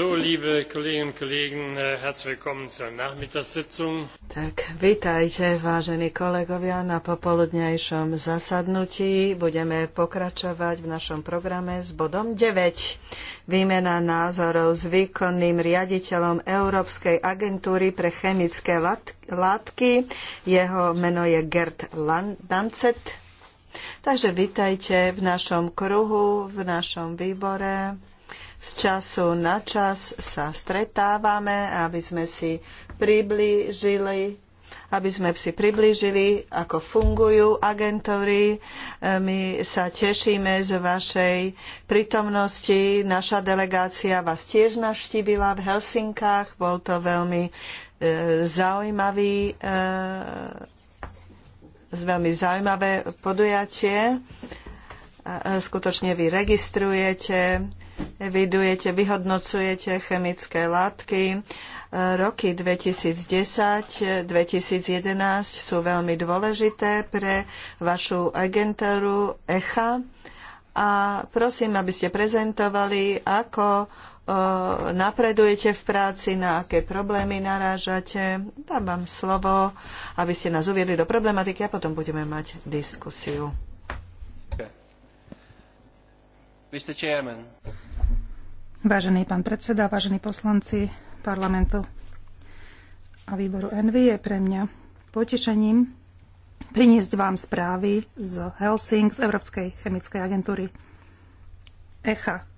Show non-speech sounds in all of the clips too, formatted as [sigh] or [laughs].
liebe Kolleginnen und Kollegen, äh, herzlich willkommen zur Nachmittagssitzung. Tak, vítajte, vážení kolegovia, na popoludnejšom zasadnutí. Budeme pokračovať v našom programe s bodom 9. Výmena názorov s výkonným riaditeľom Európskej agentúry pre chemické látky. Jeho meno je Gert Lancet. Takže vítajte v našom kruhu, v našom výbore z času na čas sa stretávame, aby sme si priblížili aby sme si priblížili, ako fungujú agentúry. E, my sa tešíme z vašej prítomnosti. Naša delegácia vás tiež navštívila v Helsinkách. Bol to veľmi e, zaujímavý e, veľmi zaujímavé podujatie. Skutočne vy registrujete Evidujete, vyhodnocujete chemické látky. E, roky 2010-2011 sú veľmi dôležité pre vašu agentúru ECHA a prosím, aby ste prezentovali, ako e, napredujete v práci, na aké problémy narážate. Dám vám slovo, aby ste nás uviedli do problematiky a potom budeme mať diskusiu. Vážený pán predseda, vážení poslanci parlamentu a výboru Envy, je pre mňa potešením priniesť vám správy z Helsing, z Európskej chemickej agentúry ECHA.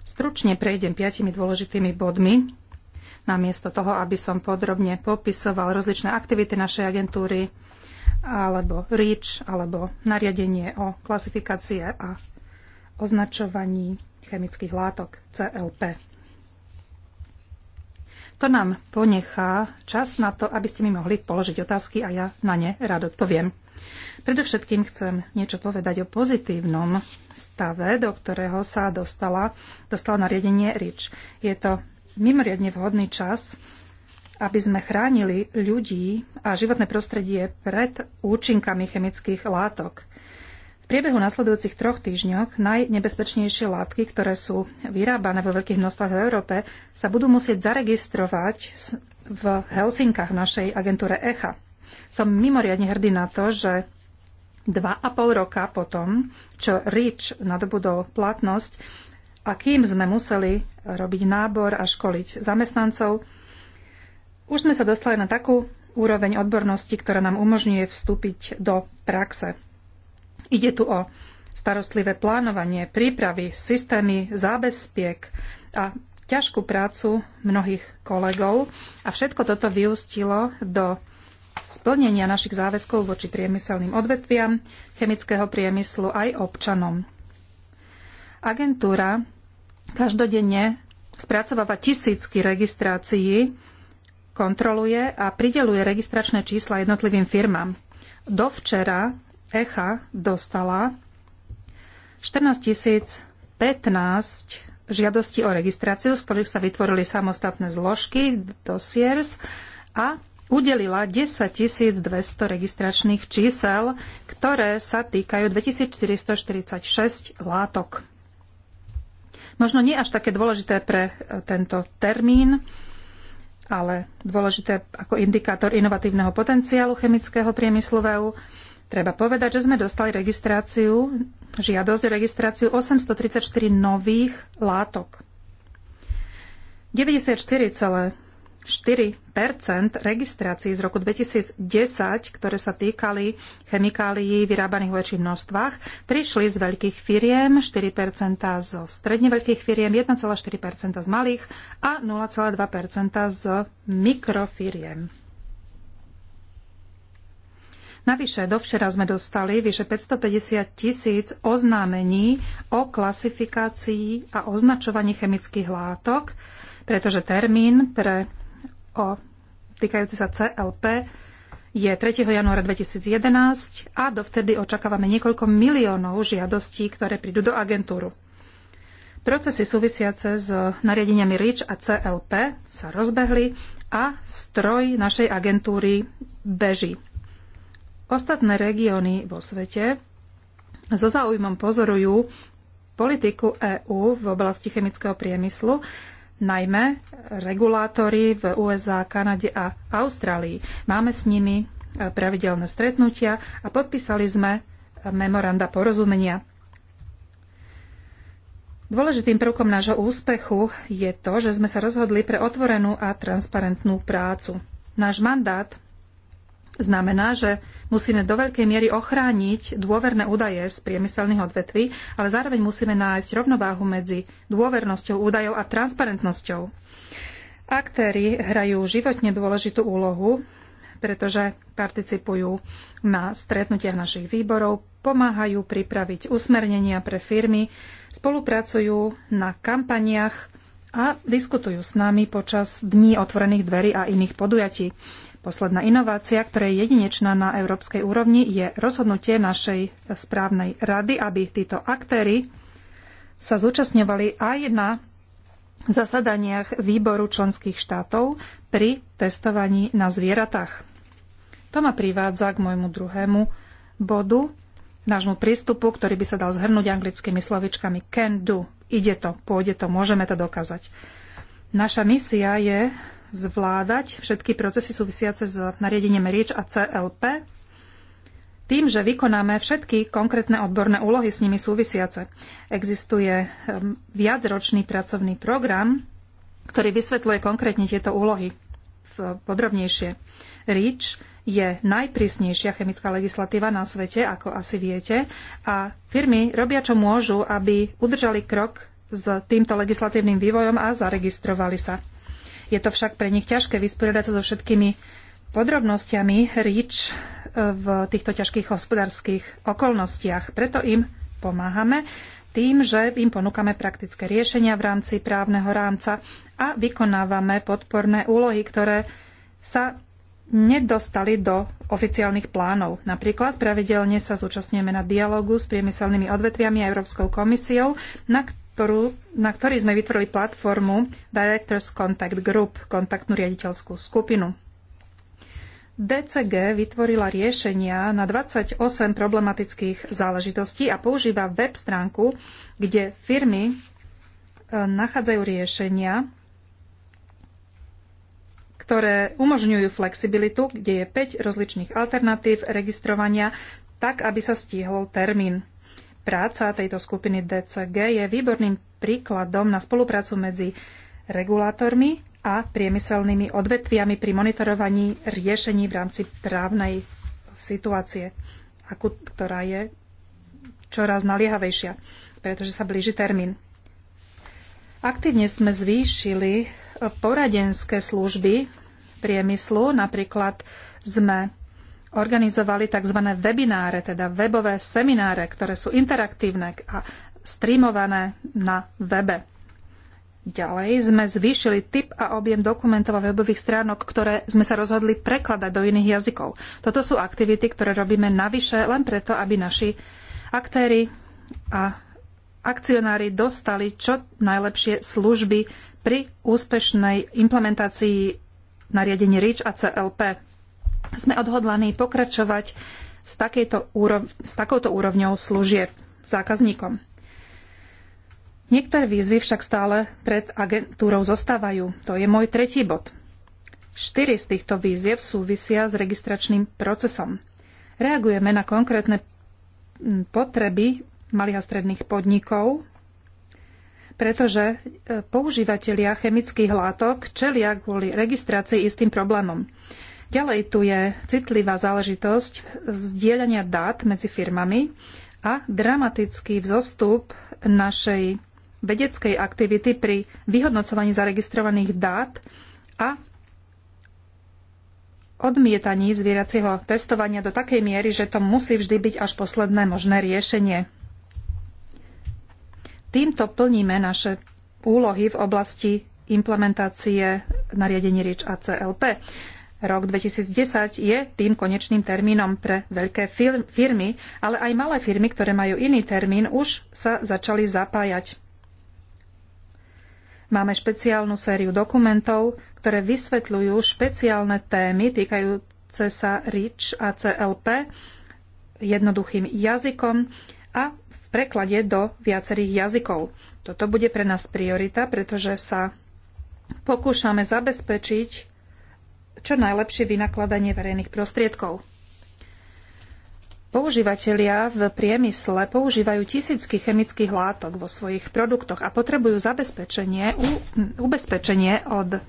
Stručne prejdem piatimi dôležitými bodmi, namiesto toho, aby som podrobne popisoval rozličné aktivity našej agentúry, alebo REACH, alebo nariadenie o klasifikácie a označovaní chemických látok CLP. To nám ponechá čas na to, aby ste mi mohli položiť otázky a ja na ne rád odpoviem. Predovšetkým chcem niečo povedať o pozitívnom stave, do ktorého sa dostala, dostalo nariadenie RIČ. Je to mimoriadne vhodný čas, aby sme chránili ľudí a životné prostredie pred účinkami chemických látok. V priebehu nasledujúcich troch týždňoch najnebezpečnejšie látky, ktoré sú vyrábané vo veľkých množstvách v Európe, sa budú musieť zaregistrovať v Helsinkách v našej agentúre ECHA. Som mimoriadne hrdý na to, že dva a pol roka potom, čo REACH nadobudol platnosť a kým sme museli robiť nábor a školiť zamestnancov, už sme sa dostali na takú úroveň odbornosti, ktorá nám umožňuje vstúpiť do praxe. Ide tu o starostlivé plánovanie, prípravy, systémy zábezpiek a ťažkú prácu mnohých kolegov a všetko toto vyústilo do splnenia našich záväzkov voči priemyselným odvetviam, chemického priemyslu aj občanom. Agentúra každodenne spracováva tisícky registrácií, kontroluje a prideluje registračné čísla jednotlivým firmám. Dovčera ECHA dostala 14 015 žiadosti o registráciu, z ktorých sa vytvorili samostatné zložky, dosiers a udelila 10 200 registračných čísel, ktoré sa týkajú 2446 látok. Možno nie až také dôležité pre e, tento termín, ale dôležité ako indikátor inovatívneho potenciálu chemického priemyslu v EU Treba povedať, že sme dostali registráciu, žiadosť o registráciu 834 nových látok. 94,4 registrácií z roku 2010, ktoré sa týkali chemikálií vyrábaných vo väčších množstvách, prišli z veľkých firiem, 4 zo stredne veľkých firiem, 1,4 z malých a 0,2 z mikrofiriem. Navyše, dovšera sme dostali vyše 550 tisíc oznámení o klasifikácii a označovaní chemických látok, pretože termín pre o týkajúci sa CLP je 3. januára 2011 a dovtedy očakávame niekoľko miliónov žiadostí, ktoré prídu do agentúru. Procesy súvisiace s nariadeniami REACH a CLP sa rozbehli a stroj našej agentúry beží. Ostatné regióny vo svete so zaujímom pozorujú politiku EÚ v oblasti chemického priemyslu, najmä regulátory v USA, Kanade a Austrálii. Máme s nimi e, pravidelné stretnutia a podpísali sme e, memoranda porozumenia. Dôležitým prvkom nášho úspechu je to, že sme sa rozhodli pre otvorenú a transparentnú prácu. Náš mandát Znamená, že musíme do veľkej miery ochrániť dôverné údaje z priemyselných odvetví, ale zároveň musíme nájsť rovnováhu medzi dôvernosťou údajov a transparentnosťou. Aktéry hrajú životne dôležitú úlohu, pretože participujú na stretnutiach našich výborov, pomáhajú pripraviť usmernenia pre firmy, spolupracujú na kampaniach a diskutujú s nami počas dní otvorených dverí a iných podujatí. Posledná inovácia, ktorá je jedinečná na európskej úrovni, je rozhodnutie našej správnej rady, aby títo aktéry sa zúčastňovali aj na zasadaniach výboru členských štátov pri testovaní na zvieratách. To ma privádza k môjmu druhému bodu, nášmu prístupu, ktorý by sa dal zhrnúť anglickými slovičkami can do. Ide to, pôjde to, môžeme to dokázať. Naša misia je zvládať všetky procesy súvisiace s nariadením REACH a CLP tým, že vykonáme všetky konkrétne odborné úlohy s nimi súvisiace. Existuje ehm, viacročný pracovný program, ktorý vysvetľuje konkrétne tieto úlohy podrobnejšie. REACH je najprísnejšia chemická legislatíva na svete, ako asi viete, a firmy robia, čo môžu, aby udržali krok s týmto legislatívnym vývojom a zaregistrovali sa. Je to však pre nich ťažké vysporiadať sa so všetkými podrobnostiami rič e, v týchto ťažkých hospodárskych okolnostiach. Preto im pomáhame tým, že im ponúkame praktické riešenia v rámci právneho rámca a vykonávame podporné úlohy, ktoré sa nedostali do oficiálnych plánov. Napríklad pravidelne sa zúčastňujeme na dialogu s priemyselnými odvetviami a Európskou komisiou, na ktorú, na ktorý sme vytvorili platformu Directors Contact Group, kontaktnú riaditeľskú skupinu. DCG vytvorila riešenia na 28 problematických záležitostí a používa web stránku, kde firmy e, nachádzajú riešenia, ktoré umožňujú flexibilitu, kde je 5 rozličných alternatív registrovania, tak aby sa stihol termín. Práca tejto skupiny DCG je výborným príkladom na spoluprácu medzi regulátormi a priemyselnými odvetviami pri monitorovaní riešení v rámci právnej situácie, ktorá je čoraz naliehavejšia, pretože sa blíži termín. Aktívne sme zvýšili poradenské služby priemyslu, napríklad sme organizovali tzv. webináre, teda webové semináre, ktoré sú interaktívne a streamované na webe. Ďalej sme zvýšili typ a objem dokumentov a webových stránok, ktoré sme sa rozhodli prekladať do iných jazykov. Toto sú aktivity, ktoré robíme navyše len preto, aby naši aktéry a akcionári dostali čo najlepšie služby pri úspešnej implementácii nariadení REACH a CLP. Sme odhodlaní pokračovať s, úrov- s takouto úrovňou služieb zákazníkom. Niektoré výzvy však stále pred agentúrou zostávajú. To je môj tretí bod. Štyri z týchto výziev súvisia s registračným procesom. Reagujeme na konkrétne potreby malých a stredných podnikov, pretože e, používatelia chemických látok čelia kvôli registrácii istým problémom. Ďalej tu je citlivá záležitosť zdieľania dát medzi firmami a dramatický vzostup našej vedeckej aktivity pri vyhodnocovaní zaregistrovaných dát a odmietaní zvieracieho testovania do takej miery, že to musí vždy byť až posledné možné riešenie. Týmto plníme naše úlohy v oblasti implementácie nariadení rieč ACLP. Rok 2010 je tým konečným termínom pre veľké firmy, ale aj malé firmy, ktoré majú iný termín, už sa začali zapájať. Máme špeciálnu sériu dokumentov, ktoré vysvetľujú špeciálne témy týkajúce sa REACH a CLP jednoduchým jazykom a v preklade do viacerých jazykov. Toto bude pre nás priorita, pretože sa pokúšame zabezpečiť čo najlepšie vynakladanie verejných prostriedkov. Používatelia v priemysle používajú tisícky chemických látok vo svojich produktoch a potrebujú zabezpečenie, ubezpečenie od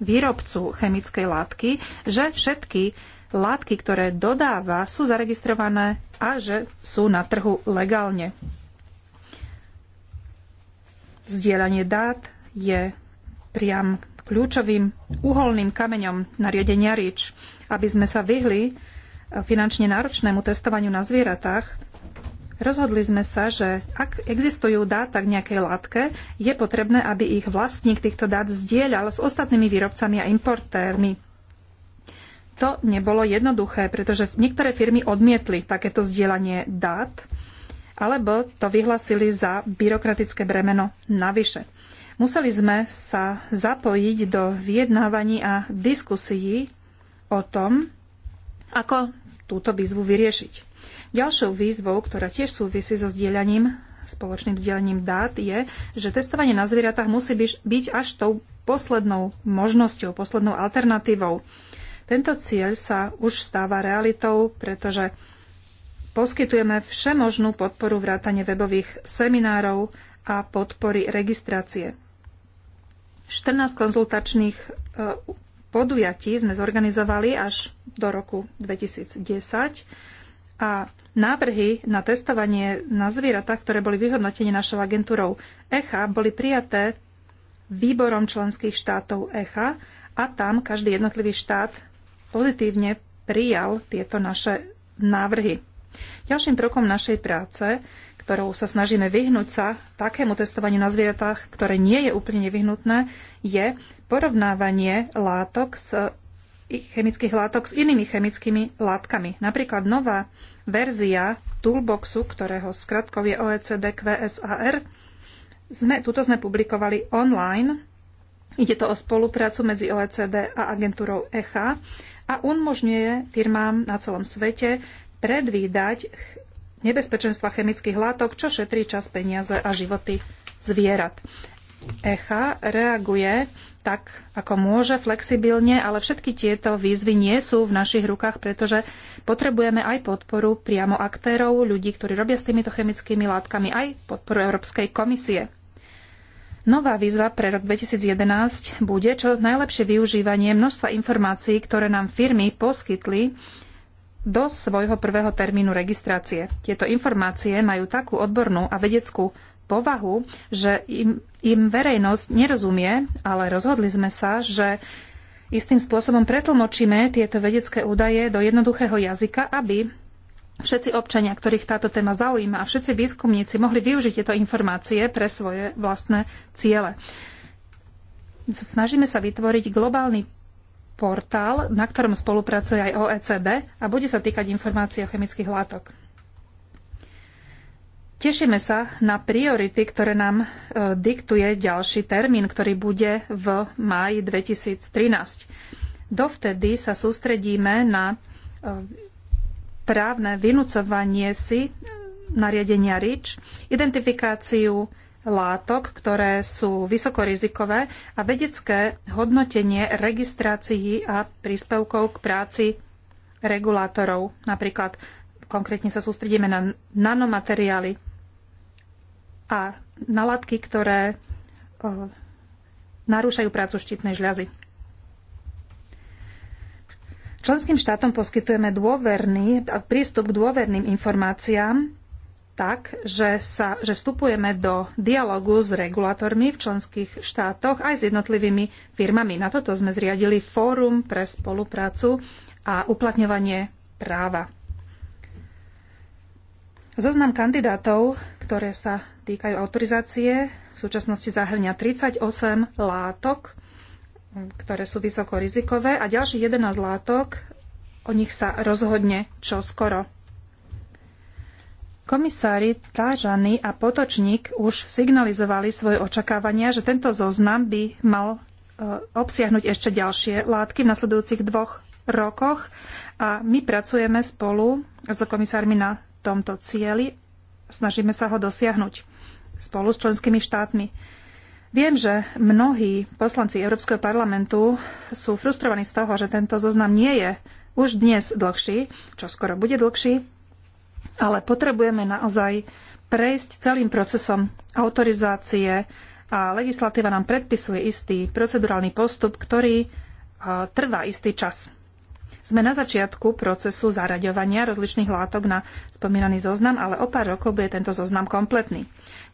výrobcu chemickej látky, že všetky látky, ktoré dodáva, sú zaregistrované a že sú na trhu legálne. Zdieľanie dát je priam kľúčovým uholným kameňom nariadenia REACH, aby sme sa vyhli e, finančne náročnému testovaniu na zvieratách, rozhodli sme sa, že ak existujú dáta k nejakej látke, je potrebné, aby ich vlastník týchto dát zdieľal s ostatnými výrobcami a importérmi. To nebolo jednoduché, pretože niektoré firmy odmietli takéto zdieľanie dát, alebo to vyhlasili za byrokratické bremeno navyše. Museli sme sa zapojiť do vyjednávaní a diskusií o tom, ako túto výzvu vyriešiť. Ďalšou výzvou, ktorá tiež súvisí so zdieľaním, spoločným zdieľaním dát, je, že testovanie na zvieratách musí byť až tou poslednou možnosťou, poslednou alternatívou. Tento cieľ sa už stáva realitou, pretože poskytujeme všemožnú podporu vrátane webových seminárov a podpory registrácie. 14 konzultačných e, podujatí sme zorganizovali až do roku 2010 a návrhy na testovanie na zvieratá, ktoré boli vyhodnotené našou agentúrou ECHA, boli prijaté výborom členských štátov ECHA a tam každý jednotlivý štát pozitívne prijal tieto naše návrhy. Ďalším krokom našej práce ktorou sa snažíme vyhnúť sa takému testovaniu na zvieratách, ktoré nie je úplne nevyhnutné, je porovnávanie látok s chemických látok s inými chemickými látkami. Napríklad nová verzia Toolboxu, ktorého skratkov je OECD QSAR, e sme, tuto sme publikovali online. Ide to o spoluprácu medzi OECD a agentúrou ECHA a umožňuje firmám na celom svete predvídať nebezpečenstva chemických látok, čo šetrí čas, peniaze a životy zvierat. ECHA reaguje tak, ako môže, flexibilne, ale všetky tieto výzvy nie sú v našich rukách, pretože potrebujeme aj podporu priamo aktérov, ľudí, ktorí robia s týmito chemickými látkami, aj podporu Európskej komisie. Nová výzva pre rok 2011 bude čo najlepšie využívanie množstva informácií, ktoré nám firmy poskytli do svojho prvého termínu registrácie. Tieto informácie majú takú odbornú a vedeckú povahu, že im, im verejnosť nerozumie, ale rozhodli sme sa, že istým spôsobom pretlmočíme tieto vedecké údaje do jednoduchého jazyka, aby všetci občania, ktorých táto téma zaujíma a všetci výskumníci mohli využiť tieto informácie pre svoje vlastné ciele. Snažíme sa vytvoriť globálny portál, na ktorom spolupracuje aj OECD a bude sa týkať informácií o chemických látok. Tešíme sa na priority, ktoré nám e, diktuje ďalší termín, ktorý bude v máji 2013. Dovtedy sa sústredíme na e, právne vynúcovanie si e, nariadenia RIČ, identifikáciu látok, ktoré sú vysokorizikové a vedecké hodnotenie registrácií a príspevkov k práci regulátorov. Napríklad konkrétne sa sústredíme na nanomateriály a na látky, ktoré narúšajú prácu štítnej žľazy. Členským štátom poskytujeme dôverný, prístup k dôverným informáciám tak, že, sa, že vstupujeme do dialogu s regulátormi v členských štátoch aj s jednotlivými firmami. Na toto sme zriadili Fórum pre spoluprácu a uplatňovanie práva. Zoznam kandidátov, ktoré sa týkajú autorizácie, v súčasnosti zahrňa 38 látok, ktoré sú vysoko rizikové a ďalších 11 látok, o nich sa rozhodne čoskoro. Komisári Tážany a Potočník už signalizovali svoje očakávania, že tento zoznam by mal e, obsiahnuť ešte ďalšie látky v nasledujúcich dvoch rokoch a my pracujeme spolu s komisármi na tomto cieli. Snažíme sa ho dosiahnuť spolu s členskými štátmi. Viem, že mnohí poslanci Európskeho parlamentu sú frustrovaní z toho, že tento zoznam nie je už dnes dlhší, čo skoro bude dlhší, ale potrebujeme naozaj prejsť celým procesom autorizácie a legislatíva nám predpisuje istý procedurálny postup, ktorý e, trvá istý čas. Sme na začiatku procesu zaraďovania rozličných látok na spomínaný zoznam, ale o pár rokov bude tento zoznam kompletný.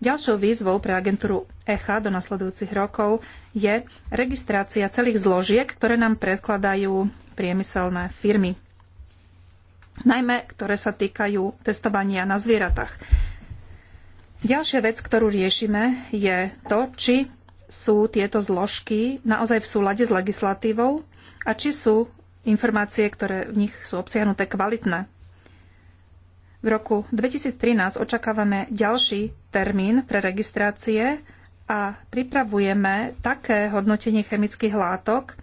Ďalšou výzvou pre agentúru ECHA do nasledujúcich rokov je registrácia celých zložiek, ktoré nám predkladajú priemyselné firmy najmä ktoré sa týkajú testovania na zvieratách. Ďalšia vec, ktorú riešime, je to, či sú tieto zložky naozaj v súlade s legislatívou a či sú informácie, ktoré v nich sú obsiahnuté, kvalitné. V roku 2013 očakávame ďalší termín pre registrácie a pripravujeme také hodnotenie chemických látok,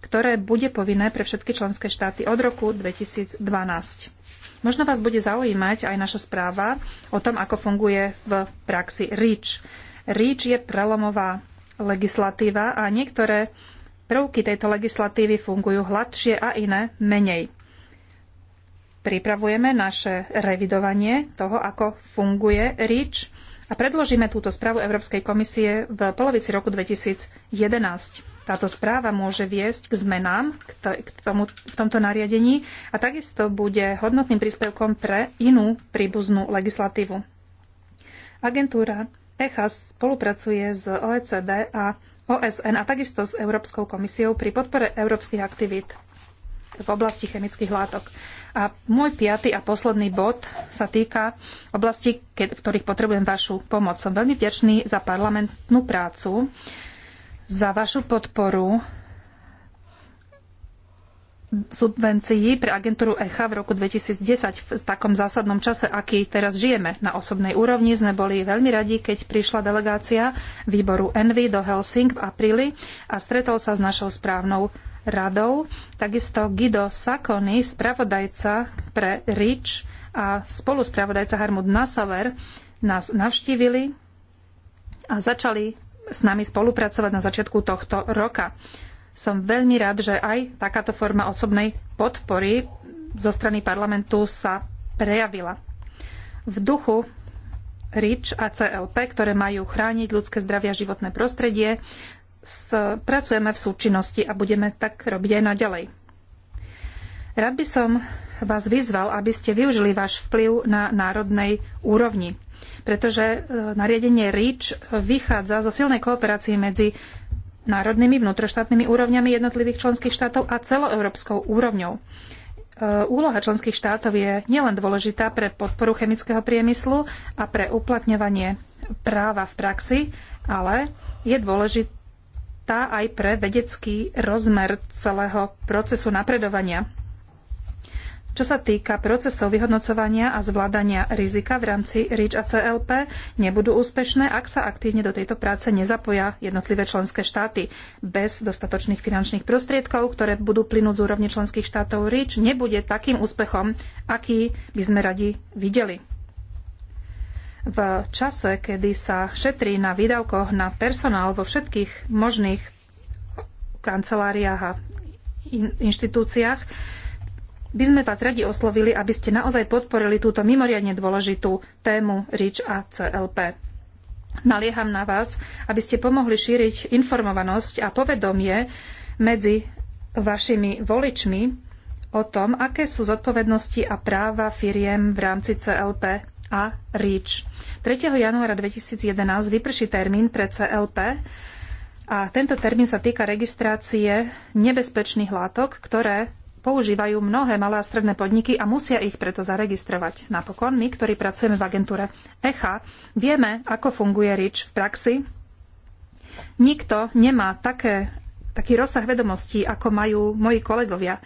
ktoré bude povinné pre všetky členské štáty od roku 2012. Možno vás bude zaujímať aj naša správa o tom, ako funguje v praxi REACH. REACH je prelomová legislatíva a niektoré prvky tejto legislatívy fungujú hladšie a iné menej. Pripravujeme naše revidovanie toho, ako funguje REACH a predložíme túto správu Európskej komisie v polovici roku 2011 táto správa môže viesť k zmenám k tomu, v tomto nariadení a takisto bude hodnotným príspevkom pre inú príbuznú legislatívu. Agentúra ECHAS spolupracuje s OECD a OSN a takisto s Európskou komisiou pri podpore európskych aktivít v oblasti chemických látok. A môj piaty a posledný bod sa týka oblasti, v ktorých potrebujem vašu pomoc. Som veľmi vďačný za parlamentnú prácu, za vašu podporu subvencií pre agentúru ECHA v roku 2010 v takom zásadnom čase, aký teraz žijeme. Na osobnej úrovni sme boli veľmi radi, keď prišla delegácia výboru Envy do Helsing v apríli a stretol sa s našou správnou radou. Takisto Guido Sakony, spravodajca pre RIČ a spoluspravodajca Harmut Nasaver nás navštívili a začali s nami spolupracovať na začiatku tohto roka. Som veľmi rád, že aj takáto forma osobnej podpory zo strany parlamentu sa prejavila. V duchu REACH a CLP, ktoré majú chrániť ľudské zdravie a životné prostredie, pracujeme v súčinnosti a budeme tak robiť aj naďalej. Rád by som vás vyzval, aby ste využili váš vplyv na národnej úrovni. Pretože e, nariadenie REACH vychádza zo silnej kooperácie medzi národnými vnútroštátnymi úrovňami jednotlivých členských štátov a celoeurópskou úrovňou. E, úloha členských štátov je nielen dôležitá pre podporu chemického priemyslu a pre uplatňovanie práva v praxi, ale je dôležitá aj pre vedecký rozmer celého procesu napredovania čo sa týka procesov vyhodnocovania a zvládania rizika v rámci REACH a CLP, nebudú úspešné, ak sa aktívne do tejto práce nezapoja jednotlivé členské štáty. Bez dostatočných finančných prostriedkov, ktoré budú plynúť z úrovne členských štátov REACH, nebude takým úspechom, aký by sme radi videli. V čase, kedy sa šetrí na výdavkoch na personál vo všetkých možných kanceláriách a inštitúciách, by sme vás radi oslovili, aby ste naozaj podporili túto mimoriadne dôležitú tému RIČ a CLP. Nalieham na vás, aby ste pomohli šíriť informovanosť a povedomie medzi vašimi voličmi o tom, aké sú zodpovednosti a práva firiem v rámci CLP a REACH. 3. januára 2011 vyprší termín pre CLP a tento termín sa týka registrácie nebezpečných látok, ktoré používajú mnohé malé a stredné podniky a musia ich preto zaregistrovať. Napokon my, ktorí pracujeme v agentúre ECHA, vieme, ako funguje RIČ v praxi. Nikto nemá také, taký rozsah vedomostí, ako majú moji kolegovia.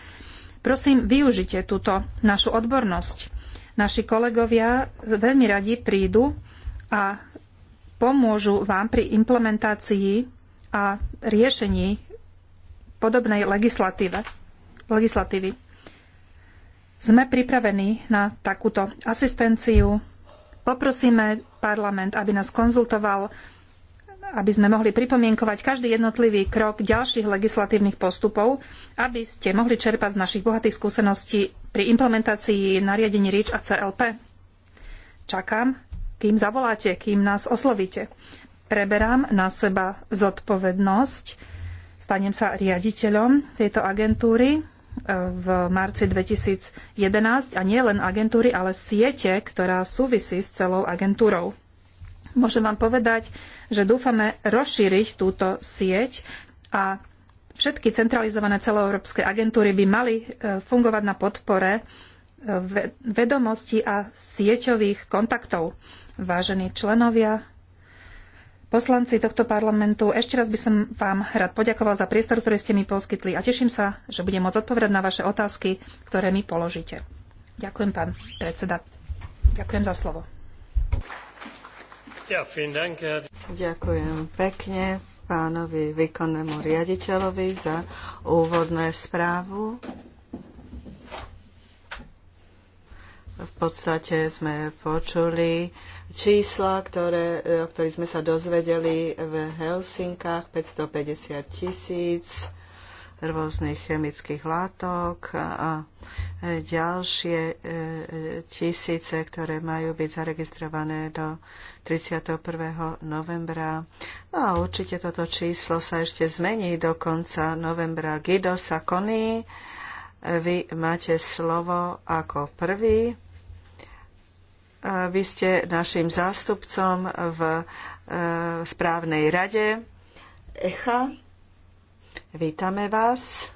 Prosím, využite túto našu odbornosť. Naši kolegovia veľmi radi prídu a pomôžu vám pri implementácii a riešení podobnej legislatíve legislatívy. Sme pripravení na takúto asistenciu. Poprosíme parlament, aby nás konzultoval, aby sme mohli pripomienkovať každý jednotlivý krok ďalších legislatívnych postupov, aby ste mohli čerpať z našich bohatých skúseností pri implementácii nariadení REACH a CLP. Čakám, kým zavoláte, kým nás oslovíte. Preberám na seba zodpovednosť stanem sa riaditeľom tejto agentúry v marci 2011 a nie len agentúry, ale siete, ktorá súvisí s celou agentúrou. Môžem vám povedať, že dúfame rozšíriť túto sieť a všetky centralizované celoeurópske agentúry by mali e, fungovať na podpore e, vedomostí a sieťových kontaktov. Vážení členovia poslanci tohto parlamentu. Ešte raz by som vám rád poďakoval za priestor, ktorý ste mi poskytli a teším sa, že budem môcť odpovedať na vaše otázky, ktoré mi položíte. Ďakujem, pán predseda. Ďakujem za slovo. Ďakujem pekne pánovi výkonnému riaditeľovi za úvodné správu. V podstate sme počuli čísla, ktoré, e, o ktorých sme sa dozvedeli v Helsinkách, 550 tisíc rôznych chemických látok a ďalšie e, tisíce, ktoré majú byť zaregistrované do 31. novembra. No a určite toto číslo sa ešte zmení do konca novembra. Guido Sakony, vy máte slovo ako prvý. Vy ste našim zástupcom v e, správnej rade ECHA. Vítame vás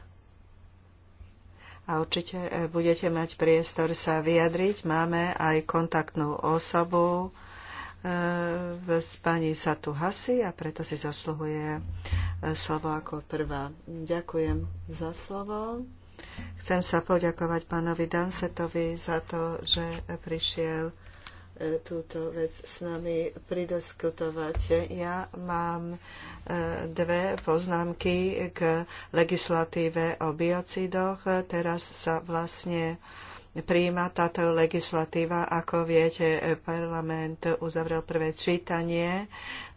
a určite e, budete mať priestor sa vyjadriť. Máme aj kontaktnú osobu e, s pani Satu Hasi a preto si zasluhuje slovo ako prvá. Ďakujem za slovo. Chcem sa poďakovať pánovi Dansetovi za to, že prišiel E, túto vec s nami pridiskutovať. Ja mám e, dve poznámky k legislatíve o biocidoch. Teraz sa vlastne príjma táto legislatíva. Ako viete, parlament uzavrel prvé čítanie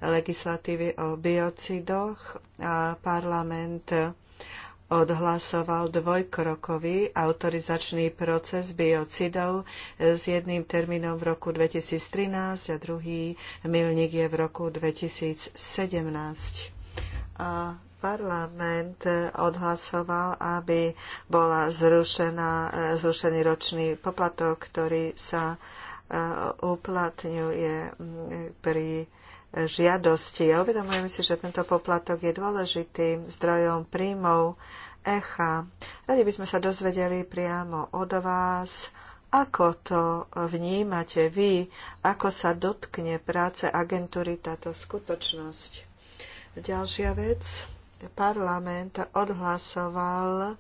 legislatívy o biocidoch a parlament odhlasoval dvojkrokový autorizačný proces biocidov s jedným termínom v roku 2013 a druhý milník je v roku 2017. A parlament odhlasoval, aby bola zrušená, zrušený ročný poplatok, ktorý sa e, uplatňuje pri žiadosti. A uvedomujem si, že tento poplatok je dôležitým zdrojom príjmov echa. Radi by sme sa dozvedeli priamo od vás, ako to vnímate vy, ako sa dotkne práce agentúry táto skutočnosť. Ďalšia vec. Parlament odhlasoval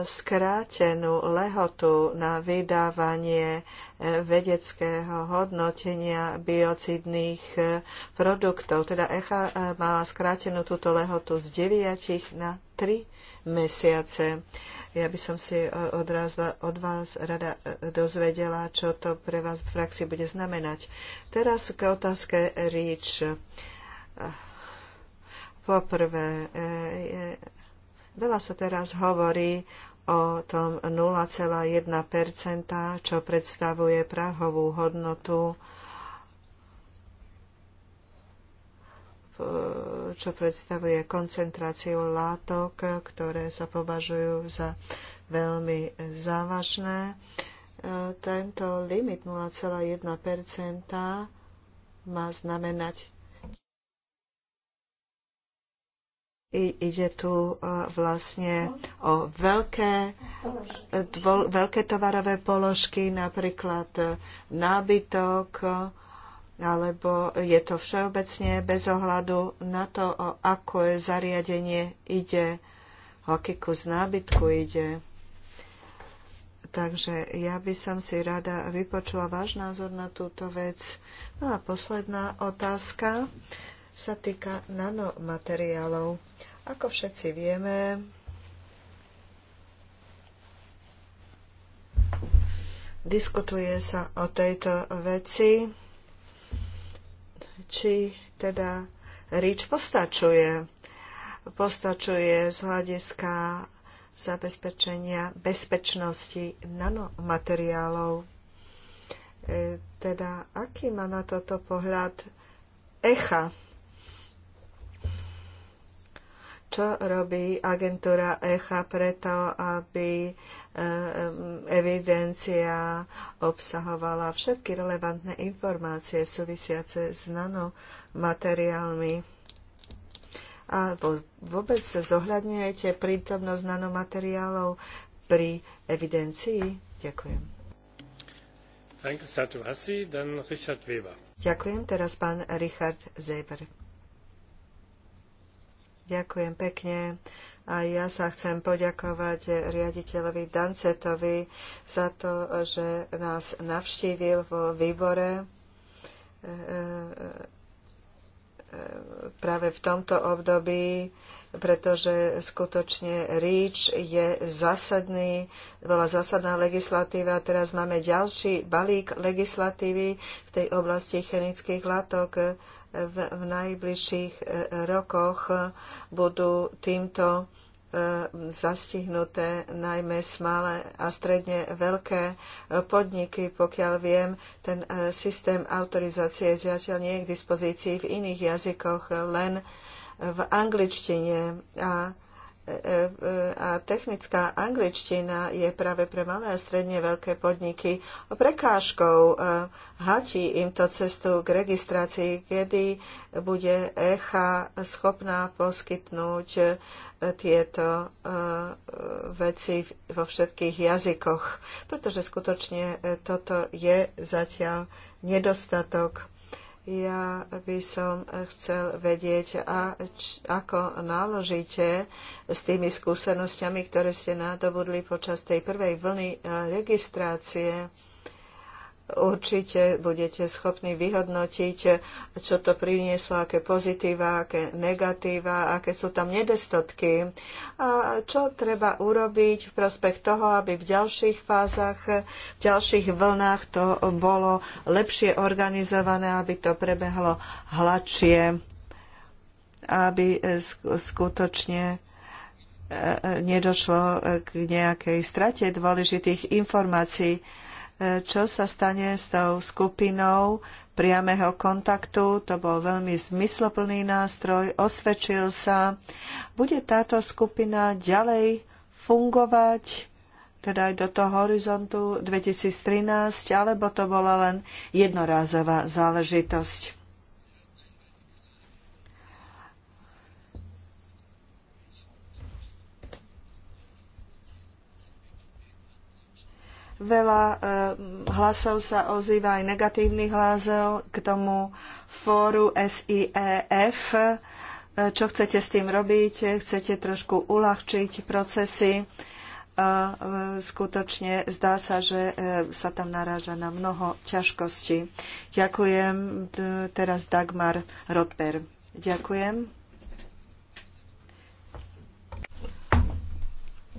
skrátenú lehotu na vydávanie e, vedeckého hodnotenia biocidných e, produktov. Teda ECHA e, mala skrátenú túto lehotu z 9 na 3 mesiace. Ja by som si od, od vás rada dozvedela, čo to pre vás v praxi bude znamenať. Teraz k otázke REACH. Poprvé, je, Veľa sa teraz hovorí o tom 0,1%, čo predstavuje prahovú hodnotu čo predstavuje koncentráciu látok, ktoré sa považujú za veľmi závažné. Tento limit 0,1% má znamenať ide tu e, vlastne o veľké, e, dvo, veľké tovarové položky, napríklad e, nábytok, alebo je to všeobecne bez ohľadu na to, o aké zariadenie ide, o aký kus nábytku ide. Takže ja by som si rada vypočula váš názor na túto vec. No a posledná otázka sa týka nanomateriálov. Ako všetci vieme, diskutuje sa o tejto veci, či teda rič postačuje. Postačuje z hľadiska zabezpečenia bezpečnosti nanomateriálov. E, teda aký má na toto pohľad ECHA? čo robí agentúra ECHA preto, aby eh, evidencia obsahovala všetky relevantné informácie súvisiace s nanomateriálmi? A vôbec zohľadňujete prítomnosť nanomateriálov pri evidencii? Ďakujem. Ďakujem, teraz pán Richard Zeber. Ďakujem pekne. A ja sa chcem poďakovať riaditeľovi Dancetovi za to, že nás navštívil vo výbore e, e, práve v tomto období, pretože skutočne REACH je zásadný, bola zásadná legislatíva, teraz máme ďalší balík legislatívy v tej oblasti chemických látok v, v najbližších e, rokoch budú týmto e, zastihnuté najmä smalé a stredne veľké e, podniky. Pokiaľ viem, ten systém autorizácie zatiaľ nie je k dispozícii v iných jazykoch, len v angličtine. A a technická angličtina je práve pre malé a stredne veľké podniky prekážkou. E, hatí im to cestu k registrácii, kedy bude ECHA schopná poskytnúť e, tieto e, veci vo všetkých jazykoch, pretože skutočne toto je zatiaľ nedostatok ja by som chcel vedieť, a, č, ako náložíte s tými skúsenosťami, ktoré ste nadobudli počas tej prvej vlny eh, registrácie určite budete schopní vyhodnotiť, čo to prinieslo, aké pozitíva, aké negatíva, aké sú tam nedostatky a čo treba urobiť v prospech toho, aby v ďalších fázach, v ďalších vlnách to bolo lepšie organizované, aby to prebehlo hladšie, aby e, skutočne e, nedošlo k nejakej strate dôležitých informácií čo sa stane s tou skupinou priameho kontaktu. To bol veľmi zmysloplný nástroj, osvedčil sa. Bude táto skupina ďalej fungovať, teda aj do toho horizontu 2013, alebo to bola len jednorázová záležitosť? Veľa eh, hlasov sa ozýva aj negatívnych hlasov k tomu fóru SIEF. Eh, čo chcete s tým robiť? Chcete trošku uľahčiť procesy? Eh, skutočne zdá sa, že sa tam naráža na mnoho ťažkostí. Ďakujem teraz Dagmar Rotper. Ďakujem.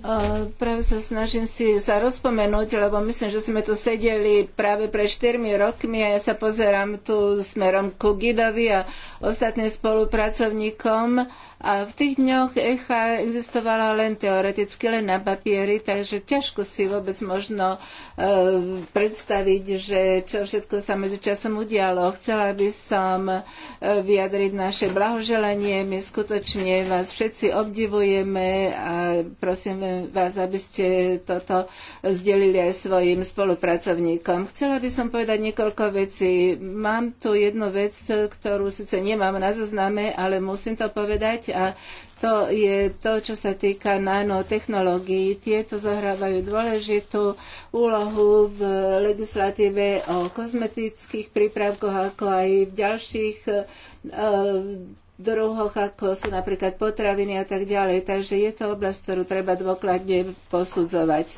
Eh, práve sa snažím si sa rozpomenúť, lebo myslím, že sme tu sedeli práve pred 4 rokmi a ja sa pozerám tu smerom ku Gidovi a ostatným spolupracovníkom a v tých dňoch echa existovala len teoreticky, len na papieri, takže ťažko si vôbec možno e, predstaviť, že čo všetko sa medzi časom udialo. Chcela by som e, vyjadriť naše blahoželanie. My skutočne vás všetci obdivujeme a prosím vás, aby ste toto zdelili aj svojim spolupracovníkom. Chcela by som povedať niekoľko vecí. Mám tu jednu vec, ktorú síce nemám na zozname, ale musím to povedať a to je to, čo sa týka nanotechnológií. Tieto zohrávajú dôležitú úlohu v legislatíve o kozmetických prípravkoch, ako aj v ďalších e, druhoch, ako sú napríklad potraviny a tak ďalej. Takže je to oblasť, ktorú treba dôkladne posudzovať.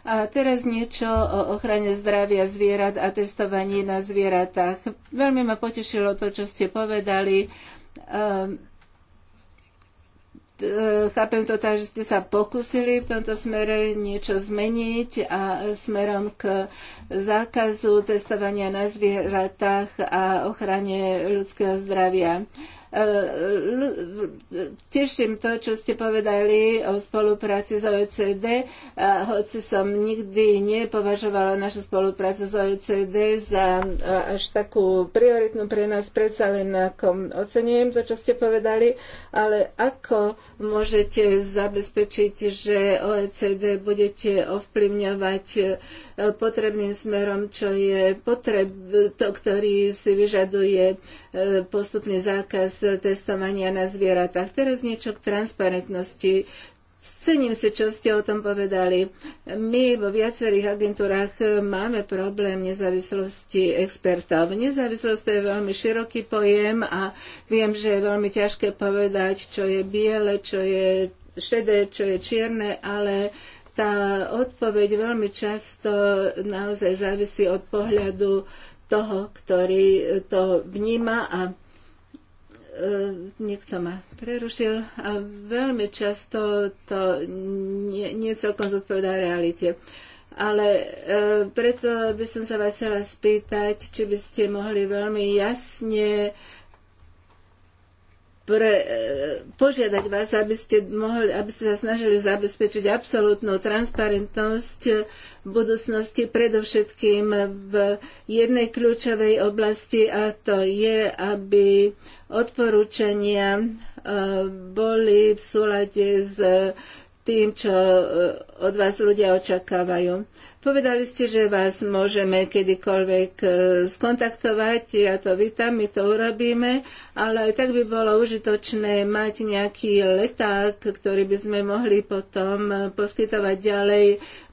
A teraz niečo o ochrane zdravia zvierat a testovaní na zvieratách. Veľmi ma potešilo to, čo ste povedali. Um, E, chápem to tak, že ste sa pokusili v tomto smere niečo zmeniť a smerom k zákazu testovania na zvieratách a ochrane ľudského zdravia. Teším to, čo ste povedali o spolupráci s OECD, hoci som nikdy nepovažovala našu spoluprácu s OECD za až takú prioritnú pre nás, predsa len ako oceňujem to, čo ste povedali, ale ako môžete zabezpečiť, že OECD budete ovplyvňovať potrebným smerom, čo je potreb, to, ktorý si vyžaduje e, postupný zákaz testovania na zvieratách. Teraz niečo k transparentnosti. Cením si, čo ste o tom povedali. My vo viacerých agentúrách máme problém nezávislosti expertov. Nezávislosť to je veľmi široký pojem a viem, že je veľmi ťažké povedať, čo je biele, čo je šedé, čo je čierne, ale tá odpoveď veľmi často naozaj závisí od pohľadu toho, ktorý to vníma a e, niekto ma prerušil a veľmi často to nie, nie celkom zodpovedá realite. Ale e, preto by som sa vás chcela spýtať, či by ste mohli veľmi jasne e, pre, e, požiadať vás, aby ste, mohli, aby ste sa snažili zabezpečiť absolútnu transparentnosť v budúcnosti, predovšetkým v jednej kľúčovej oblasti, a to je, aby odporúčania e, boli v súlade s tým, čo e, od vás ľudia očakávajú. Povedali ste, že vás môžeme kedykoľvek e, skontaktovať, ja to vítam, my to urobíme, ale aj tak by bolo užitočné mať nejaký leták, ktorý by sme mohli potom e, poskytovať ďalej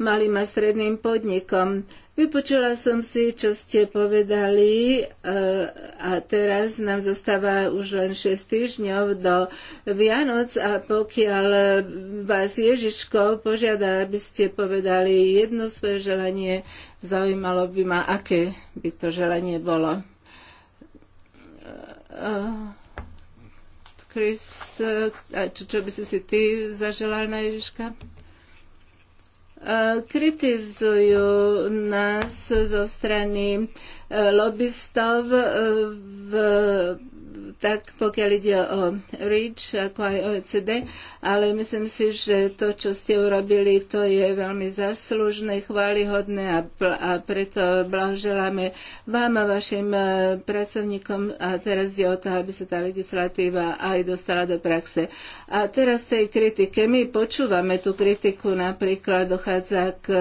malým a stredným podnikom Vypočula som si, čo ste povedali e, a teraz nám zostáva už len 6 týždňov do Vianoc a pokiaľ vás Ježiško požiada, aby ste povedali jedno svoje želanie, zaujímalo by ma, aké by to želanie bolo. E, e, Chris, čo, čo by si si ty zaželal na Ježiška? kritizujú nás zo strany eh, lobbystov eh, v tak pokiaľ ide o REACH, ako aj OECD, ale myslím si, že to, čo ste urobili, to je veľmi zaslužné, chválihodné a, a preto blahoželáme vám a vašim e, pracovníkom a teraz je o to, aby sa tá legislatíva aj dostala do praxe. A teraz tej kritike. My počúvame tú kritiku, napríklad dochádza k e,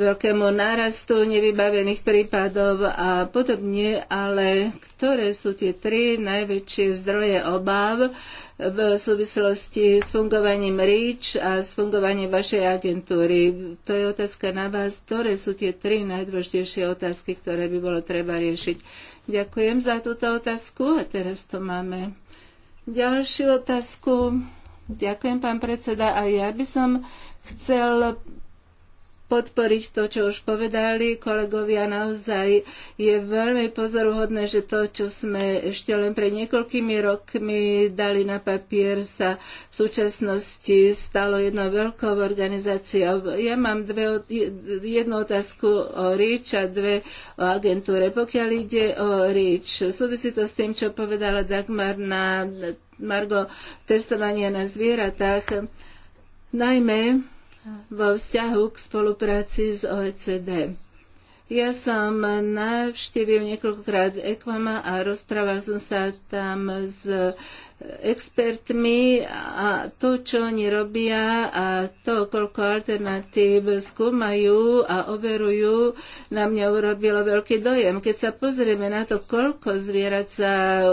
veľkému nárastu nevybavených prípadov a podobne, ale ktoré sú tie tri najväčšie najväčšie zdroje obáv v súvislosti s fungovaním REACH a s fungovaním vašej agentúry. To je otázka na vás. Ktoré sú tie tri najdôležitejšie otázky, ktoré by bolo treba riešiť? Ďakujem za túto otázku a teraz to máme. Ďalšiu otázku. Ďakujem, pán predseda. A ja by som chcel podporiť to, čo už povedali kolegovia. Naozaj je veľmi pozoruhodné, že to, čo sme ešte len pred niekoľkými rokmi dali na papier, sa v súčasnosti stalo jednou veľkou organizáciou. Ja mám dve, jednu otázku o REACH a dve o agentúre. Pokiaľ ide o REACH, súvisí to s tým, čo povedala Dagmar na Margo testovania na zvieratách. Najmä vo vzťahu k spolupráci s OECD. Ja som navštívil niekoľkokrát Ekvama a rozprával som sa tam s expertmi a to, čo oni robia a to, koľko alternatív skúmajú a overujú, na mňa urobilo veľký dojem. Keď sa pozrieme na to, koľko zvierat sa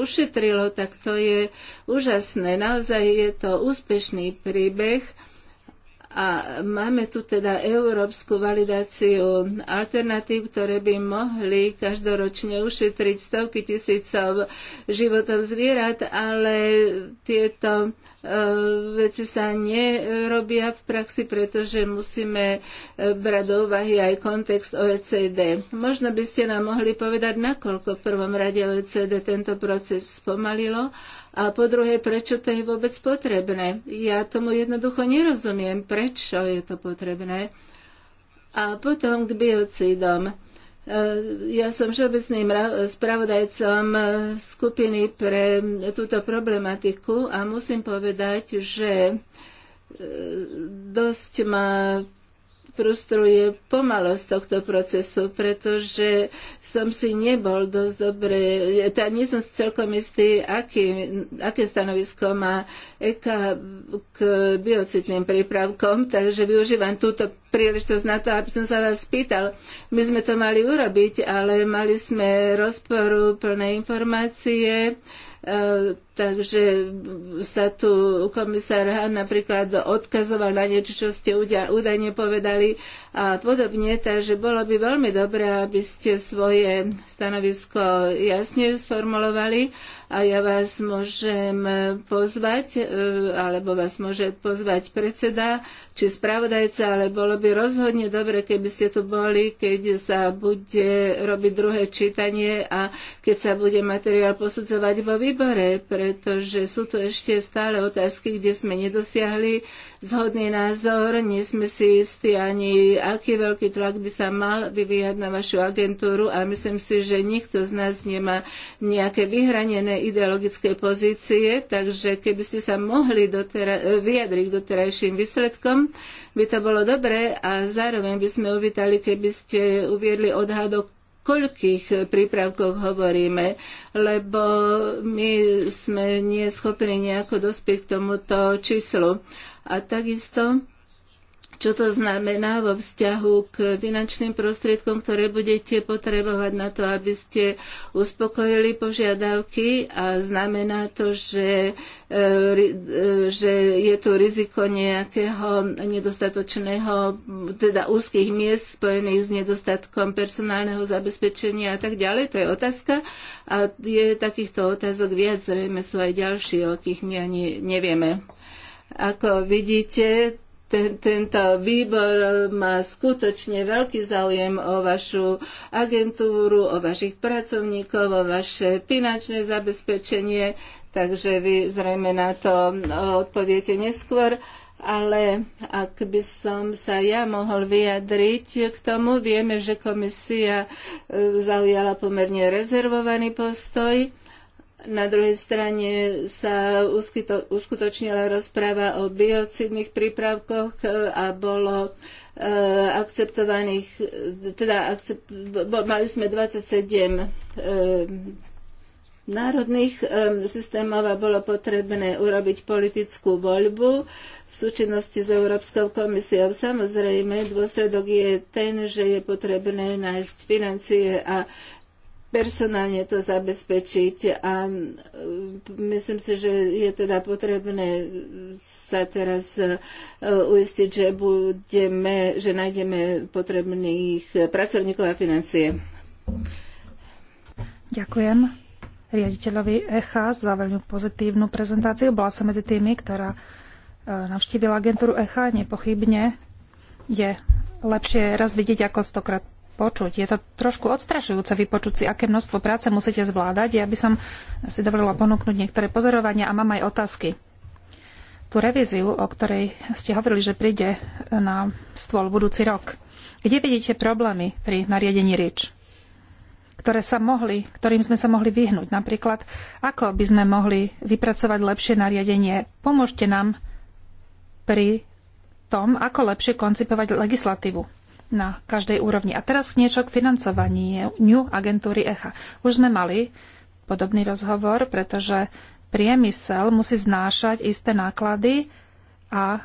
ušetrilo, tak to je úžasné. Naozaj je to úspešný príbeh a máme tu teda európsku validáciu alternatív, ktoré by mohli každoročne ušetriť stovky tisícov životov zvierat, ale tieto e, veci sa nerobia v praxi, pretože musíme e, brať do úvahy aj kontext OECD. Možno by ste nám mohli povedať, nakoľko v prvom rade OECD tento proces spomalilo a po druhé, prečo to je vôbec potrebné? Ja tomu jednoducho nerozumiem, prečo je to potrebné. A potom k biocidom. E, ja som všeobecným spravodajcom skupiny pre túto problematiku a musím povedať, že e, dosť ma frustruje pomalosť tohto procesu, pretože som si nebol dosť dobre, teda nie som celkom istý, aký, aké stanovisko má EKA k biocitným prípravkom, takže využívam túto príležitosť na to, aby som sa vás spýtal. My sme to mali urobiť, ale mali sme rozporu plné informácie, e, Takže sa tu komisár Han napríklad odkazoval na niečo, čo ste údajne povedali a podobne. Takže bolo by veľmi dobré, aby ste svoje stanovisko jasne sformulovali a ja vás môžem pozvať, e, alebo vás môže pozvať predseda či spravodajca, ale bolo by rozhodne dobre, keby ste tu boli, keď sa bude robiť druhé čítanie a keď sa bude materiál posudzovať vo výbore pre pretože sú tu ešte stále otázky, kde sme nedosiahli zhodný názor. Nie sme si istí ani, aký veľký tlak by sa mal vyvíjať na vašu agentúru a myslím si, že nikto z nás nemá nejaké vyhranené ideologické pozície, takže keby ste sa mohli dotera- vyjadriť k doterajším výsledkom, by to bolo dobré a zároveň by sme uvítali, keby ste uviedli odhadok koľkých eh, prípravkoch hovoríme, lebo my sme nie nejako dospieť k tomuto číslu. A takisto čo to znamená vo vzťahu k finančným prostriedkom, ktoré budete potrebovať na to, aby ste uspokojili požiadavky a znamená to, že, e, e, že je tu riziko nejakého nedostatočného, teda úzkých miest spojených s nedostatkom personálneho zabezpečenia a tak ďalej. To je otázka a je takýchto otázok viac, zrejme sú aj ďalšie, o akých my ani nevieme. Ako vidíte, ten, tento výbor má skutočne veľký záujem o vašu agentúru, o vašich pracovníkov, o vaše finančné zabezpečenie, takže vy zrejme na to odpoviete neskôr. Ale ak by som sa ja mohol vyjadriť k tomu, vieme, že komisia e, zaujala pomerne rezervovaný postoj na druhej strane sa uskutočnila rozpráva o biocidných prípravkoch e, a bolo e, akceptovaných, teda mali sme 27 e, národných systémov a bolo potrebné urobiť politickú voľbu v súčinnosti s Európskou komisiou. Samozrejme, dôsledok je ten, že je potrebné nájsť financie a personálne to zabezpečiť a myslím si, že je teda potrebné sa teraz e, uistiť, že, budeme, že nájdeme potrebných pracovníkov a financie. Ďakujem riaditeľovi ECHA za veľmi pozitívnu prezentáciu. Bola sa medzi tými, ktorá e, navštívila agentúru ECHA. Nepochybne je lepšie raz vidieť ako stokrát počuť. Je to trošku odstrašujúce vypočuť si, aké množstvo práce musíte zvládať. Ja by som si dovolila ponúknuť niektoré pozorovania a mám aj otázky. Tú revíziu, o ktorej ste hovorili, že príde na stôl budúci rok. Kde vidíte problémy pri nariadení RIČ? Ktoré sa mohli, ktorým sme sa mohli vyhnúť. Napríklad, ako by sme mohli vypracovať lepšie nariadenie? Pomôžte nám pri tom, ako lepšie koncipovať legislatívu na každej úrovni. A teraz niečo k financovaniu agentúry ECHA. Už sme mali podobný rozhovor, pretože priemysel musí znášať isté náklady a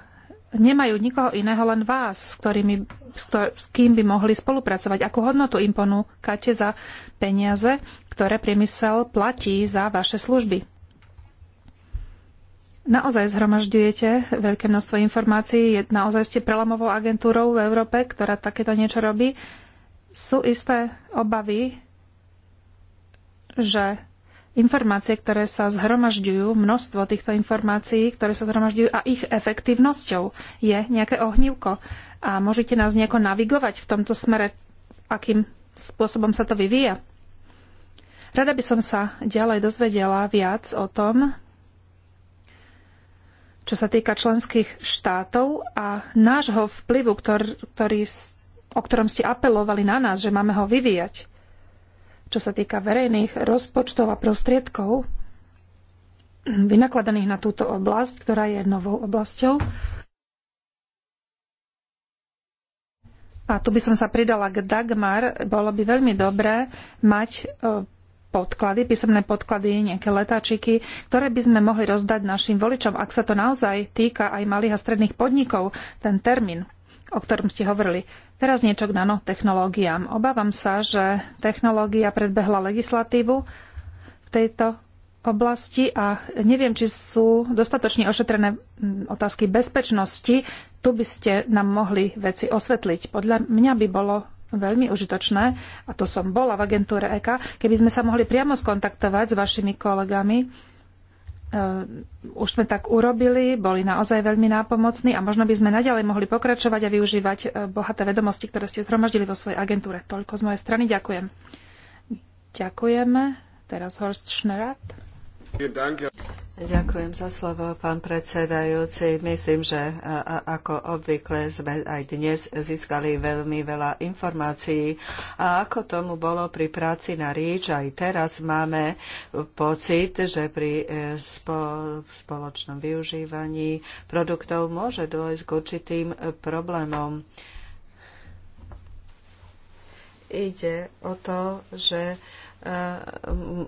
nemajú nikoho iného, len vás, s, ktorými, s, ktor- s kým by mohli spolupracovať. Akú hodnotu im ponúkate za peniaze, ktoré priemysel platí za vaše služby? naozaj zhromažďujete veľké množstvo informácií, naozaj ste prelamovou agentúrou v Európe, ktorá takéto niečo robí. Sú isté obavy, že informácie, ktoré sa zhromažďujú, množstvo týchto informácií, ktoré sa zhromažďujú a ich efektívnosťou je nejaké ohnívko. A môžete nás nejako navigovať v tomto smere, akým spôsobom sa to vyvíja. Rada by som sa ďalej dozvedela viac o tom, čo sa týka členských štátov a nášho vplyvu, ktorý, ktorý, o ktorom ste apelovali na nás, že máme ho vyvíjať, čo sa týka verejných rozpočtov a prostriedkov vynakladaných na túto oblasť, ktorá je novou oblasťou. A tu by som sa pridala k Dagmar. Bolo by veľmi dobré mať e, podklady, písomné podklady, nejaké letáčiky, ktoré by sme mohli rozdať našim voličom, ak sa to naozaj týka aj malých a stredných podnikov, ten termín, o ktorom ste hovorili. Teraz niečo k nanotechnológiám. Obávam sa, že technológia predbehla legislatívu v tejto oblasti a neviem, či sú dostatočne ošetrené mm, otázky bezpečnosti. Tu by ste nám mohli veci osvetliť. Podľa mňa by bolo veľmi užitočné, a to som bola v agentúre EKA, keby sme sa mohli priamo skontaktovať s vašimi kolegami. E, už sme tak urobili, boli naozaj veľmi nápomocní a možno by sme naďalej mohli pokračovať a využívať e, bohaté vedomosti, ktoré ste zhromaždili vo svojej agentúre. Toľko z mojej strany. Ďakujem. Ďakujeme. Teraz Horst Schnerat. Ďakujem za slovo, pán predsedajúci. Myslím, že ako obvykle sme aj dnes získali veľmi veľa informácií. A ako tomu bolo pri práci na Ríč, aj teraz máme pocit, že pri e, spoločnom využívaní produktov môže dôjsť k určitým problémom. Ide o to, že e,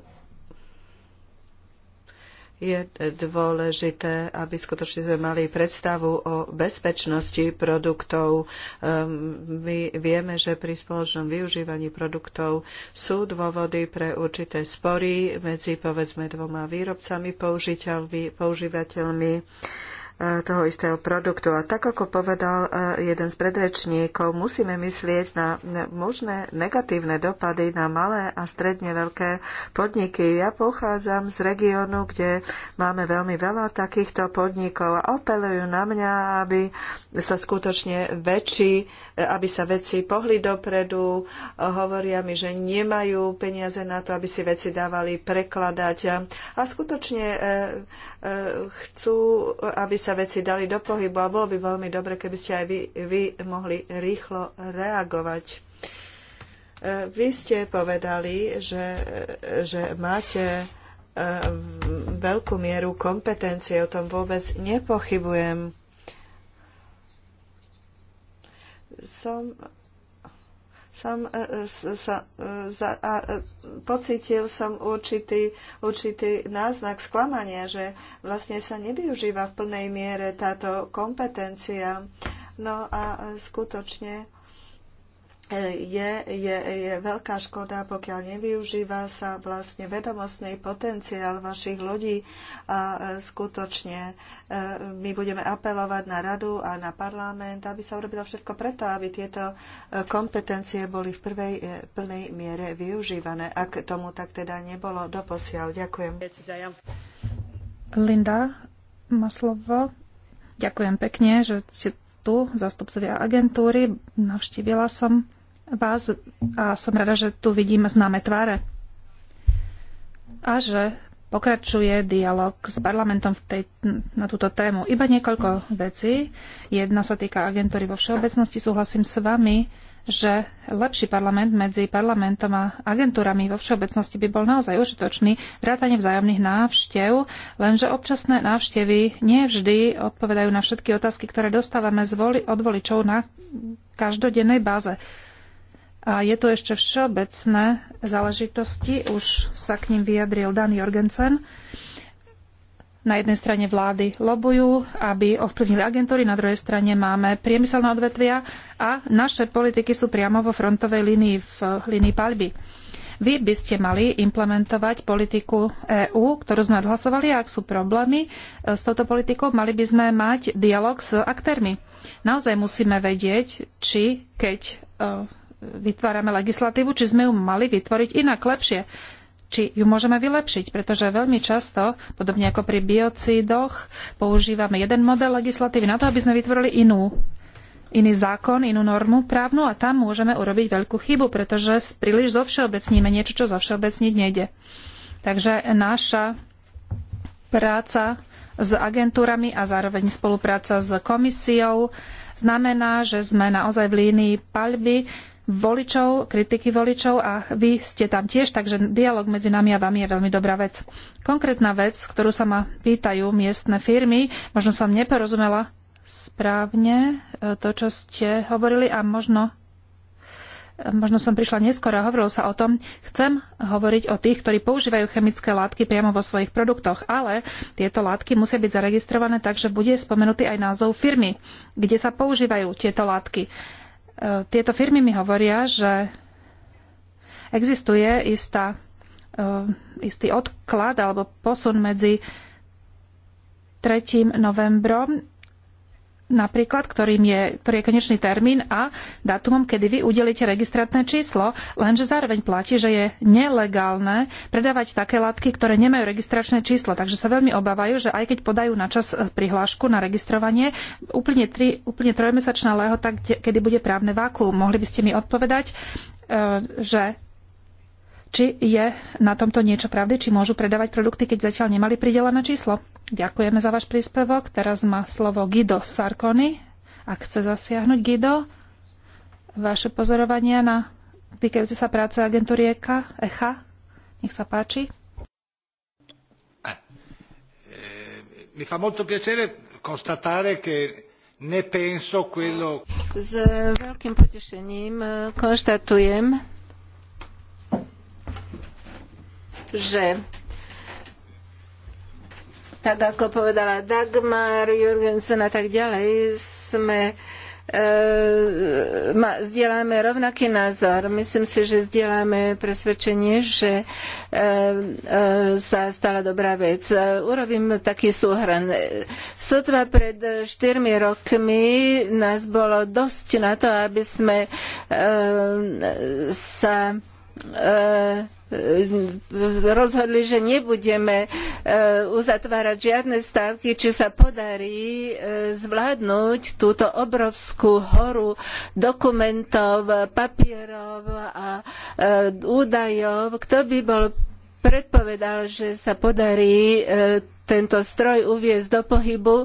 je dôležité, aby skutočne sme mali predstavu o bezpečnosti produktov. Ehm, my vieme, že pri spoločnom využívaní produktov sú dôvody pre určité spory medzi povedzme dvoma výrobcami, používateľmi. používateľmi E, toho istého produktu. A tak, ako povedal e, jeden z predrečníkov, musíme myslieť na možné negatívne dopady na malé a stredne veľké podniky. Ja pochádzam z regiónu, kde máme veľmi veľa takýchto podnikov a opelujú na mňa, aby sa skutočne väčší, e, aby sa veci pohli dopredu. Hovoria mi, že nemajú peniaze na to, aby si veci dávali prekladať. A skutočne chcú, aby sa veci dali do pohybu a bolo by veľmi dobre, keby ste aj vy, vy mohli rýchlo reagovať. E, vy ste povedali, že, že máte e, veľkú mieru kompetencie, o tom vôbec nepochybujem. Som som e, sa, e, za, a, e, pocítil som určitý, určitý náznak sklamania, že vlastne sa nevyužíva v plnej miere táto kompetencia. No a skutočne je, je, je veľká škoda, pokiaľ nevyužíva sa vlastne vedomostný potenciál vašich ľudí a e, skutočne e, my budeme apelovať na radu a na parlament, aby sa urobilo všetko preto, aby tieto e, kompetencie boli v prvej, plnej miere využívané, ak tomu tak teda nebolo doposiaľ. Ďakujem. Linda má slovo. Ďakujem pekne, že ste tu, zastupcovia agentúry. Navštívila som vás a som rada, že tu vidím známe tváre a že pokračuje dialog s parlamentom v tej, na túto tému. Iba niekoľko vecí. Jedna sa týka agentúry vo všeobecnosti. Súhlasím s vami, že lepší parlament medzi parlamentom a agentúrami vo všeobecnosti by bol naozaj užitočný, vrátane vzájomných návštev, lenže občasné návštevy nie vždy odpovedajú na všetky otázky, ktoré dostávame od voličov na každodennej báze. A je tu ešte všeobecné záležitosti, už sa k ním vyjadril Dan Jorgensen. Na jednej strane vlády lobujú, aby ovplyvnili agentúry, na druhej strane máme priemyselné odvetvia a naše politiky sú priamo vo frontovej línii, v línii palby. Vy by ste mali implementovať politiku EÚ, ktorú sme odhlasovali a ak sú problémy e, s touto politikou, mali by sme mať dialog s aktérmi. Naozaj musíme vedieť, či keď e, vytvárame legislatívu, či sme ju mali vytvoriť inak, lepšie. Či ju môžeme vylepšiť, pretože veľmi často, podobne ako pri biocídoch, používame jeden model legislatívy na to, aby sme vytvorili inú iný zákon, inú normu právnu a tam môžeme urobiť veľkú chybu, pretože príliš zovšeobecníme niečo, čo zovšeobecniť nejde. Takže naša práca s agentúrami a zároveň spolupráca s komisiou znamená, že sme naozaj v línii paľby voličov, kritiky voličov a vy ste tam tiež, takže dialog medzi nami a vami je veľmi dobrá vec. Konkrétna vec, ktorú sa ma pýtajú miestne firmy, možno som neporozumela správne e, to, čo ste hovorili a možno, e, možno som prišla neskoro a hovorilo sa o tom, chcem hovoriť o tých, ktorí používajú chemické látky priamo vo svojich produktoch, ale tieto látky musia byť zaregistrované, takže bude spomenutý aj názov firmy, kde sa používajú tieto látky E, tieto firmy mi hovoria, že existuje istá, e, istý odklad alebo posun medzi 3. novembrom napríklad, ktorým je, ktorý je konečný termín a dátumom, kedy vy udelíte registratné číslo, lenže zároveň platí, že je nelegálne predávať také látky, ktoré nemajú registračné číslo. Takže sa veľmi obávajú, že aj keď podajú na čas eh, prihlášku na registrovanie, úplne, tri, úplne trojmesačná lehota, kedy bude právne vákuum. Mohli by ste mi odpovedať, eh, že či je na tomto niečo pravdy, či môžu predávať produkty, keď zatiaľ nemali pridelené číslo. Ďakujeme za váš príspevok. Teraz má slovo Guido Sarkony. Ak chce zasiahnuť Guido, vaše pozorovania na týkajúce sa práce agentúry ECHA. ECHA. Nech sa páči. Eh, mi fa molto piacere constatare che ne penso quello... S veľkým potešením eh, konštatujem, že tak ako povedala Dagmar, Jurgensen a tak ďalej, sme e, ma, zdieľame rovnaký názor. Myslím si, že zdieľame presvedčenie, že e, e, sa stala dobrá vec. Urobím taký súhrn. Sotva pred štyrmi rokmi nás bolo dosť na to, aby sme sa E, e, rozhodli, že nebudeme e, uzatvárať žiadne stávky, či sa podarí zvládnuť túto obrovskú horu dokumentov, papierov a údajov, kto by bol predpovedal, že sa podarí e, tento stroj uviezť do pohybu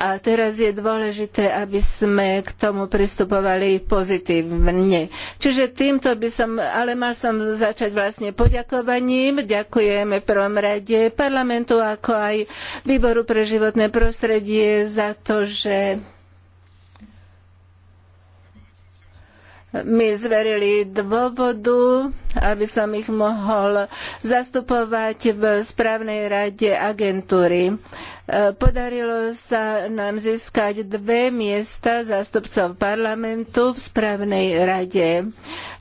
a teraz je dôležité, aby sme k tomu pristupovali pozitívne. Čiže týmto by som, ale mal som začať vlastne poďakovaním. Ďakujeme v prvom rade parlamentu, ako aj výboru pre životné prostredie za to, že mi zverili dôvodu aby som ich mohol zastupovať v správnej rade agentúry. E, podarilo sa nám získať dve miesta zástupcov parlamentu v správnej rade.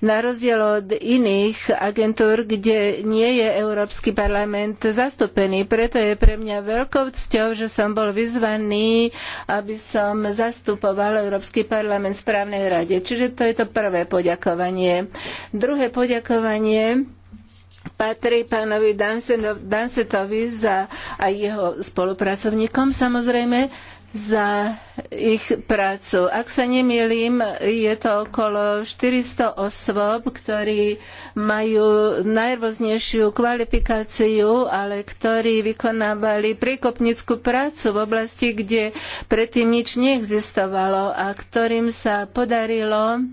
Na rozdiel od iných agentúr, kde nie je Európsky parlament zastúpený, preto je pre mňa veľkou cťou, že som bol vyzvaný, aby som zastupoval Európsky parlament v správnej rade. Čiže to je to prvé poďakovanie. Druhé poďakovanie hlasovanie patrí pánovi Dansetovi za, a jeho spolupracovníkom samozrejme za ich prácu. Ak sa nemýlim, je to okolo 400 osôb, ktorí majú najrôznejšiu kvalifikáciu, ale ktorí vykonávali priekopnickú prácu v oblasti, kde predtým nič neexistovalo a ktorým sa podarilo uh,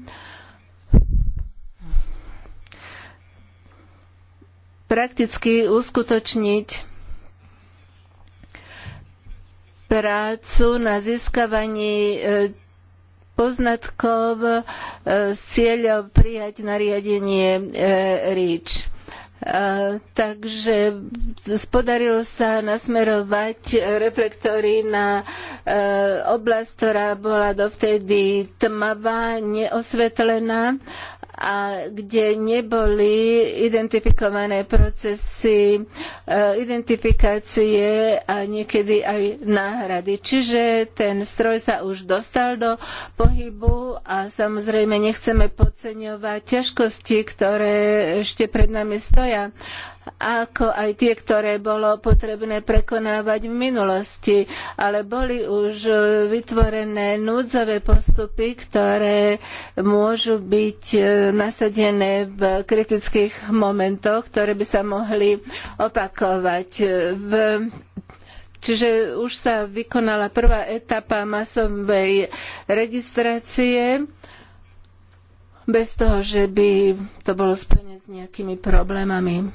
prakticky uskutočniť prácu na získavaní e, poznatkov e, s cieľom prijať nariadenie e, REACH. Takže podarilo sa nasmerovať reflektory na oblasť, ktorá bola dovtedy tmavá, neosvetlená a kde neboli identifikované procesy eh, identifikácie a niekedy aj náhrady. Čiže ten stroj sa už dostal do pohybu a samozrejme nechceme podceňovať ťažkosti, ktoré ešte pred nami stoja ako aj tie, ktoré bolo potrebné prekonávať v minulosti, ale boli už vytvorené núdzové postupy, ktoré môžu byť e, nasadené v kritických momentoch, ktoré by sa mohli opakovať. E, v Čiže už sa vykonala prvá etapa masovej registrácie bez toho, že by to bolo spojené s nejakými problémami.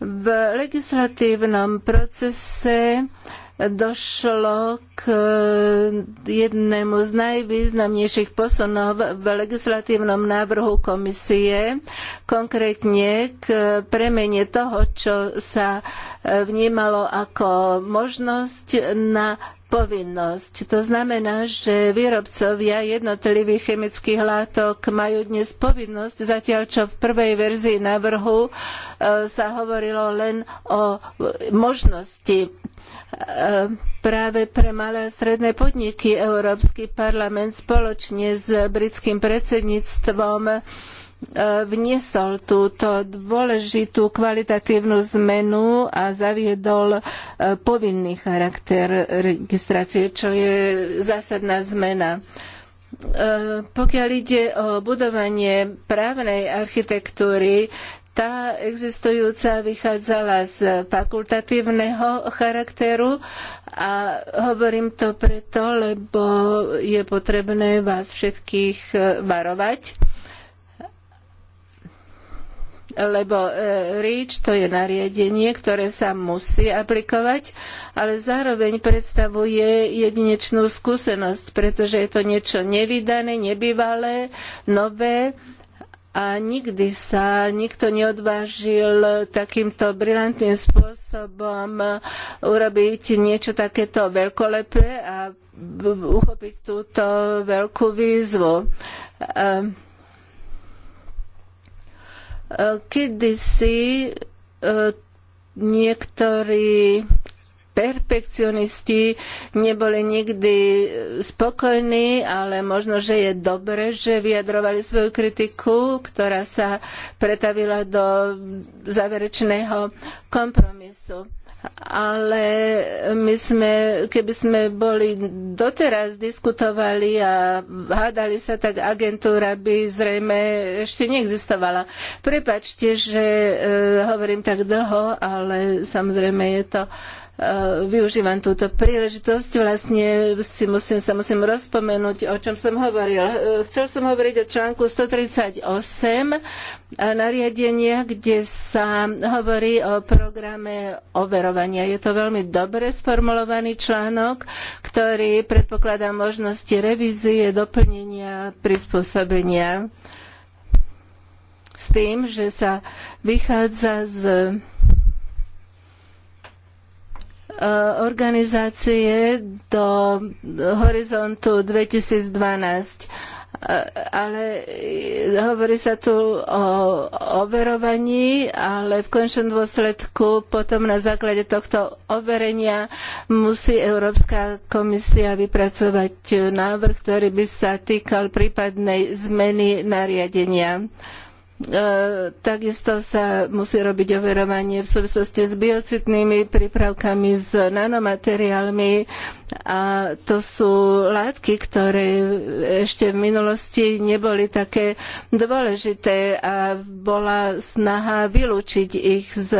V legislatívnom procese došlo k e, jednému z najvýznamnejších posunov v legislatívnom návrhu komisie, konkrétne k premene toho, čo sa e, vnímalo ako možnosť na povinnosť. To znamená, že výrobcovia jednotlivých chemických látok majú dnes povinnosť, zatiaľ čo v prvej verzii návrhu e, sa hovorilo len o možnosti. E, práve pre malé a stredné podniky Európsky parlament spoločne s britským predsedníctvom E, vniesol túto dôležitú kvalitatívnu zmenu a zaviedol e, povinný charakter registrácie, čo je zásadná zmena. E, pokiaľ ide o budovanie právnej architektúry, tá existujúca vychádzala z fakultatívneho charakteru a hovorím to preto, lebo je potrebné vás všetkých varovať. Uh, lebo e, REACH to je nariadenie, ktoré sa musí aplikovať, ale zároveň predstavuje jedinečnú skúsenosť, pretože je to niečo nevydané, nebývalé, nové a nikdy sa nikto neodvážil takýmto brilantným spôsobom urobiť niečo takéto veľkolepé a uchopiť túto veľkú výzvu. Ehm, Kedysi e, niektorí perfekcionisti neboli nikdy spokojní, ale možno, že je dobre, že vyjadrovali svoju kritiku, ktorá sa pretavila do záverečného kompromisu ale my sme, keby sme boli doteraz diskutovali a hádali sa, tak agentúra by zrejme ešte neexistovala. Prepačte, že e, hovorím tak dlho, ale samozrejme je to Eh, využívam túto príležitosť. Vlastne si musím, sa musím rozpomenúť, o čom som hovoril. Eh, chcel som hovoriť o článku 138 eh, nariadenia, kde sa hovorí o programe overovania. Je to veľmi dobre sformulovaný článok, ktorý predpokladá možnosti revízie, doplnenia, prispôsobenia s tým, že sa vychádza z E, organizácie do horizontu 2012 e, ale hovorí sa tu o overovaní, ale v končnom dôsledku potom na základe tohto overenia musí Európska komisia vypracovať návrh, ktorý by sa týkal prípadnej zmeny nariadenia. Uh, E, takisto sa musí robiť overovanie v súvislosti s biocitnými prípravkami, s nanomateriálmi a to sú látky, ktoré ešte v minulosti neboli také dôležité a bola snaha vylúčiť ich z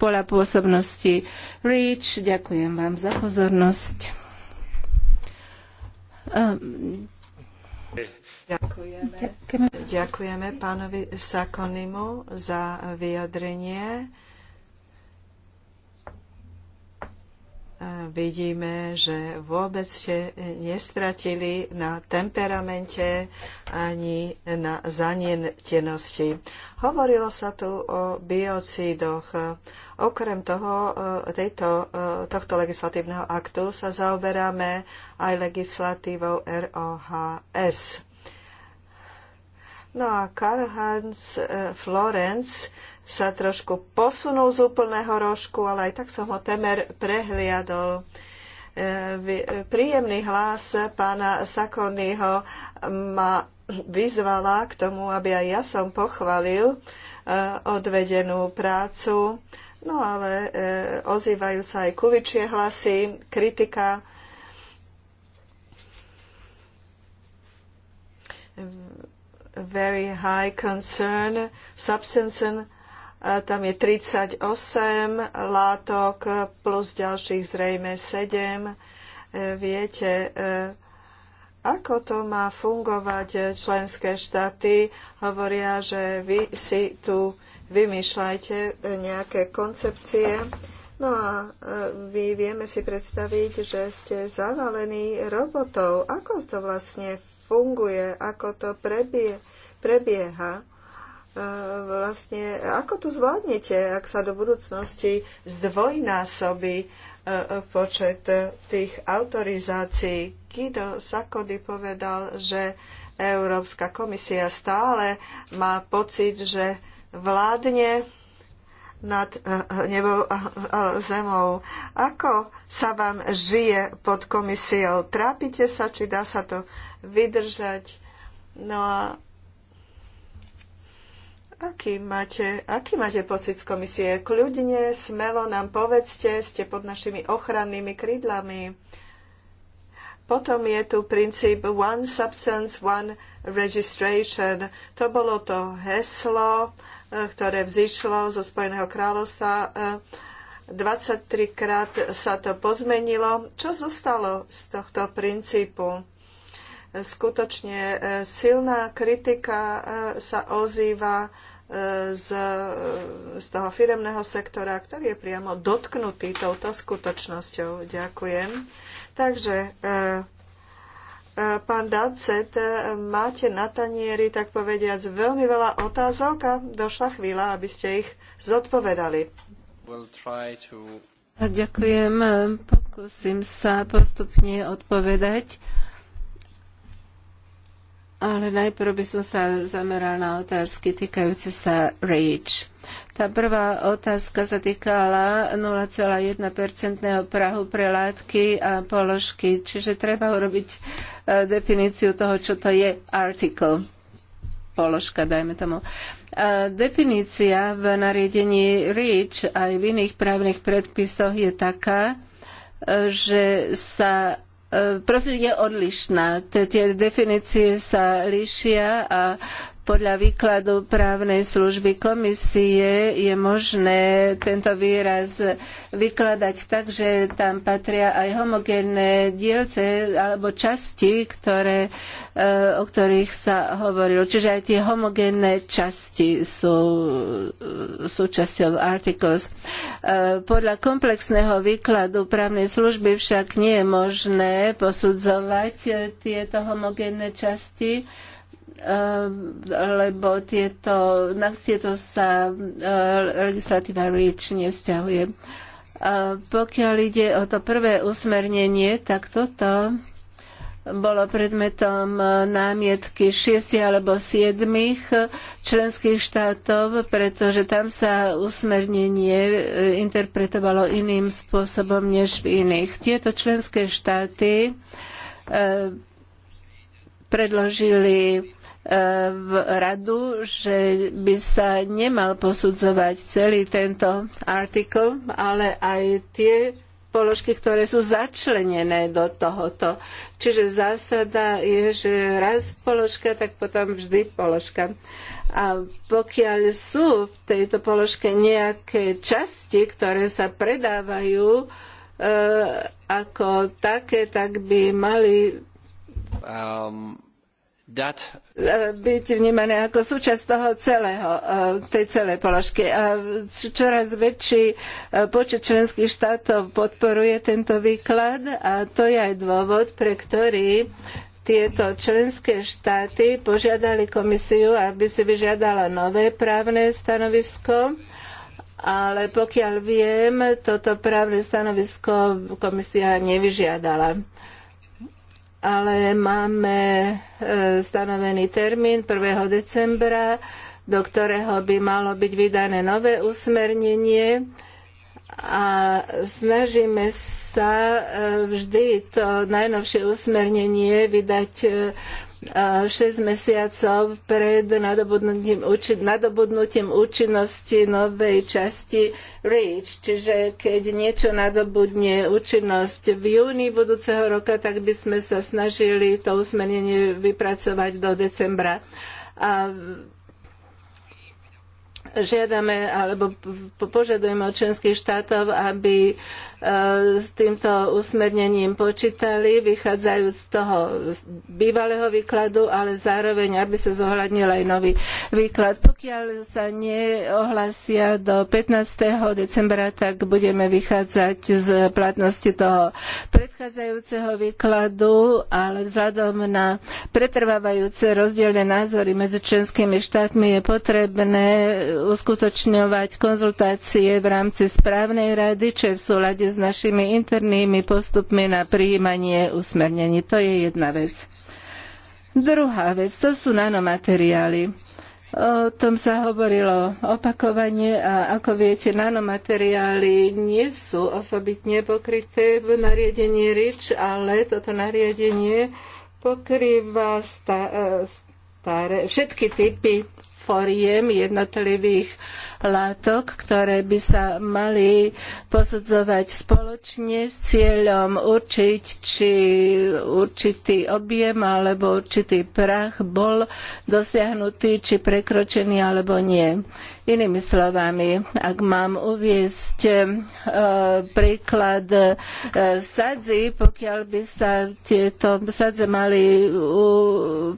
pola pôsobnosti. REACH, ďakujem vám za pozornosť. E, Ďakujeme. Ďakujeme. pánovi Sakonimu za vyjadrenie. vidíme, že vôbec ste nestratili na temperamente ani na zanietenosti. Hovorilo sa tu o biocídoch. Okrem toho, tejto, tohto legislatívneho aktu sa zaoberáme aj legislatívou ROHS. No a karl Hans eh, Florenc sa trošku posunul z úplného rožku, ale aj tak som ho temer prehliadol. Eh, príjemný hlas pána Sakonyho ma vyzvala k tomu, aby aj ja som pochvalil eh, odvedenú prácu. No ale ozývajú sa aj kuvičie hlasy, kritika very high concern substance eh, tam je 38 látok plus ďalších zrejme 7. Eh, viete, eh, ako to má fungovať členské štáty? Hovoria, že vy si tu vymýšľajte nejaké koncepcie. No a my vieme si predstaviť, že ste zavalení robotov. Ako to vlastne funguje, ako to prebie, prebieha, e, vlastne, ako to zvládnete, ak sa do budúcnosti zdvojnásobí e, počet tých autorizácií. Guido Sakody povedal, že Európska komisia stále má pocit, že vládne nad e, nebou a zemou. Ako sa vám žije pod komisiou? Trápite sa, či dá sa to vydržať. No a aký máte, aký máte pocit z komisie? Kľudne, smelo nám povedzte, ste pod našimi ochrannými krídlami. Potom je tu princíp One Substance, One Registration. To bolo to heslo, eh, ktoré vzýšlo zo Spojeného kráľovstva. 23 eh, krát sa to pozmenilo. Čo zostalo z tohto princípu? Skutočne e, silná kritika e, sa ozýva e, z, z toho firemného sektora, ktorý je priamo dotknutý touto skutočnosťou. Ďakujem. Takže pán Dancet, máte na tanieri, tak povediac, veľmi veľa otázok a došla chvíľa, aby ste ich zodpovedali. We'll to... Ďakujem. Pokúsim sa postupne odpovedať ale najprv by som sa zameral na otázky týkajúce sa REACH. Tá prvá otázka sa týkala 0,1% prahu pre látky a položky, čiže treba urobiť e, definíciu toho, čo to je article položka, dajme tomu. A e, definícia v nariadení REACH aj v iných právnych predpisoch je taká, e, že sa E, prosím, je odlišná. Tie definície sa líšia a podľa výkladu právnej služby komisie je možné tento výraz vykladať tak, že tam patria aj homogénne dielce alebo časti, ktoré, eh, o ktorých sa hovorilo. Čiže aj tie homogénne časti sú eh, súčasťou articles. Eh, podľa komplexného výkladu právnej služby však nie je možné posudzovať tieto homogénne časti, Ehm, lebo tieto, na tieto sa eh, legislatíva REACH nevzťahuje. A pokiaľ ide o to prvé usmernenie, tak toto bolo predmetom eh, námietky 6 alebo 7 členských štátov, pretože tam sa usmernenie eh, interpretovalo iným spôsobom než v iných. Tieto členské štáty predložili v radu, že by sa nemal posudzovať celý tento artikl, ale aj tie položky, ktoré sú začlenené do tohoto. Čiže zásada je, že raz položka, tak potom vždy položka. A pokiaľ sú v tejto položke nejaké časti, ktoré sa predávajú e, ako také, tak by mali um E, byť vnímané ako súčasť toho celého, e, tej celej položky. A čoraz väčší e, počet členských štátov podporuje tento výklad a to je aj dôvod, pre ktorý tieto členské štáty požiadali komisiu, aby si vyžiadala nové právne stanovisko ale pokiaľ viem, toto právne stanovisko komisia nevyžiadala ale máme e, stanovený termín 1. decembra, do ktorého by malo byť vydané nové usmernenie a snažíme sa e, vždy to najnovšie usmernenie vydať e, 6 mesiacov pred nadobudnutím, účin- nadobudnutím účinnosti novej časti REACH. Čiže keď niečo nadobudne účinnosť v júni budúceho roka, tak by sme sa snažili to usmernenie vypracovať do decembra. A žiadame alebo požadujeme od členských štátov, aby s týmto usmernením počítali, vychádzajúc z toho bývalého výkladu, ale zároveň, aby sa zohľadnil aj nový výklad. Pokiaľ sa neohlasia do 15. decembra, tak budeme vychádzať z platnosti toho predchádzajúceho výkladu, ale vzhľadom na pretrvávajúce rozdielne názory medzi členskými štátmi je potrebné uskutočňovať konzultácie v rámci správnej rady, čo je v súlade s našimi internými postupmi na prijímanie usmernení. To je jedna vec. Druhá vec, to sú nanomateriály. O tom sa hovorilo opakovane a ako viete, nanomateriály nie sú osobitne pokryté v nariadení RIČ, ale toto nariadenie pokrýva e, staré, všetky typy foriem jednotlivých látok, ktoré by sa mali posudzovať spoločne s cieľom určiť, či určitý objem alebo určitý prach bol dosiahnutý, či prekročený alebo nie. Inými slovami, ak mám uviesť e, príklad e, pokiaľ by sa tieto sadze mali u,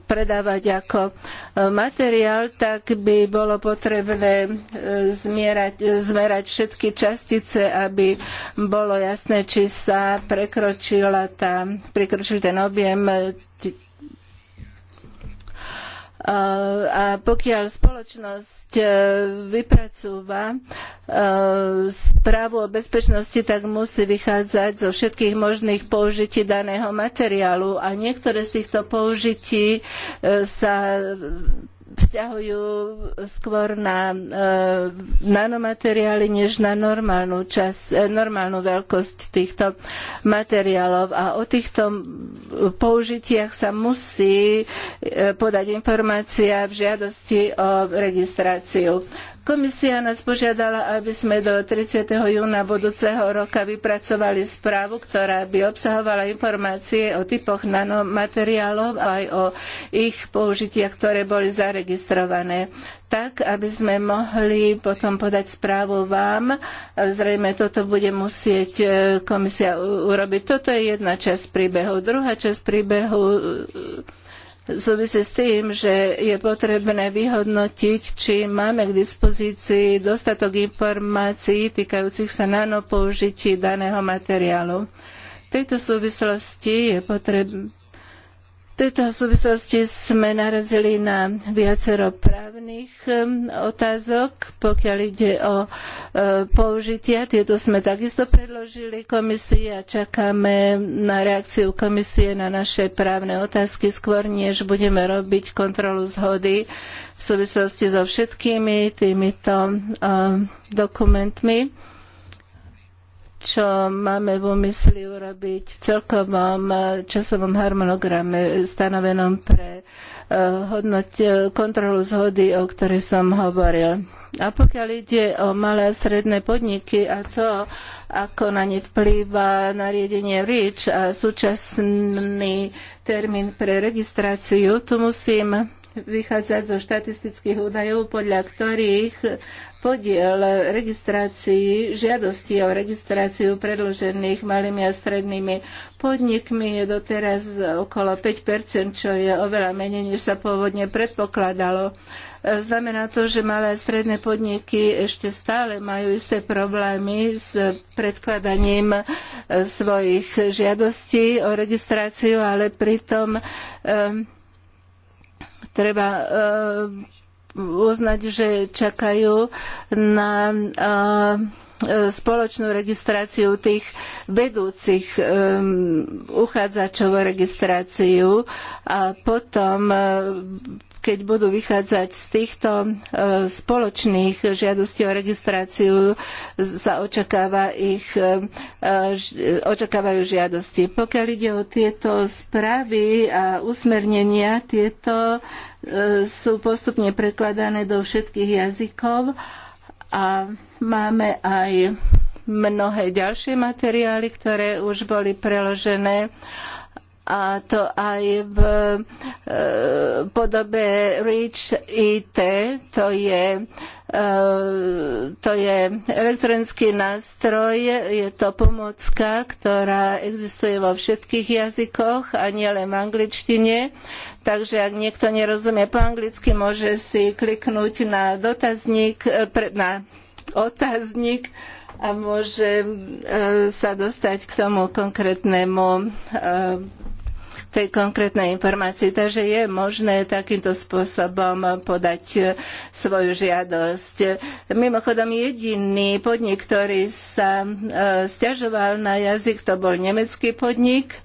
predávať ako e, materiál, tak tak by bolo potrebné e, zmierať, e, zmerať všetky častice, aby bolo jasné, či sa prekročila tá, prekročil ten objem e, a pokiaľ spoločnosť vypracúva správu o bezpečnosti, tak musí vychádzať zo všetkých možných použití daného materiálu a niektoré z týchto použití sa vzťahujú skôr na e, nanomateriály, než na normálnu, čas, e, normálnu veľkosť týchto materiálov. A o týchto použitiach sa musí e, podať informácia v žiadosti o registráciu. Komisia nás požiadala, aby sme do 30. júna budúceho roka vypracovali správu, ktorá by obsahovala informácie o typoch nanomateriálov aj o ich použitiach, ktoré boli zaregistrované tak, aby sme mohli potom podať správu vám. Zrejme toto bude musieť e, komisia urobiť. Toto je jedna časť príbehu. Druhá časť príbehu súvisí s tým, že je potrebné vyhodnotiť, či máme k dispozícii dostatok informácií týkajúcich sa nanopoužití daného materiálu. V tejto súvislosti je potrebné tejto súvislosti sme narazili na viacero právnych um, otázok, pokiaľ ide o uh, použitia. Tieto sme takisto predložili komisii a čakáme na reakciu komisie na naše právne otázky skôr, než budeme robiť kontrolu zhody v súvislosti so všetkými týmito uh, dokumentmi čo máme v úmysli urobiť v celkovom eh, časovom harmonograme stanovenom pre eh, kontrolu zhody, o ktorej som hovoril. A pokiaľ ide o malé a stredné podniky a to, ako na ne vplýva nariadenie REACH a súčasný termín pre registráciu, tu musím vychádzať zo štatistických údajov, podľa ktorých podiel registrácií, žiadosti o registráciu predložených malými a strednými podnikmi je doteraz okolo 5%, čo je oveľa menej, než sa pôvodne predpokladalo. Znamená to, že malé a stredné podniky ešte stále majú isté problémy s predkladaním e, svojich žiadostí o registráciu, ale pritom um, Treba eh, uznať, že čakajú na eh, spoločnú registráciu tých vedúcich um, uchádzačov o registráciu a potom uh, keď budú vychádzať z týchto e, spoločných žiadostí o registráciu, sa očakáva ich, e, e, očakávajú žiadosti. Pokiaľ ide o tieto správy a usmernenia, tieto sú postupne prekladané do všetkých jazykov a máme aj mnohé ďalšie materiály, ktoré už boli preložené a to aj v e, podobe REACH IT, to je e, to je elektronický nástroj, je to pomocka, ktorá existuje vo všetkých jazykoch a nielen v angličtine. Takže ak niekto nerozumie po anglicky, môže si kliknúť na dotazník, e, na otáznik a môže sa dostať k tomu konkrétnemu tej konkrétnej informácii. Takže je možné takýmto spôsobom podať svoju žiadosť. Mimochodom, jediný podnik, ktorý sa e, stiažoval na jazyk, to bol nemecký podnik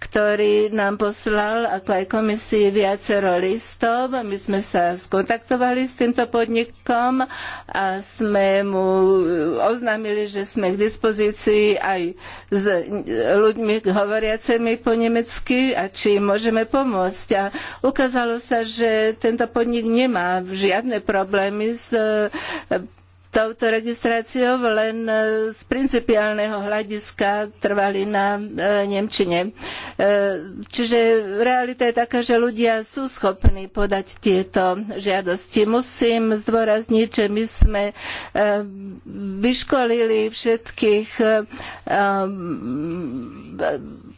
ktorý nám poslal ako aj komisii viacero listov. My sme sa skontaktovali s týmto podnikom a sme mu oznámili, že sme k dispozícii aj s ľuďmi hovoriacimi po nemecky a či môžeme pomôcť. A ukázalo sa, že tento podnik nemá žiadne problémy s touto registráciou, len e, z principiálneho hľadiska trvali na e, Nemčine. E, čiže realita je taká, že ľudia sú schopní podať tieto žiadosti. Musím zdôrazniť, že my sme vyškolili všetkých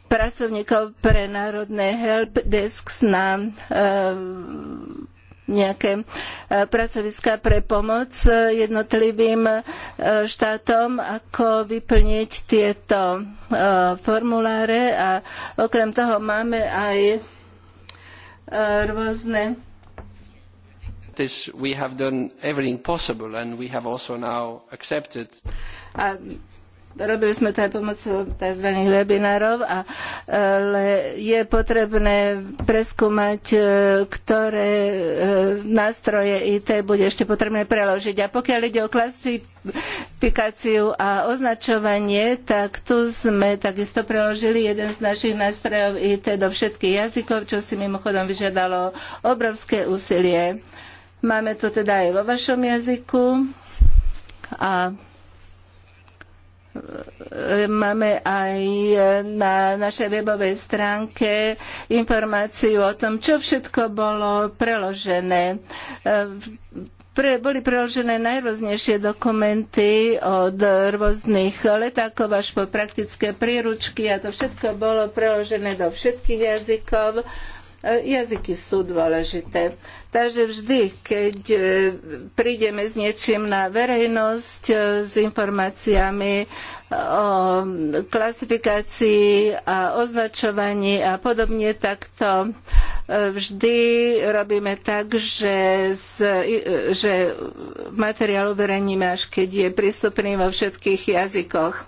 pracovníkov pre národné helpdesks na nejaké e, pracoviská pre pomoc e, jednotlivým e, štátom, ako vyplniť tieto formuláre a okrem toho máme aj rôzne we have done everything possible and we have also now accepted Robili sme to aj pomocou tzv. webinárov, ale je potrebné preskúmať, e, ktoré e, nástroje IT bude ešte potrebné preložiť. A pokiaľ ide o klasifikáciu a označovanie, tak tu sme takisto preložili jeden z našich nástrojov IT do všetkých jazykov, čo si mimochodom vyžiadalo obrovské úsilie. Máme to teda aj vo vašom jazyku a Máme aj na našej webovej stránke informáciu o tom, čo všetko bolo preložené. Pre, boli preložené najrôznejšie dokumenty od rôznych letákov až po praktické príručky a to všetko bolo preložené do všetkých jazykov E, jazyky sú dôležité. Takže vždy, keď e, prídeme s niečím na verejnosť, e, s informáciami o klasifikácii a označovaní a podobne, tak to vždy robíme tak, že, z, že materiál uverejníme až keď je prístupný vo všetkých jazykoch.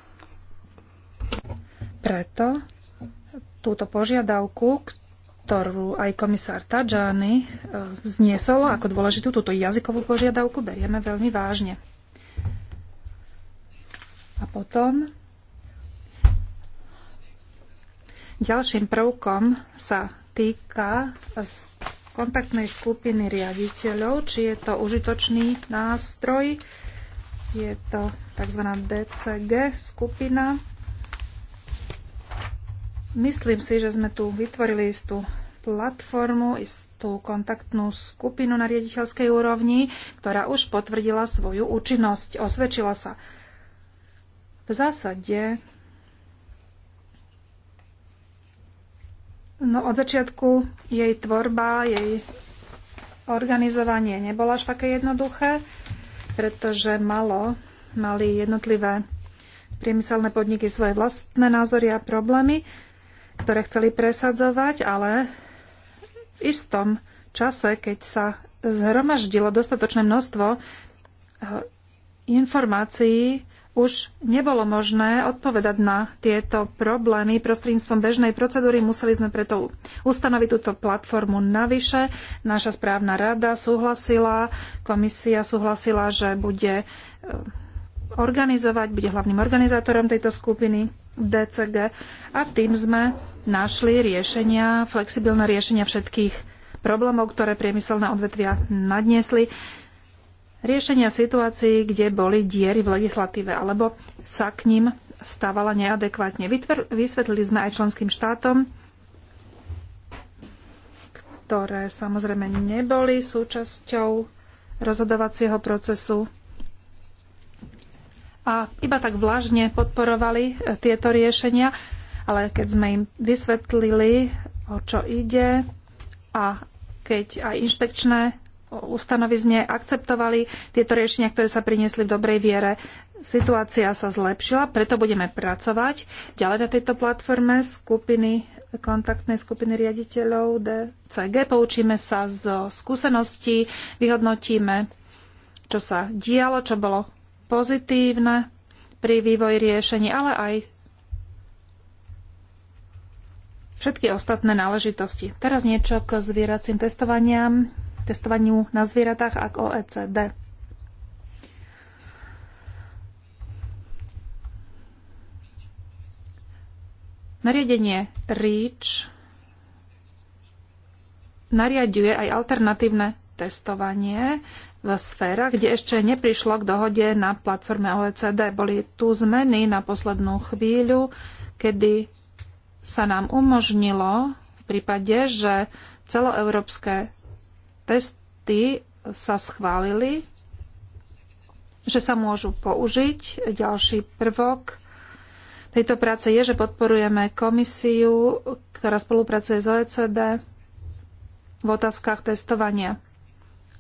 Preto túto požiadavku, ktorú aj komisár Tajani e, zniesol ako dôležitú túto jazykovú požiadavku, berieme veľmi vážne. A potom ďalším prvkom sa týka kontaktnej skupiny riaditeľov, či je to užitočný nástroj, je to tzv. DCG skupina, Myslím si, že sme tu vytvorili istú platformu, istú kontaktnú skupinu na riaditeľskej úrovni, ktorá už potvrdila svoju účinnosť, osvedčila sa. V zásade no od začiatku jej tvorba, jej organizovanie nebolo až také jednoduché, pretože malo, mali jednotlivé priemyselné podniky svoje vlastné názory a problémy ktoré chceli presadzovať, ale v istom čase, keď sa zhromaždilo dostatočné množstvo eh, informácií, už nebolo možné odpovedať na tieto problémy prostredníctvom bežnej procedúry. Museli sme preto ustanoviť túto platformu navyše. Naša správna rada súhlasila, komisia súhlasila, že bude eh, organizovať, bude hlavným organizátorom tejto skupiny DCG a tým sme našli riešenia, flexibilné riešenia všetkých problémov, ktoré priemyselné odvetvia nadniesli. Riešenia situácií, kde boli diery v legislatíve, alebo sa k ním stávala neadekvátne. Vysvetlili sme aj členským štátom, ktoré samozrejme neboli súčasťou rozhodovacieho procesu a iba tak vlažne podporovali eh, tieto riešenia ale keď sme im vysvetlili, o čo ide a keď aj inšpekčné ustanovizne akceptovali tieto riešenia, ktoré sa priniesli v dobrej viere. Situácia sa zlepšila, preto budeme pracovať ďalej na tejto platforme skupiny kontaktnej skupiny riaditeľov DCG. Poučíme sa z skúseností, vyhodnotíme, čo sa dialo, čo bolo pozitívne pri vývoji riešení, ale aj všetky ostatné náležitosti. Teraz niečo k zvieracím testovaniam, testovaniu na zvieratách a k OECD. Nariadenie REACH nariaduje aj alternatívne testovanie v sférach, kde ešte neprišlo k dohode na platforme OECD. Boli tu zmeny na poslednú chvíľu, kedy sa nám umožnilo v prípade, že celoeurópske testy sa schválili, že sa môžu použiť. Ďalší prvok tejto práce je, že podporujeme komisiu, ktorá spolupracuje s OECD v otázkach testovania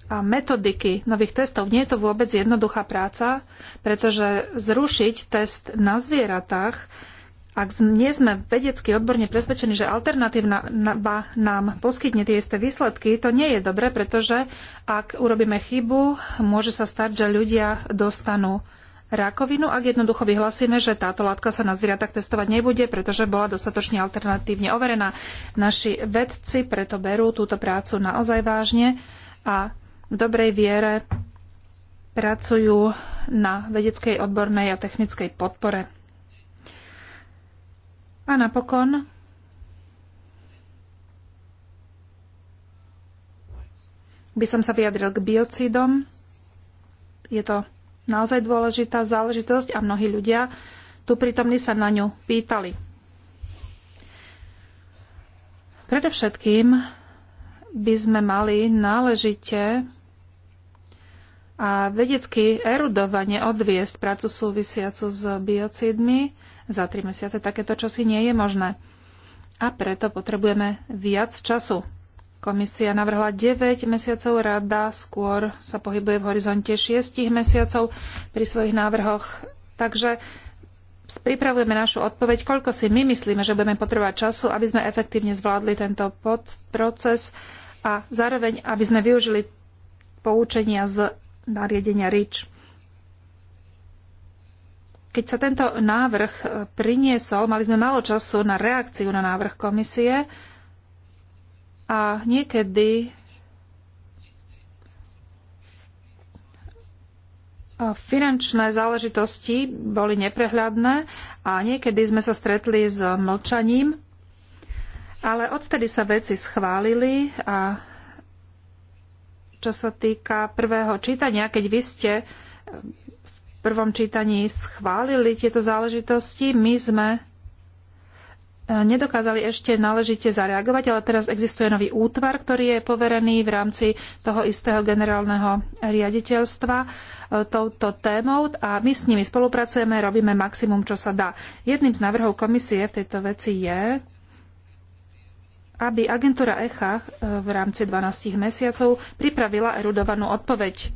a metodiky nových testov. Nie je to vôbec jednoduchá práca, pretože zrušiť test na zvieratách ak nie sme vedecky odborne presvedčení, že alternatívna nám poskytne tie isté výsledky, to nie je dobre, pretože ak urobíme chybu, môže sa stať, že ľudia dostanú rakovinu, ak jednoducho vyhlasíme, že táto látka sa na zvieratách testovať nebude, pretože bola dostatočne alternatívne overená. Naši vedci preto berú túto prácu naozaj vážne a v dobrej viere pracujú na vedeckej, odbornej a technickej podpore. A napokon by som sa vyjadril k biocidom. Je to naozaj dôležitá záležitosť a mnohí ľudia tu prítomní sa na ňu pýtali. Predovšetkým by sme mali náležite a vedecky erudovanie odviesť prácu súvisiacu s biocidmi za tri mesiace. Takéto čosi nie je možné. A preto potrebujeme viac času. Komisia navrhla 9 mesiacov, rada skôr sa pohybuje v horizonte 6 mesiacov pri svojich návrhoch. Takže pripravujeme našu odpoveď, koľko si my myslíme, že budeme potrebovať času, aby sme efektívne zvládli tento proces a zároveň, aby sme využili poučenia z nariadenia REACH. Keď sa tento návrh e, priniesol, mali sme málo času na reakciu na návrh komisie a niekedy e, Finančné záležitosti boli neprehľadné a niekedy sme sa stretli s mlčaním, ale odvtedy sa veci schválili a čo sa týka prvého čítania, keď vy ste eh, v prvom čítaní schválili tieto záležitosti, my sme eh, nedokázali ešte náležite zareagovať, ale teraz existuje nový útvar, ktorý je poverený v rámci toho istého generálneho riaditeľstva eh, touto témou a my s nimi spolupracujeme, robíme maximum, čo sa dá. Jedným z návrhov komisie v tejto veci je, aby agentúra ECHA eh, v rámci 12 mesiacov pripravila erudovanú odpoveď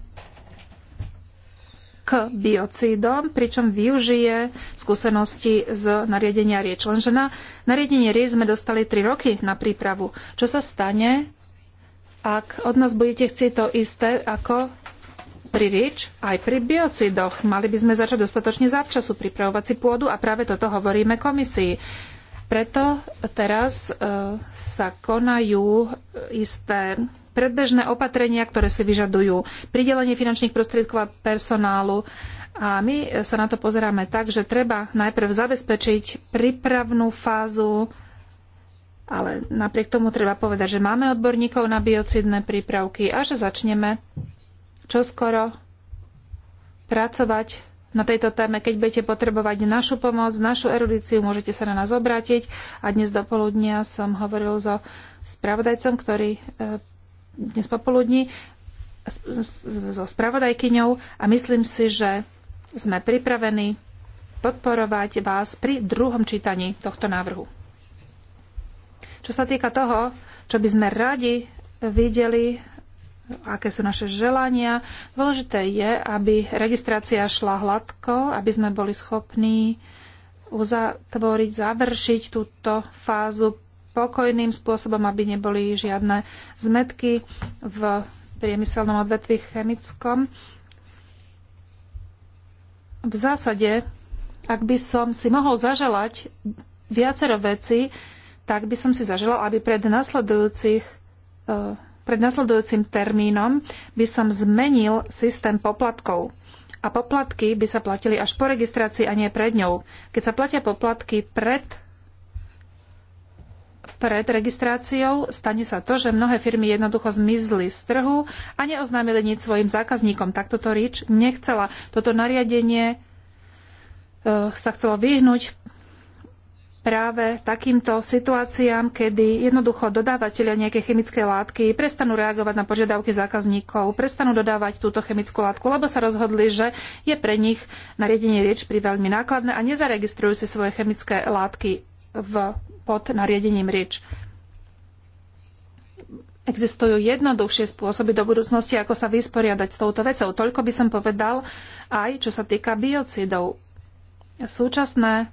k biocídom, pričom využije skúsenosti z nariadenia rieč. Lenže na nariadenie rieč sme dostali 3 roky na prípravu. Čo sa stane, ak od nás budete chcieť to isté ako pri rieč, aj pri biocidoch. Mali by sme začať dostatočne zavčasu pripravovať si pôdu a práve toto hovoríme komisii. Preto teraz e, sa konajú e, isté predbežné opatrenia, ktoré si vyžadujú pridelenie finančných prostriedkov a personálu. A my e, sa na to pozeráme tak, že treba najprv zabezpečiť prípravnú fázu, ale napriek tomu treba povedať, že máme odborníkov na biocidné prípravky a že začneme čoskoro pracovať na tejto téme. Keď budete potrebovať našu pomoc, našu erudíciu, môžete sa na nás obrátiť. A dnes do poludnia som hovoril so spravodajcom, ktorý e, dnes popoludní so spravodajkyňou a myslím si, že sme pripravení podporovať vás pri druhom čítaní tohto návrhu. Čo sa týka toho, čo by sme radi videli aké sú naše želania. Dôležité je, aby registrácia šla hladko, aby sme boli schopní uzatvoriť, završiť túto fázu pokojným spôsobom, aby neboli žiadne zmetky v priemyselnom odvetví chemickom. V zásade, ak by som si mohol zaželať viacero veci, tak by som si zaželal, aby pred nasledujúcich eh, pred nasledujúcim termínom by som zmenil systém poplatkov. A poplatky by sa platili až po registrácii a nie pred ňou. Keď sa platia poplatky pred pred registráciou stane sa to, že mnohé firmy jednoducho zmizli z trhu a neoznámili nič svojim zákazníkom. Takto to Rich nechcela. Toto nariadenie eh, sa chcelo vyhnúť práve takýmto situáciám, kedy jednoducho dodávateľia nejakej chemickej látky prestanú reagovať na požiadavky zákazníkov, prestanú dodávať túto chemickú látku, lebo sa rozhodli, že je pre nich nariadenie rieč pri veľmi nákladné a nezaregistrujú si svoje chemické látky v, pod nariadením rieč. Existujú jednoduchšie spôsoby do budúcnosti, ako sa vysporiadať s touto vecou. Toľko by som povedal aj, čo sa týka biocidov. Súčasné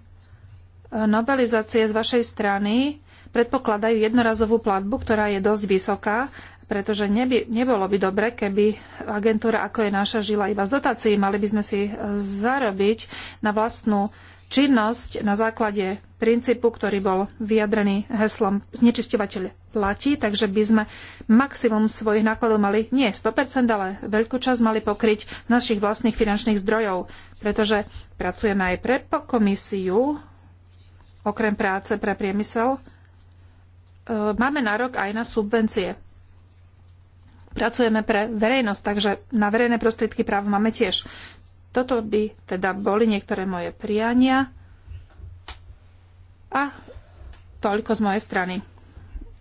novelizácie z vašej strany predpokladajú jednorazovú platbu, ktorá je dosť vysoká, pretože neby, nebolo by dobre, keby agentúra ako je naša žila iba z dotácií. Mali by sme si e, zarobiť na vlastnú činnosť na základe princípu, ktorý bol vyjadrený heslom znečisťovateľ platí, takže by sme maximum svojich nákladov mali nie 100%, ale veľkú časť mali pokryť našich vlastných finančných zdrojov, pretože pracujeme aj pre komisiu okrem práce pre priemysel, e, máme nárok aj na subvencie. Pracujeme pre verejnosť, takže na verejné prostriedky práv máme tiež. Toto by teda boli niektoré moje priania. A toľko z mojej strany.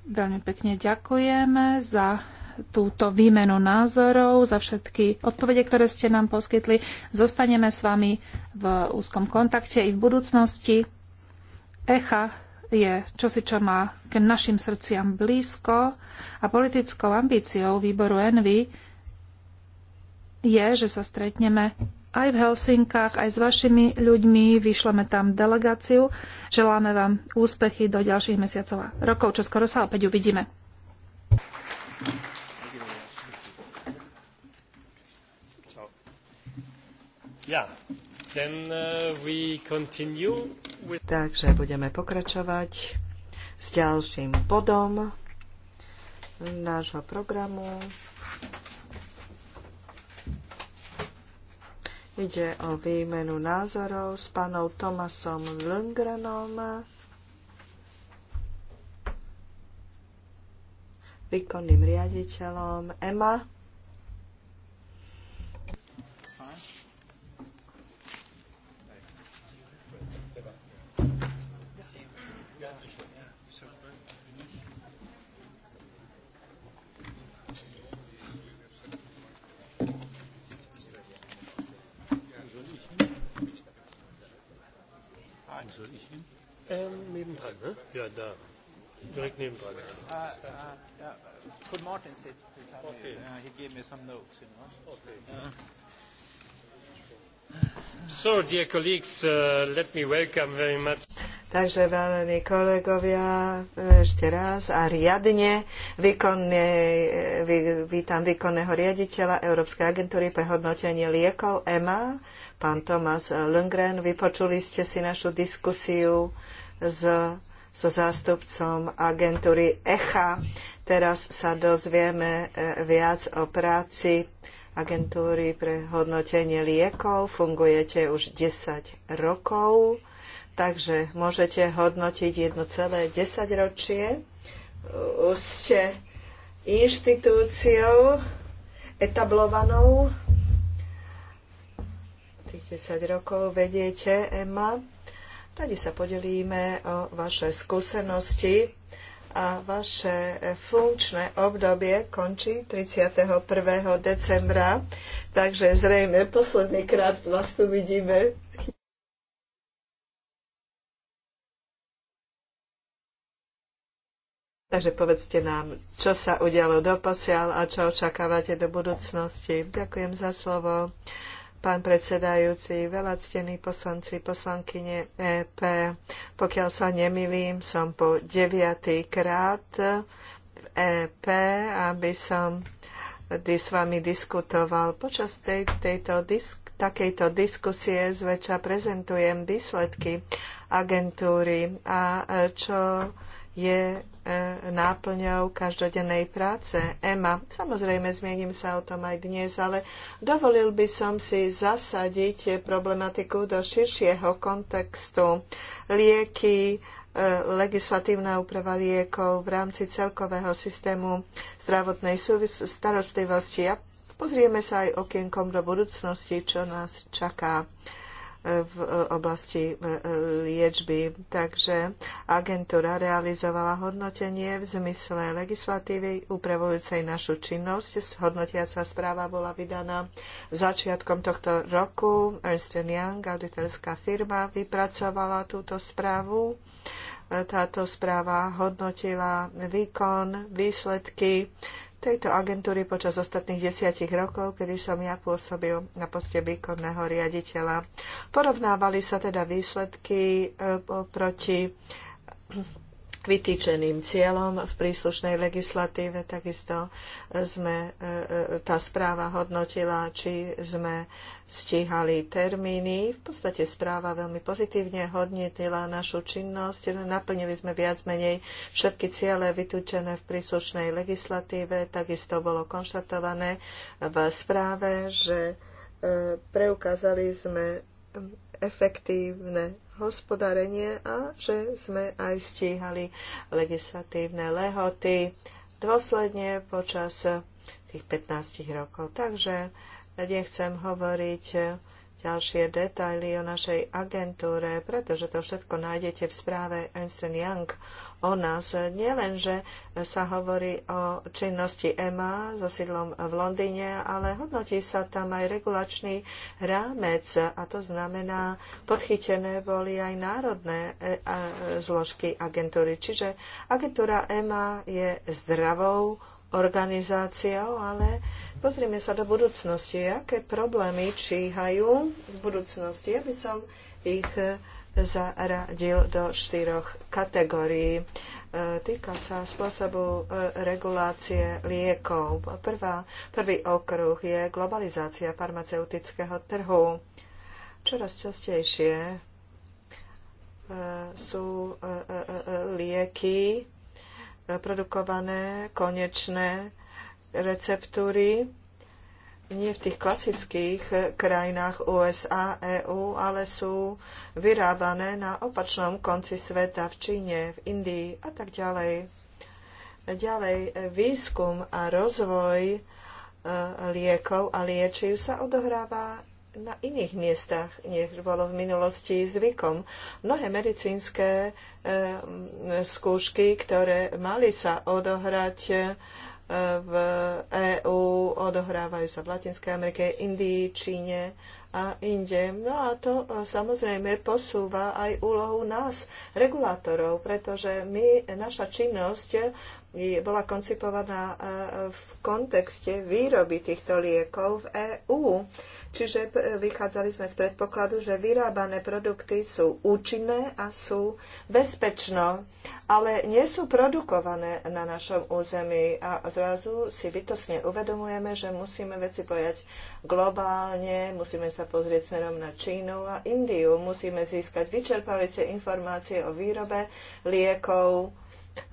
Veľmi pekne ďakujeme za túto výmenu názorov, za všetky odpovede, ktoré ste nám poskytli. Zostaneme s vami v úzkom kontakte i v budúcnosti. Echa je čosi, čo má k našim srdciam blízko a politickou ambíciou výboru Envy je, že sa stretneme aj v Helsinkách, aj s vašimi ľuďmi, vyšleme tam delegáciu. Želáme vám úspechy do ďalších mesiacov a rokov, čo skoro sa opäť uvidíme. Ja. Uh, with... Takže budeme pokračovať s ďalším bodom nášho programu. Ide o výmenu názorov s pánom Tomasom Lundgrenom, výkonným riaditeľom EMA Ähm, nebendran, ne? Ja, da. Direkt nebendran. Uh, ah, uh, ah, uh, could Martin sit beside okay. me? Uh, he gave me some notes, you know. Okay. Uh. So, dear colleagues, uh, let me welcome very much. Takže, vážení kolegovia, e, ešte raz a riadne výkonne, e, vítam výkonného riaditeľa Európskej agentúry pre hodnotenie liekov EMA pán Tomás Lundgren. Vypočuli ste si našu diskusiu s, so zástupcom agentúry ECHA. Teraz sa dozvieme e, viac o práci agentúry pre hodnotenie liekov. Fungujete už 10 rokov, takže môžete hodnotiť jedno celé 10 ročie. Ste inštitúciou etablovanou tých 10 rokov vediete Emma. Radi sa podelíme o vaše skúsenosti a vaše funkčné obdobie končí 31. decembra, takže zrejme posledný krát vás tu vidíme. Takže povedzte nám, čo sa udialo posiaľ a čo očakávate do budúcnosti. Ďakujem za slovo pán predsedajúci, veľa ctení poslanci, poslankyne EP. Pokiaľ sa nemilím, som po deviatý krát v EP, aby som s vami diskutoval. Počas tej, tejto disk, takejto diskusie zväčša prezentujem výsledky agentúry a e, čo je náplňou každodennej práce. EMA, samozrejme zmiením sa o tom aj dnes, ale dovolil by som si zasadiť problematiku do širšieho kontextu. Lieky, e, legislatívna úprava liekov v rámci celkového systému zdravotnej starostlivosti a pozrieme sa aj okienkom do budúcnosti, čo nás čaká v e, oblasti e, e, liečby. Takže agentúra realizovala hodnotenie v zmysle legislatívy upravujúcej našu činnosť. Hodnotiaca správa bola vydaná začiatkom tohto roku. Ernst Young, auditorská firma, vypracovala túto správu. Táto správa hodnotila výkon, výsledky tejto agentúry počas ostatných desiatich rokov, kedy som ja pôsobil na poste výkonného riaditeľa. Porovnávali sa teda výsledky e, proti k vytýčeným cieľom v príslušnej legislatíve. Takisto e, sme, e, e, tá správa hodnotila, či sme stíhali termíny. V podstate správa veľmi pozitívne hodnotila našu činnosť. Naplnili sme viac menej všetky ciele vytúčené v príslušnej legislatíve. Takisto bolo konštatované v správe, že preukázali sme efektívne hospodárenie a že sme aj stíhali legislatívne lehoty dôsledne počas tých 15 rokov. Takže nechcem hovoriť ďalšie detaily o našej agentúre, pretože to všetko nájdete v správe Ernst Young o nás. Nielenže že sa hovorí o činnosti EMA so sídlom v Londýne, ale hodnotí sa tam aj regulačný rámec a to znamená, podchytené boli aj národné e, zložky agentúry. Čiže agentúra EMA je zdravou organizáciou, ale pozrieme sa do budúcnosti. Aké problémy číhajú v budúcnosti? aby som ich zaradil do štyroch kategórií. E, týka sa spôsobu e, regulácie liekov. Prvá, prvý okruh je globalizácia farmaceutického trhu. Čoraz častejšie e, sú lieky produkované, konečné receptúry, nie v tých klasických krajinách USA, EÚ, ale sú vyrábané na opačnom konci sveta, v Číne, v Indii a tak ďalej. Ďalej, výskum a rozvoj e, liekov a liečiv sa odohráva na iných miestach, než bolo v minulosti zvykom. Mnohé medicínske e, skúšky, ktoré mali sa odohrať e, v EÚ, odohrávajú sa v Latinskej Amerike, Indii, Číne a inde. No a to e, samozrejme posúva aj úlohu nás, regulátorov, pretože my, naša činnosť bola koncipovaná e, v kontexte výroby týchto liekov v EÚ. Čiže e, vychádzali sme z predpokladu, že vyrábané produkty sú účinné a sú bezpečné, ale nie sú produkované na našom území. A zrazu si bytosne uvedomujeme, že musíme veci pojať globálne, musíme sa pozrieť smerom na Čínu a Indiu, musíme získať vyčerpávajúce informácie o výrobe liekov,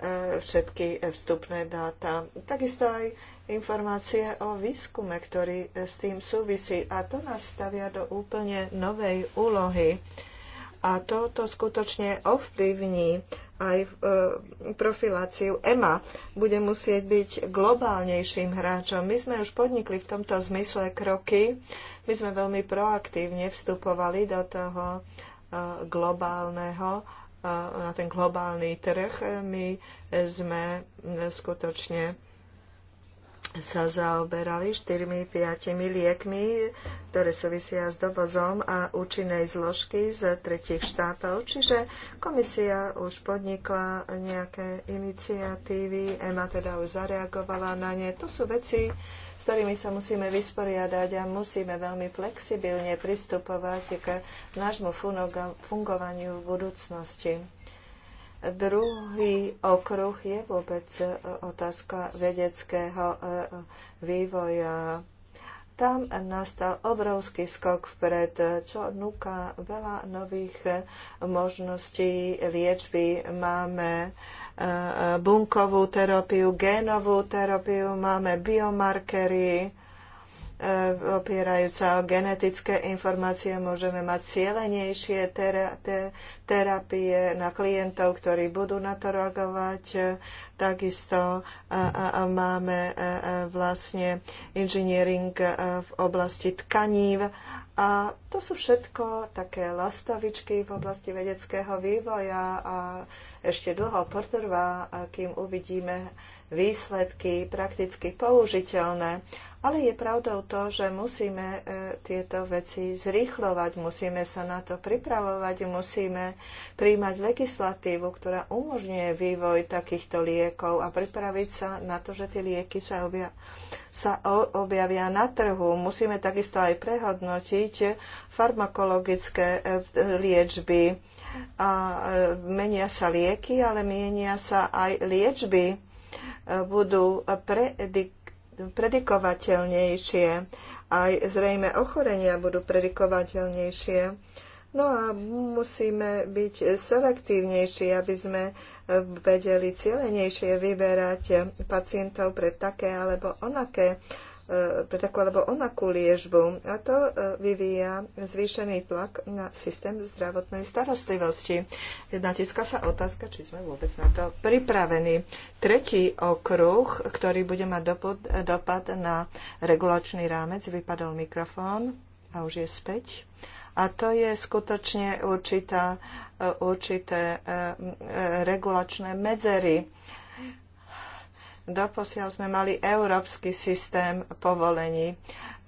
E, všetky vstupné dáta. Takisto aj informácie o výskume, ktorý e, s tým súvisí. A to nás stavia do úplne novej úlohy. A toto skutočne ovplyvní aj e, profiláciu EMA. Bude musieť byť globálnejším hráčom. My sme už podnikli v tomto zmysle kroky. My sme veľmi proaktívne vstupovali do toho globálneho na ten globálny trh. My sme skutočne sa zaoberali 4-5 liekmi, ktoré súvisia s dovozom a účinnej zložky z tretich štátov. Čiže komisia už podnikla nejaké iniciatívy, EMA teda už zareagovala na ne. To sú veci, ktorými sa musíme vysporiadať a musíme veľmi flexibilne pristupovať k nášmu fungovaniu v budúcnosti. Druhý okruh je vôbec e, otázka vedeckého e, vývoja. Tam nastal obrovský skok vpred, čo núka veľa nových e, možností liečby. Máme bunkovú terapiu, génovú terapiu, máme biomarkery, e, opierajúca o genetické informácie, môžeme mať cielenejšie terapie na klientov, ktorí budú na to reagovať. E, takisto e, máme vlastne inžiniering v oblasti tkanív. A to sú všetko také lastavičky v oblasti vedeckého vývoja a ešte dlho potrvá, kým uvidíme výsledky prakticky použiteľné. Ale je pravdou to, že musíme e, tieto veci zrýchlovať, musíme sa na to pripravovať, musíme príjmať legislatívu, ktorá umožňuje vývoj takýchto liekov a pripraviť sa na to, že tie lieky sa, objavia, sa objavia na trhu. Musíme takisto aj prehodnotiť farmakologické e, liečby. A e, menia sa lieky, ale menia sa aj liečby budú predik- predikovateľnejšie. Aj zrejme ochorenia budú predikovateľnejšie. No a musíme byť selektívnejší, aby sme vedeli cieľenejšie vyberať pacientov pre také alebo onaké E, pre takú alebo onakú liežbu. A to e, vyvíja zvýšený tlak na systém zdravotnej starostlivosti. Natíska sa otázka, či sme vôbec na to pripravení. Tretí okruh, ktorý bude mať dopad, dopad na regulačný rámec, vypadol mikrofón a už je späť. A to je skutočne určitá, e, určité regulačné medzery Doposiaľ sme mali európsky systém povolení,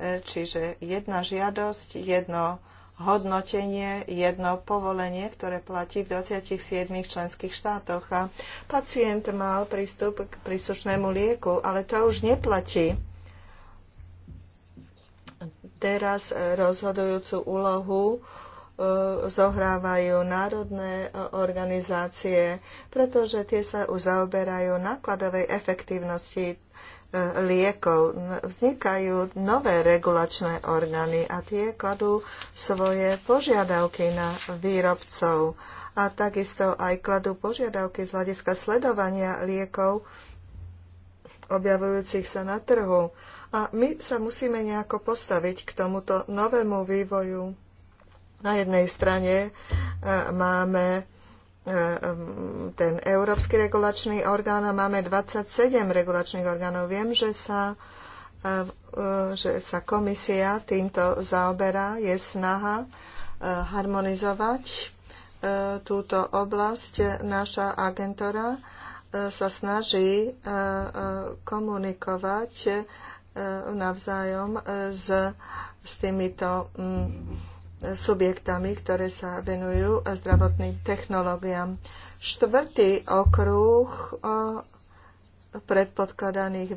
e, čiže jedna žiadosť, jedno hodnotenie, jedno povolenie, ktoré platí v 27 členských štátoch. A pacient mal prístup k príslušnému lieku, ale to už neplatí. Teraz e, rozhodujúcu úlohu E, zohrávajú národné e, organizácie, pretože tie sa už zaoberajú nákladovej efektívnosti e, liekov. Vznikajú nové regulačné orgány a tie kladú svoje požiadavky na výrobcov a takisto aj kladú požiadavky z hľadiska sledovania liekov objavujúcich sa na trhu. A my sa musíme nejako postaviť k tomuto novému vývoju. Na jednej strane e, máme e, ten Európsky regulačný orgán a máme 27 regulačných orgánov. Viem, že sa, e, že sa komisia týmto zaoberá, je snaha harmonizovať túto oblasť. Naša agentúra sa snaží komunikovať navzájom s, s týmito subjektami, ktoré sa venujú zdravotným technológiám. Štvrtý okruh eh, predpodkladaných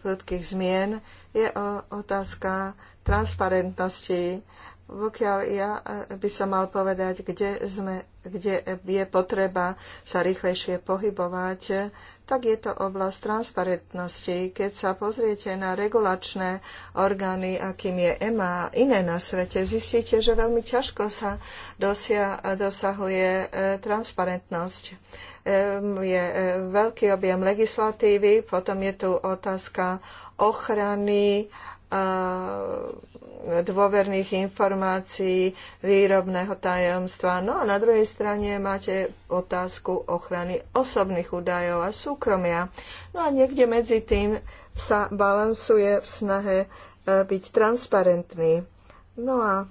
prudkých zmien je otázka transparentnosti pokiaľ ja eh, by som mal povedať, kde, sme, kde je potreba sa rýchlejšie pohybovať, tak je to oblasť transparentnosti. Keď sa pozriete na regulačné orgány, akým je EMA a iné na svete, zistíte, že veľmi ťažko sa dosia, dosahuje eh, transparentnosť. Je eh, veľký objem legislatívy, potom je tu otázka ochrany dôverných informácií, výrobného tajomstva. No a na druhej strane máte otázku ochrany osobných údajov a súkromia. No a niekde medzi tým sa balansuje v snahe e, byť transparentný. No a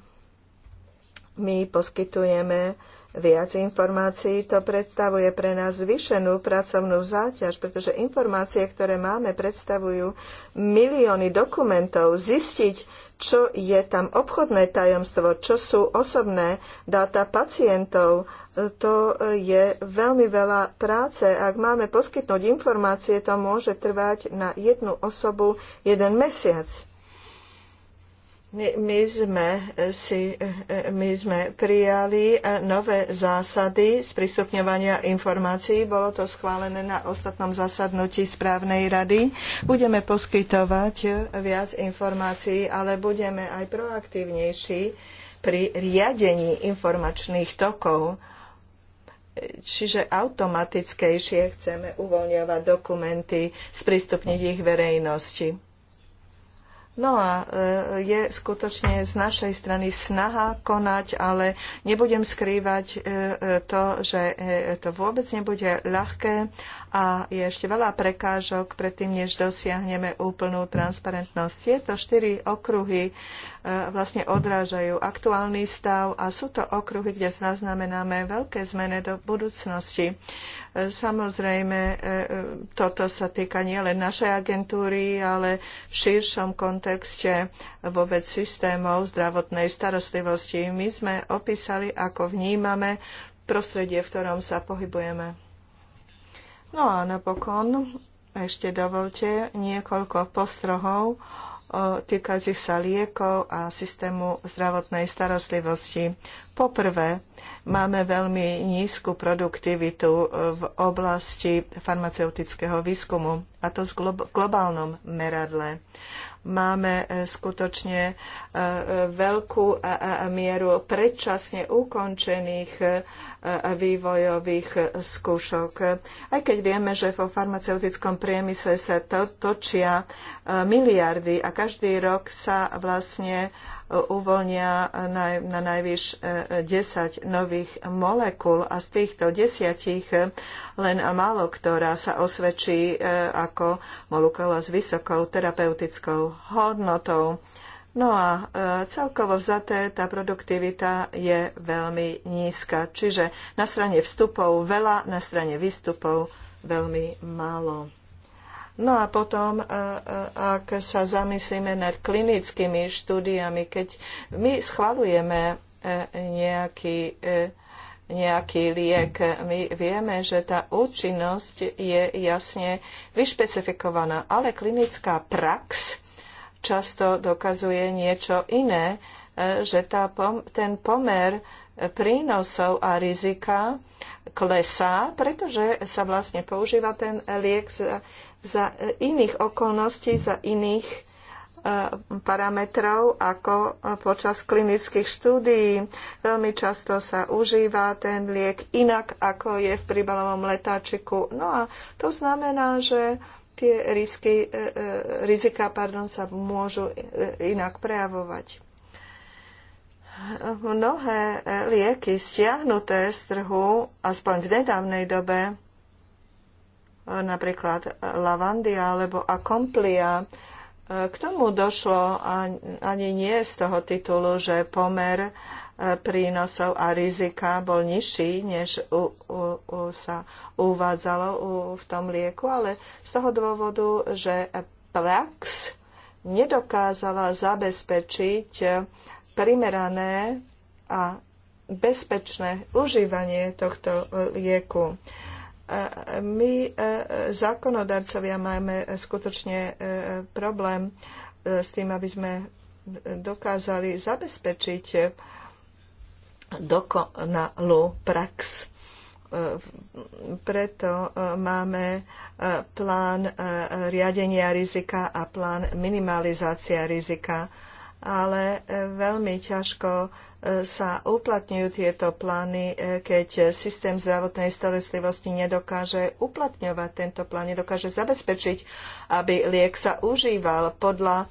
my poskytujeme Viac informácií to predstavuje pre nás zvyšenú pracovnú záťaž, pretože informácie, ktoré máme, predstavujú milióny dokumentov. Zistiť, čo je tam obchodné tajomstvo, čo sú osobné dáta pacientov. To je veľmi veľa práce. Ak máme poskytnúť informácie, to môže trvať na jednu osobu jeden mesiac. My, sme eh, si, eh, my sme prijali eh, nové zásady sprístupňovania informácií. Bolo to schválené na ostatnom zasadnutí správnej rady. Budeme poskytovať viac informácií, ale budeme aj proaktívnejší pri riadení informačných tokov. Čiže automatickejšie chceme uvoľňovať dokumenty, sprístupniť ich verejnosti No a e, je skutočne z našej strany snaha konať, ale nebudem skrývať e, e, to, že to vôbec nebude ľahké a je ešte veľa prekážok predtým, než dosiahneme úplnú transparentnosť. Tieto štyri okruhy e, vlastne odrážajú aktuálny stav a sú to okruhy, kde zaznamenáme veľké zmeny do budúcnosti. E, samozrejme, e, toto sa týka nielen našej agentúry, ale v širšom kontexte vôbec systémov zdravotnej starostlivosti. My sme opísali, ako vnímame prostredie, v ktorom sa pohybujeme. No a napokon ešte dovolte niekoľko postrohov e, týkajúcich sa liekov a systému zdravotnej starostlivosti. Poprvé, máme veľmi nízku produktivitu e, v oblasti farmaceutického výskumu, a to v globálnom meradle máme e, skutočne e, veľkú e, mieru predčasne ukončených vývojových skúšok. Aj keď vieme, že vo farmaceutickom priemysle sa to točia miliardy a každý rok sa vlastne uvoľnia na, na najvyš 10 e, nových molekúl a z týchto desiatich len málo ktorá sa osvedčí e, ako molekula s vysokou terapeutickou hodnotou. No a e, celkovo vzaté tá produktivita je veľmi nízka. Čiže na strane vstupov veľa, na strane výstupov veľmi málo. No a potom, ak sa zamyslíme nad klinickými štúdiami, keď my schvalujeme e, nejaký e, nejaký liek. My vieme, že tá účinnosť je jasne vyšpecifikovaná, ale klinická prax často dokazuje niečo iné, e, že tá, ten pomer prínosov a rizika klesá, pretože sa vlastne používa ten liek za e, iných okolností, za iných e, parametrov ako e, počas klinických štúdií. Veľmi často sa užíva ten liek inak, ako je v príbalovom letáčiku. No a to znamená, že tie risky, rizika pardon, sa môžu inak prejavovať. Mnohé lieky stiahnuté z trhu, aspoň v nedávnej dobe, napríklad lavandia alebo akomplia. K tomu došlo ani nie z toho titulu, že pomer e, prínosov a rizika bol nižší, než u, u, u sa uvádzalo u, v tom lieku, ale z toho dôvodu, že prax nedokázala zabezpečiť primerané a bezpečné užívanie tohto e, lieku my e, e, zákonodarcovia máme e, skutočne problém s tým, aby sme dokázali zabezpečiť dokonalú prax. Preto máme plán riadenia rizika a plán minimalizácia rizika ale e, veľmi ťažko e, sa uplatňujú tieto plány, e, keď systém zdravotnej starostlivosti nedokáže uplatňovať tento plán, nedokáže zabezpečiť, aby liek sa užíval podľa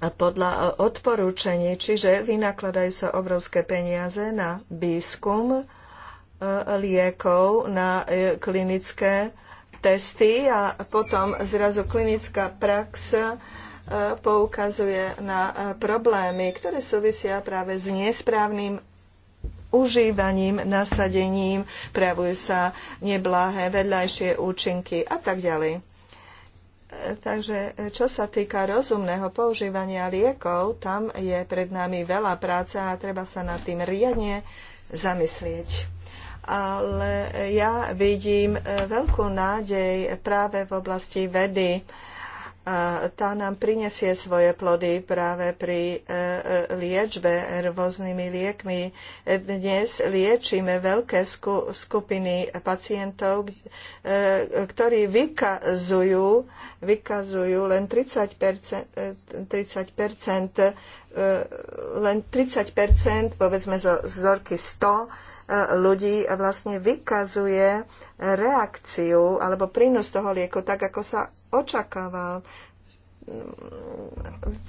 podľa odporúčení, čiže vynakladajú sa obrovské peniaze na výskum liekov, na klinické testy a potom zrazu klinická praxa E, poukazuje na e, problémy, ktoré súvisia práve s nesprávnym užívaním, nasadením, prejavujú sa neblahé, vedľajšie účinky a tak ďalej. E, takže čo sa týka rozumného používania liekov, tam je pred nami veľa práce a treba sa nad tým riadne zamyslieť. Ale ja vidím veľkú nádej práve v oblasti vedy a tá nám prinesie svoje plody práve pri e, e, liečbe rôznymi liekmi. E, dnes liečíme veľké skupiny pacientov, ktorí vykazujú, vykazujú len 30, 30 len 30 povedzme zo vzorky 100 ľudí vlastne vykazuje reakciu alebo prínos toho lieku tak, ako sa očakával.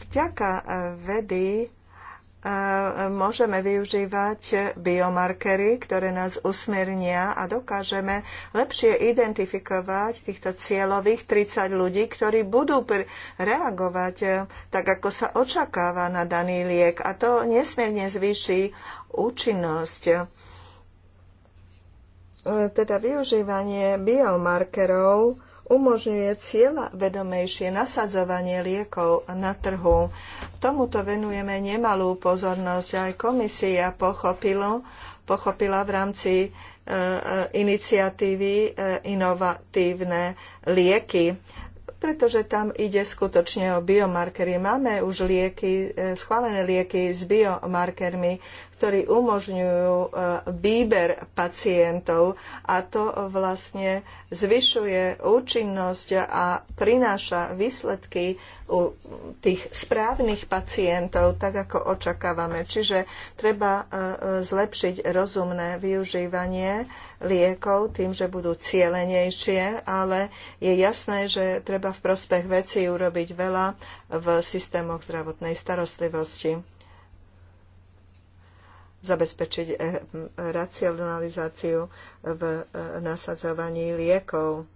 Vďaka vedy e, môžeme využívať biomarkery, ktoré nás usmernia a dokážeme lepšie identifikovať týchto cieľových 30 ľudí, ktorí budú reagovať e, tak, ako sa očakáva na daný liek. A to nesmierne zvýši účinnosť E, teda využívanie biomarkerov umožňuje cieľa vedomejšie nasadzovanie liekov na trhu. Tomuto venujeme nemalú pozornosť. Aj komisia pochopilo, pochopila v rámci e, e iniciatívy e, inovatívne lieky pretože tam ide skutočne o biomarkery. Máme už lieky, e, schválené lieky s biomarkermi ktorí umožňujú e, výber pacientov a to vlastne zvyšuje účinnosť a prináša výsledky u tých správnych pacientov, tak ako očakávame. Čiže treba e, e, zlepšiť rozumné využívanie liekov tým, že budú cielenejšie, ale je jasné, že treba v prospech veci urobiť veľa v systémoch zdravotnej starostlivosti zabezpečiť eh, racionalizáciu v eh, nasadzovaní liekov.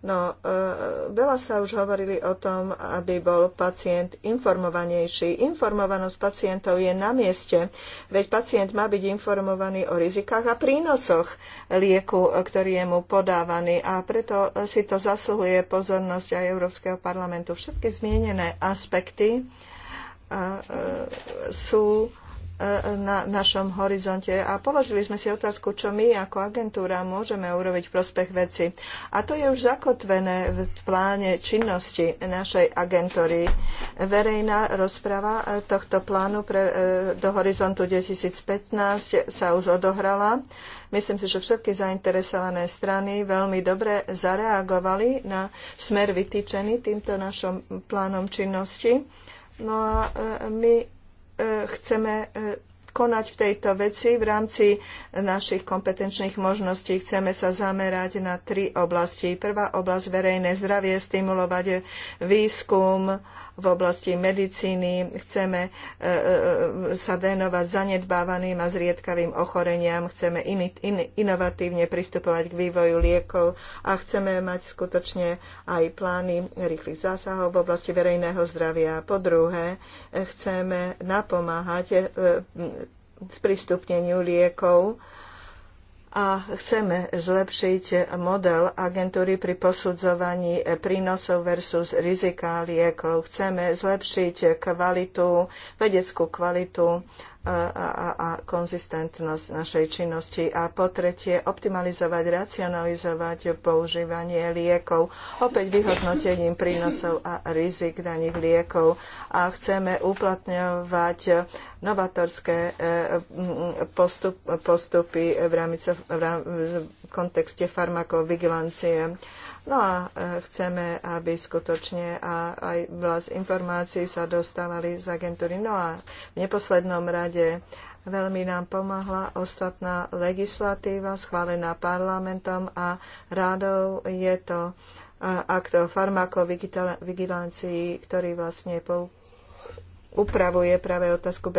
No, eh, veľa sa už hovorili o tom, aby bol pacient informovanejší. Informovanosť pacientov je na mieste, veď pacient má byť informovaný o rizikách a prínosoch lieku, ktorý je mu podávaný. A preto si to zasluhuje pozornosť aj Európskeho parlamentu. Všetky zmienené aspekty sú na našom horizonte a položili sme si otázku, čo my ako agentúra môžeme urobiť v prospech veci. A to je už zakotvené v pláne činnosti našej agentúry. Verejná rozprava tohto plánu pre, e, do horizontu 2015 sa už odohrala. Myslím si, že všetky zainteresované strany veľmi dobre zareagovali na smer vytýčený týmto našom plánom činnosti. No a e, my E, chceme e, konať v tejto veci v rámci našich kompetenčných možností. Chceme sa zamerať na tri oblasti. Prvá oblasť verejné zdravie, stimulovať výskum, v oblasti medicíny, chceme e, e, e, sa venovať zanedbávaným a zriedkavým ochoreniam, chceme in, in, inovatívne pristupovať k vývoju liekov a chceme mať skutočne aj plány rýchlych zásahov v oblasti verejného zdravia. Po druhé, chceme napomáhať sprístupneniu liekov, a chceme zlepšiť model agentúry pri posudzovaní prínosov versus riziká liekov. Chceme zlepšiť kvalitu, vedeckú kvalitu a, a, a konzistentnosť našej činnosti. A po tretie, optimalizovať, racionalizovať používanie liekov, opäť vyhodnotením prínosov a rizik daných liekov. A chceme uplatňovať novatorské e, postup, postupy v, rámci, v, rám, v kontexte farmakovigilancie No a e, chceme, aby skutočne a aj vlast informácií sa dostávali z agentúry. No a v neposlednom rade veľmi nám pomáhla ostatná legislatíva schválená parlamentom a rádou je to e, akt o farmakovigilancii, ktorý vlastne pou upravuje práve otázku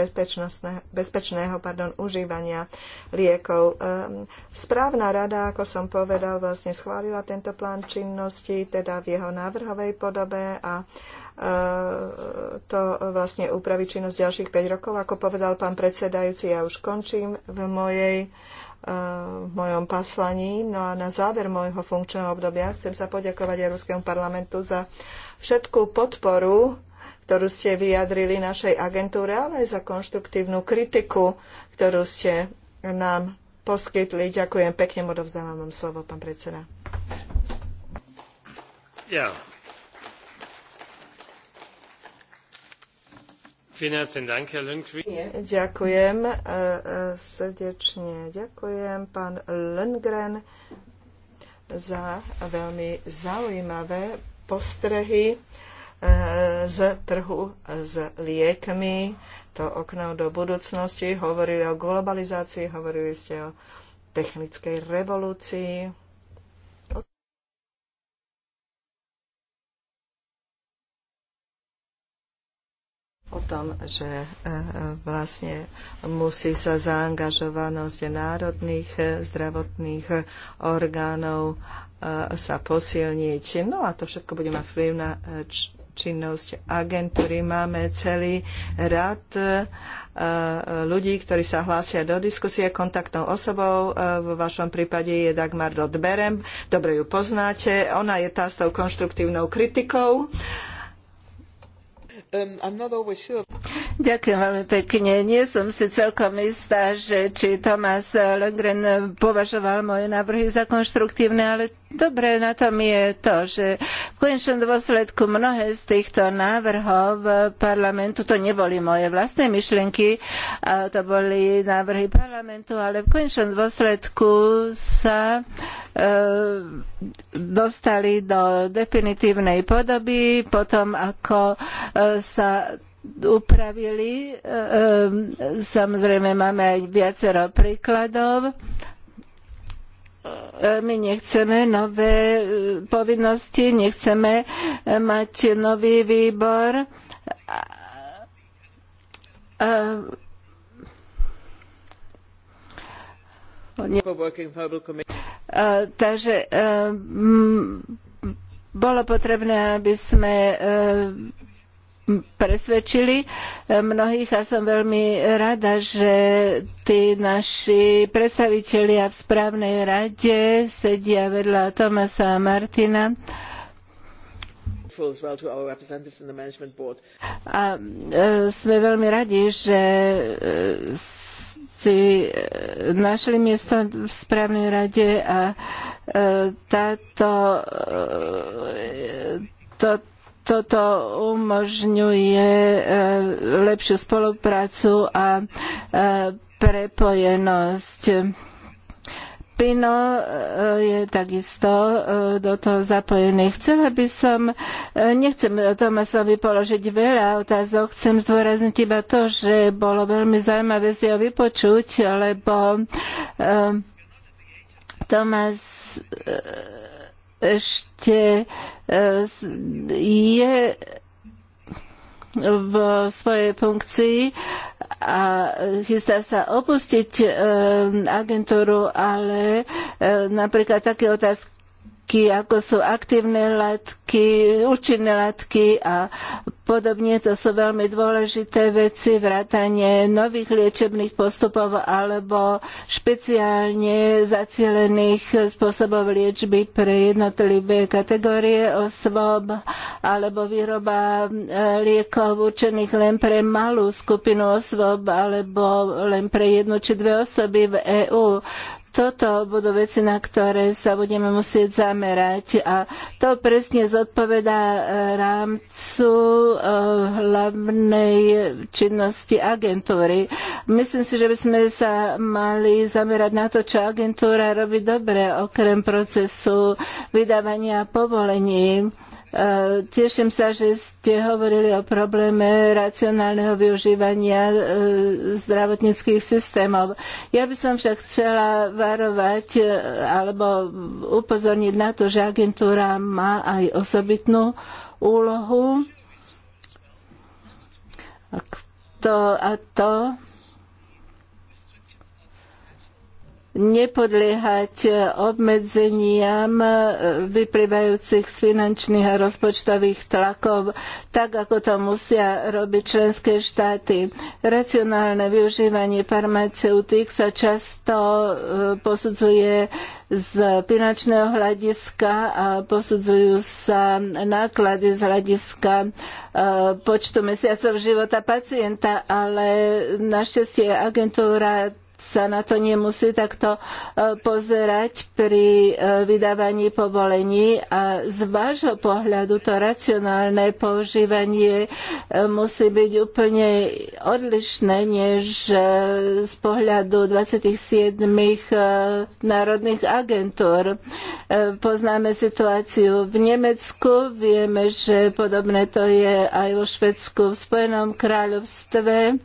bezpečného pardon, užívania liekov. Ehm, správna rada, ako som povedal, vlastne schválila tento plán činnosti, teda v jeho návrhovej podobe a ehm, to vlastne upraví činnosť ďalších 5 rokov. Ako povedal pán predsedajúci, ja už končím v mojej ehm, v mojom poslaní. No a na záver môjho funkčného obdobia chcem sa poďakovať Európskemu parlamentu za všetkú podporu ktorú ste vyjadrili našej agentúre, ale aj za konštruktívnu kritiku, ktorú ste nám poskytli. Ďakujem pekne, odovzdávam vám slovo, pán predseda. Ja. Ďakujem e, e, srdečne. Ďakujem pán Lundgren za veľmi zaujímavé postrehy z trhu s liekmi, to okno do budúcnosti, hovorili o globalizácii, hovorili ste o technickej revolúcii. o tom, že e, vlastne musí sa zaangažovanosť národných e, zdravotných orgánov e, sa posilniť. No a to všetko bude mať vplyv na činnosť agentúry. Máme celý rad e, e, ľudí, ktorí sa hlásia do diskusie. Kontaktnou osobou e, v vašom prípade je Dagmar Rodberem. Dobre ju poznáte. Ona je tá s tou konštruktívnou kritikou. Um, sure. Ďakujem veľmi pekne. Nie som si celkom istá, že či Thomas Lengren považoval moje návrhy za konštruktívne, ale Dobre na tom je to, že v konečnom dôsledku mnohé z týchto návrhov parlamentu, to neboli moje vlastné myšlienky, to boli návrhy parlamentu, ale v konečnom dôsledku sa e, dostali do definitívnej podoby potom, ako e, sa upravili. E, e samozrejme, máme aj viacero príkladov. E, my nechceme nové povinnosti, nechceme mať nový výbor. Takže bolo potrebné, aby sme presvedčili mnohých a som veľmi rada, že tí naši predstavitelia v správnej rade sedia vedľa Tomasa a Martina. A e, sme veľmi radi, že e, si e, našli miesto v správnej rade a táto to, toto umožňuje eh, lepšiu spoluprácu a eh, prepojenosť. Pino eh, je takisto do toho zapojený. Chcela by som, nechcem Tomasovi položiť veľa otázok, chcem zdôrazniť iba to, že bolo veľmi zaujímavé si ho vypočuť, lebo Tomas ešte e, je v svojej funkcii a chystá sa opustiť e, agentúru, ale e, napríklad také otázky, látky, ako sú aktívne látky, účinné látky a podobne. To sú veľmi dôležité veci, vrátanie nových liečebných postupov alebo špeciálne zacielených spôsobov liečby pre jednotlivé kategórie osôb alebo výroba e, liekov určených len pre malú skupinu osôb alebo len pre jednu či dve osoby v EÚ toto budú veci, na ktoré sa budeme musieť zamerať a to presne zodpovedá e, rámcu e, hlavnej činnosti agentúry. Myslím si, že by sme sa mali zamerať na to, čo agentúra robí dobre, okrem procesu vydávania povolení. Teším sa, že ste hovorili o probléme racionálneho využívania e, zdravotníckých systémov. Ja by som však chcela varovať e, alebo upozorniť na to, že agentúra má aj osobitnú úlohu. A to, a to nepodliehať obmedzeniam e, vyplývajúcich z finančných a rozpočtových tlakov, tak ako to musia robiť členské štáty. Racionálne využívanie farmaceutík sa často e, posudzuje z finančného hľadiska a posudzujú sa náklady z hľadiska e, počtu mesiacov života pacienta, ale našťastie agentúra sa na to nemusí takto e, pozerať pri e, vydávaní povolení a z vášho pohľadu to racionálne používanie e, musí byť úplne odlišné než z pohľadu 27 národných agentúr. Poznáme situáciu v Nemecku, vieme, že podobné to je aj vo Švedsku, v Spojenom kráľovstve.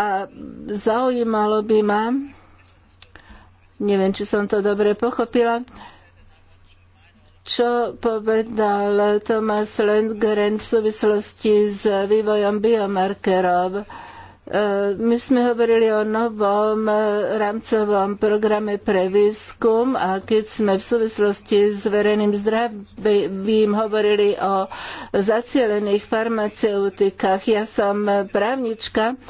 A zaujímalo by ma, neviem, či som to dobre pochopila, čo povedal Thomas Lundgren v súvislosti s vývojom biomarkerov. E, my sme hovorili o novom rámcovom programe pre výskum a keď sme v súvislosti s verejným zdravím hovorili o zacielených farmaceutikách, ja som právnička,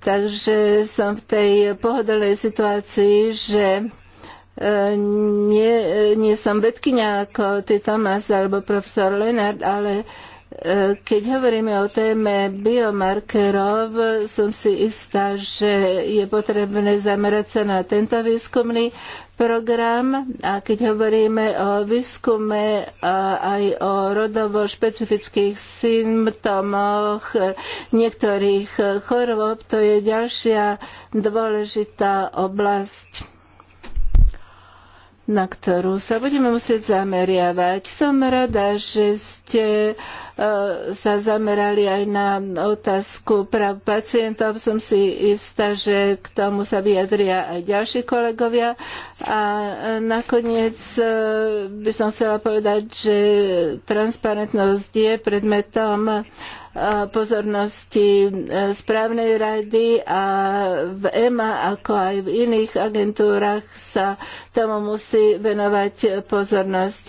Takže som v tej pohodlnej situácii, že e, nie, e, nie som vedkynia ako ty Tomás alebo profesor Leonard, ale keď hovoríme o téme biomarkerov, som si istá, že je potrebné zamerať sa na tento výskumný program a keď hovoríme o výskume a aj o rodovo špecifických symptómoch niektorých chorôb, to je ďalšia dôležitá oblasť na ktorú sa budeme musieť zameriavať. Som rada, že ste e, sa zamerali aj na otázku práv pacientov. Som si istá, že k tomu sa vyjadria aj ďalší kolegovia. A e, nakoniec e, by som chcela povedať, že transparentnosť je predmetom pozornosti e, správnej rady a v EMA, ako aj v iných agentúrach sa tomu musí venovať pozornosť.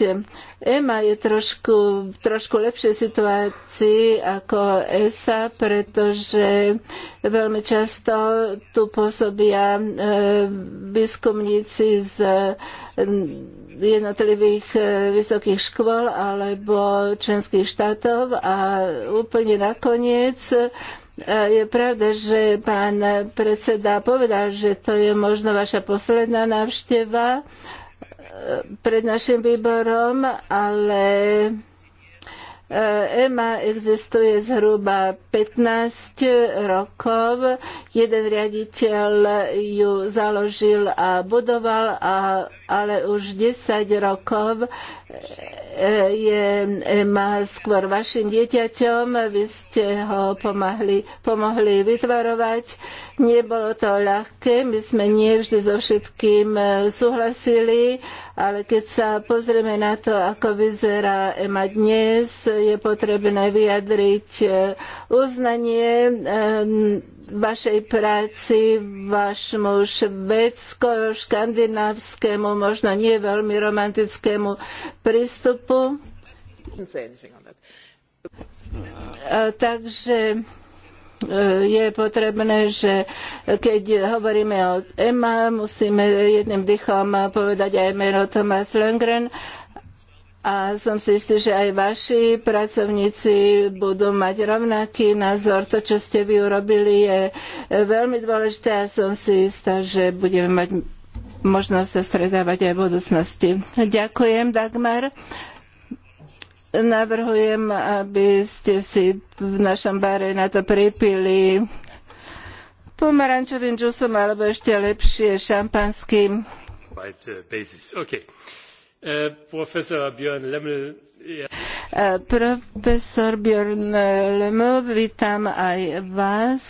EMA je trošku, v trošku lepšej situácii ako ESA, pretože veľmi často tu pôsobia e, výskumníci z jednotlivých e, vysokých škôl alebo členských štátov a úplne nakoniec e, je pravda, že pán predseda povedal, že to je možno vaša posledná návšteva e, pred našim výborom, ale EMA existuje zhruba 15 rokov. Jeden riaditeľ ju založil a budoval, a, ale už 10 rokov je, má skôr vašim dieťaťom, vy ste ho pomahli, pomohli vytvarovať. Nebolo to ľahké, my sme nie vždy so všetkým e, súhlasili, ale keď sa pozrieme na to, ako vyzerá EMA dnes, je potrebné vyjadriť e, uznanie e, vašej práci, vašmu švedsko-škandinávskému, možno nie veľmi romantickému prístupu. Takže e, je potrebné, že keď hovoríme o EMA, musíme jedným dychom povedať aj meno Thomas Lundgren a som si istý, že aj vaši pracovníci budú mať rovnaký názor. To, čo ste vy urobili, je e, veľmi dôležité a som si istá, že budeme mať možnosť sa stretávať aj v budúcnosti. Ďakujem, Dagmar. Navrhujem, aby ste si v našom bare na to pripili pomarančovým džusom alebo ešte lepšie šampanským. Right, uh, Profesor Björn Lemmel. E, vítam aj vás.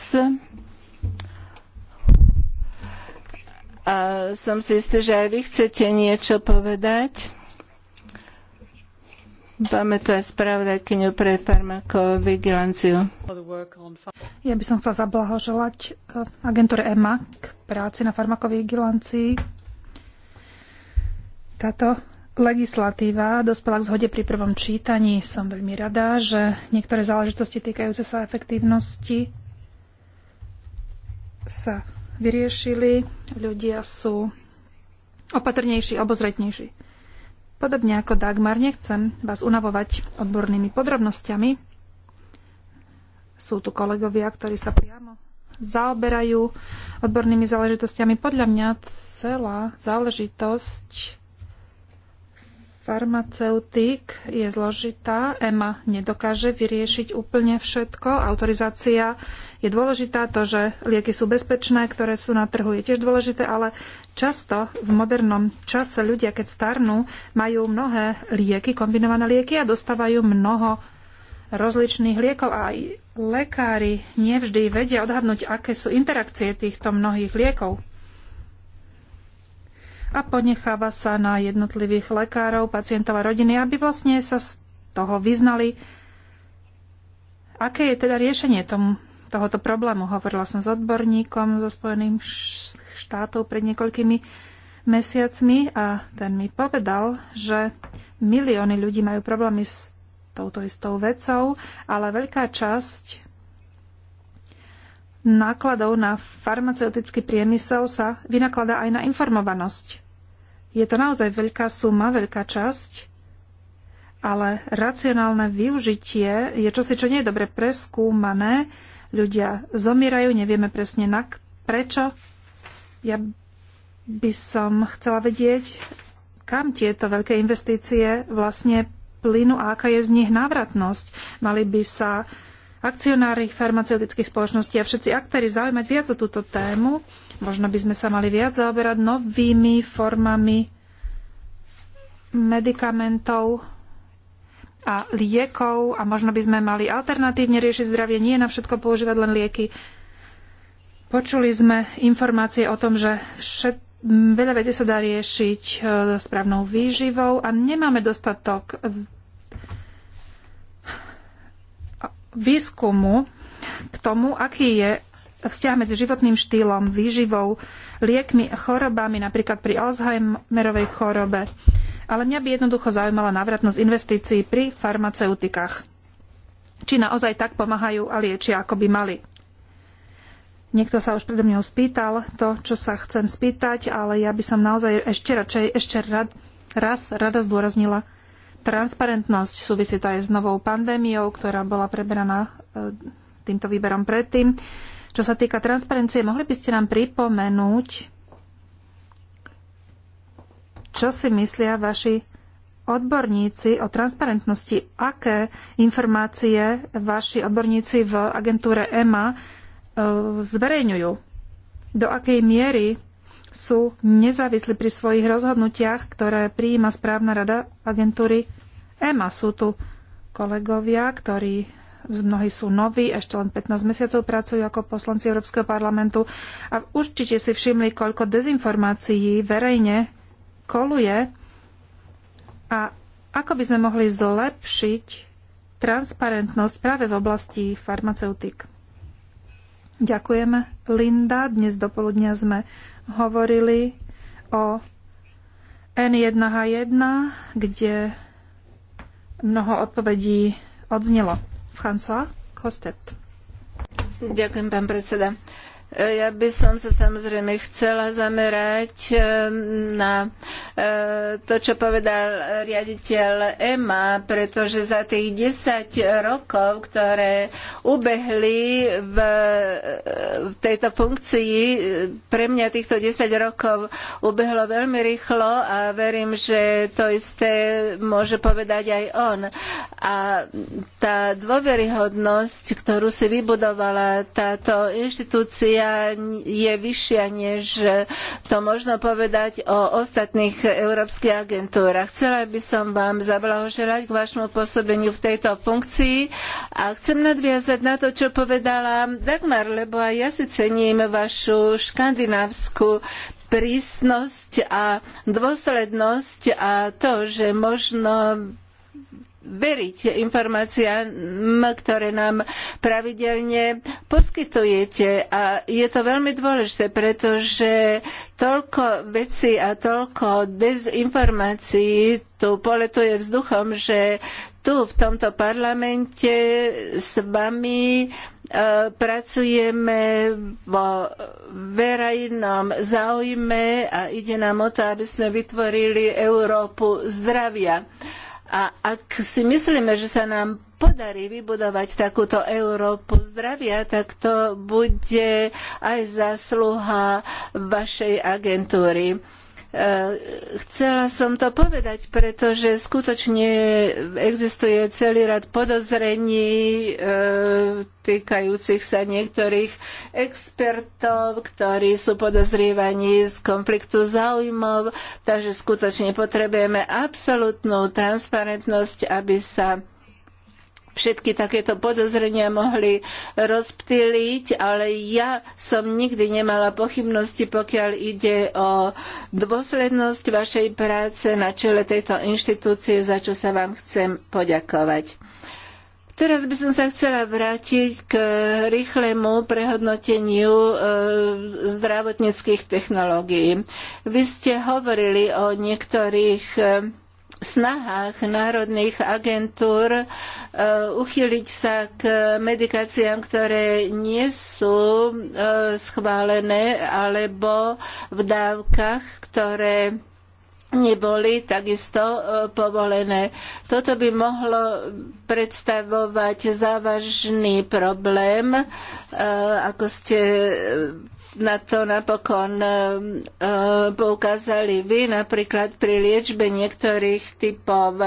A som si istý, že aj vy chcete niečo povedať. Máme tu aj spravodajkyňu pre farmakovigilanciu. Ja by som chcela zablahoželať e, agentúre EMA k práci na farmakovigilancii. Táto Legislatíva dospela k zhode pri prvom čítaní. Som veľmi rada, že niektoré záležitosti týkajúce sa efektívnosti sa vyriešili. Ľudia sú opatrnejší, obozretnejší. Podobne ako Dagmar, nechcem vás unavovať odbornými podrobnosťami. Sú tu kolegovia, ktorí sa priamo zaoberajú odbornými záležitostiami. Podľa mňa celá záležitosť farmaceutík je zložitá. EMA nedokáže vyriešiť úplne všetko. Autorizácia je dôležitá, to, že lieky sú bezpečné, ktoré sú na trhu, je tiež dôležité, ale často v modernom čase ľudia, keď starnú, majú mnohé lieky, kombinované lieky a dostávajú mnoho rozličných liekov a aj lekári nevždy vedia odhadnúť, aké sú interakcie týchto mnohých liekov a ponecháva sa na jednotlivých lekárov, pacientov a rodiny, aby vlastne sa z toho vyznali. Aké je teda riešenie tomu, tohoto problému? Hovorila som s odborníkom zo Spojených štátov pred niekoľkými mesiacmi a ten mi povedal, že milióny ľudí majú problémy s touto istou vecou, ale veľká časť nákladov na farmaceutický priemysel sa vynakladá aj na informovanosť. Je to naozaj veľká suma, veľká časť, ale racionálne využitie je čosi, čo nie je dobre preskúmané. Ľudia zomierajú, nevieme presne na prečo. Ja by som chcela vedieť, kam tieto veľké investície vlastne plynu a aká je z nich návratnosť. Mali by sa akcionári farmaceutických spoločností a všetci aktéri zaujímať viac o túto tému. Možno by sme sa mali viac zaoberať novými formami medikamentov a liekov a možno by sme mali alternatívne riešiť zdravie, nie na všetko používať len lieky. Počuli sme informácie o tom, že všet... veľa vecí sa dá riešiť e, správnou výživou a nemáme dostatok výskumu k tomu, aký je vzťah medzi životným štýlom, výživou, liekmi a chorobami, napríklad pri Alzheimerovej chorobe. Ale mňa by jednoducho zaujímala návratnosť investícií pri farmaceutikách. Či naozaj tak pomáhajú a liečia, ako by mali. Niekto sa už predo mňou spýtal to, čo sa chcem spýtať, ale ja by som naozaj ešte radšej, ešte rad, raz rada zdôraznila Transparentnosť súvisí to aj s novou pandémiou, ktorá bola preberaná e, týmto výberom predtým. Čo sa týka transparencie, mohli by ste nám pripomenúť, čo si myslia vaši odborníci o transparentnosti, aké informácie vaši odborníci v agentúre EMA e, zverejňujú, do akej miery sú nezávislí pri svojich rozhodnutiach, ktoré prijíma správna rada agentúry EMA. Sú tu kolegovia, ktorí mnohí sú noví, ešte len 15 mesiacov pracujú ako poslanci Európskeho parlamentu a určite si všimli, koľko dezinformácií verejne koluje a ako by sme mohli zlepšiť transparentnosť práve v oblasti farmaceutík. Ďakujem, Linda. Dnes do poludnia sme hovorili o N1H1, kde mnoho odpovedí odznelo. François Kostet. Ďakujem, pán predseda. E, ja by som sa samozrejme chcela zamerať e, na e, to, čo povedal riaditeľ EMA, pretože za tých 10 rokov, ktoré ubehli v, tejto funkcii, pre mňa týchto 10 rokov ubehlo veľmi rýchlo a verím, že to isté môže povedať aj on. A tá dôveryhodnosť, ktorú si vybudovala táto inštitúcia, je vyššia, než to možno povedať o ostatných európskych agentúrach. Chcela by som vám zablahoželať k vašemu pôsobeniu v tejto funkcii a chcem nadviazať na to, čo povedala Dagmar, lebo aj ja si cením vašu škandinávsku prísnosť a dôslednosť a to, že možno veriť informáciám, ktoré nám pravidelne poskytujete. A je to veľmi dôležité, pretože toľko vecí a toľko dezinformácií tu poletuje vzduchom, že tu v tomto parlamente s vami e, pracujeme vo verejnom záujme a ide nám o to, aby sme vytvorili Európu zdravia. A ak si myslíme, že sa nám podarí vybudovať takúto Európu zdravia, tak to bude aj zásluha vašej agentúry. E, chcela som to povedať, pretože skutočne existuje celý rad podozrení e, týkajúcich sa niektorých expertov, ktorí sú podozrievaní z konfliktu záujmov, takže skutočne potrebujeme absolútnu transparentnosť, aby sa všetky takéto podozrenia mohli rozptýliť, ale ja som nikdy nemala pochybnosti, pokiaľ ide o dôslednosť vašej práce na čele tejto inštitúcie, za čo sa vám chcem poďakovať. Teraz by som sa chcela vrátiť k rýchlemu prehodnoteniu e, zdravotníckých technológií. Vy ste hovorili o niektorých e, snahách národných agentúr e, uchyliť sa k medikáciám, ktoré nie sú e, schválené alebo v dávkach, ktoré neboli takisto e, povolené. Toto by mohlo predstavovať závažný problém, ako ste na to napokon um, um, poukázali vy, napríklad pri liečbe niektorých typov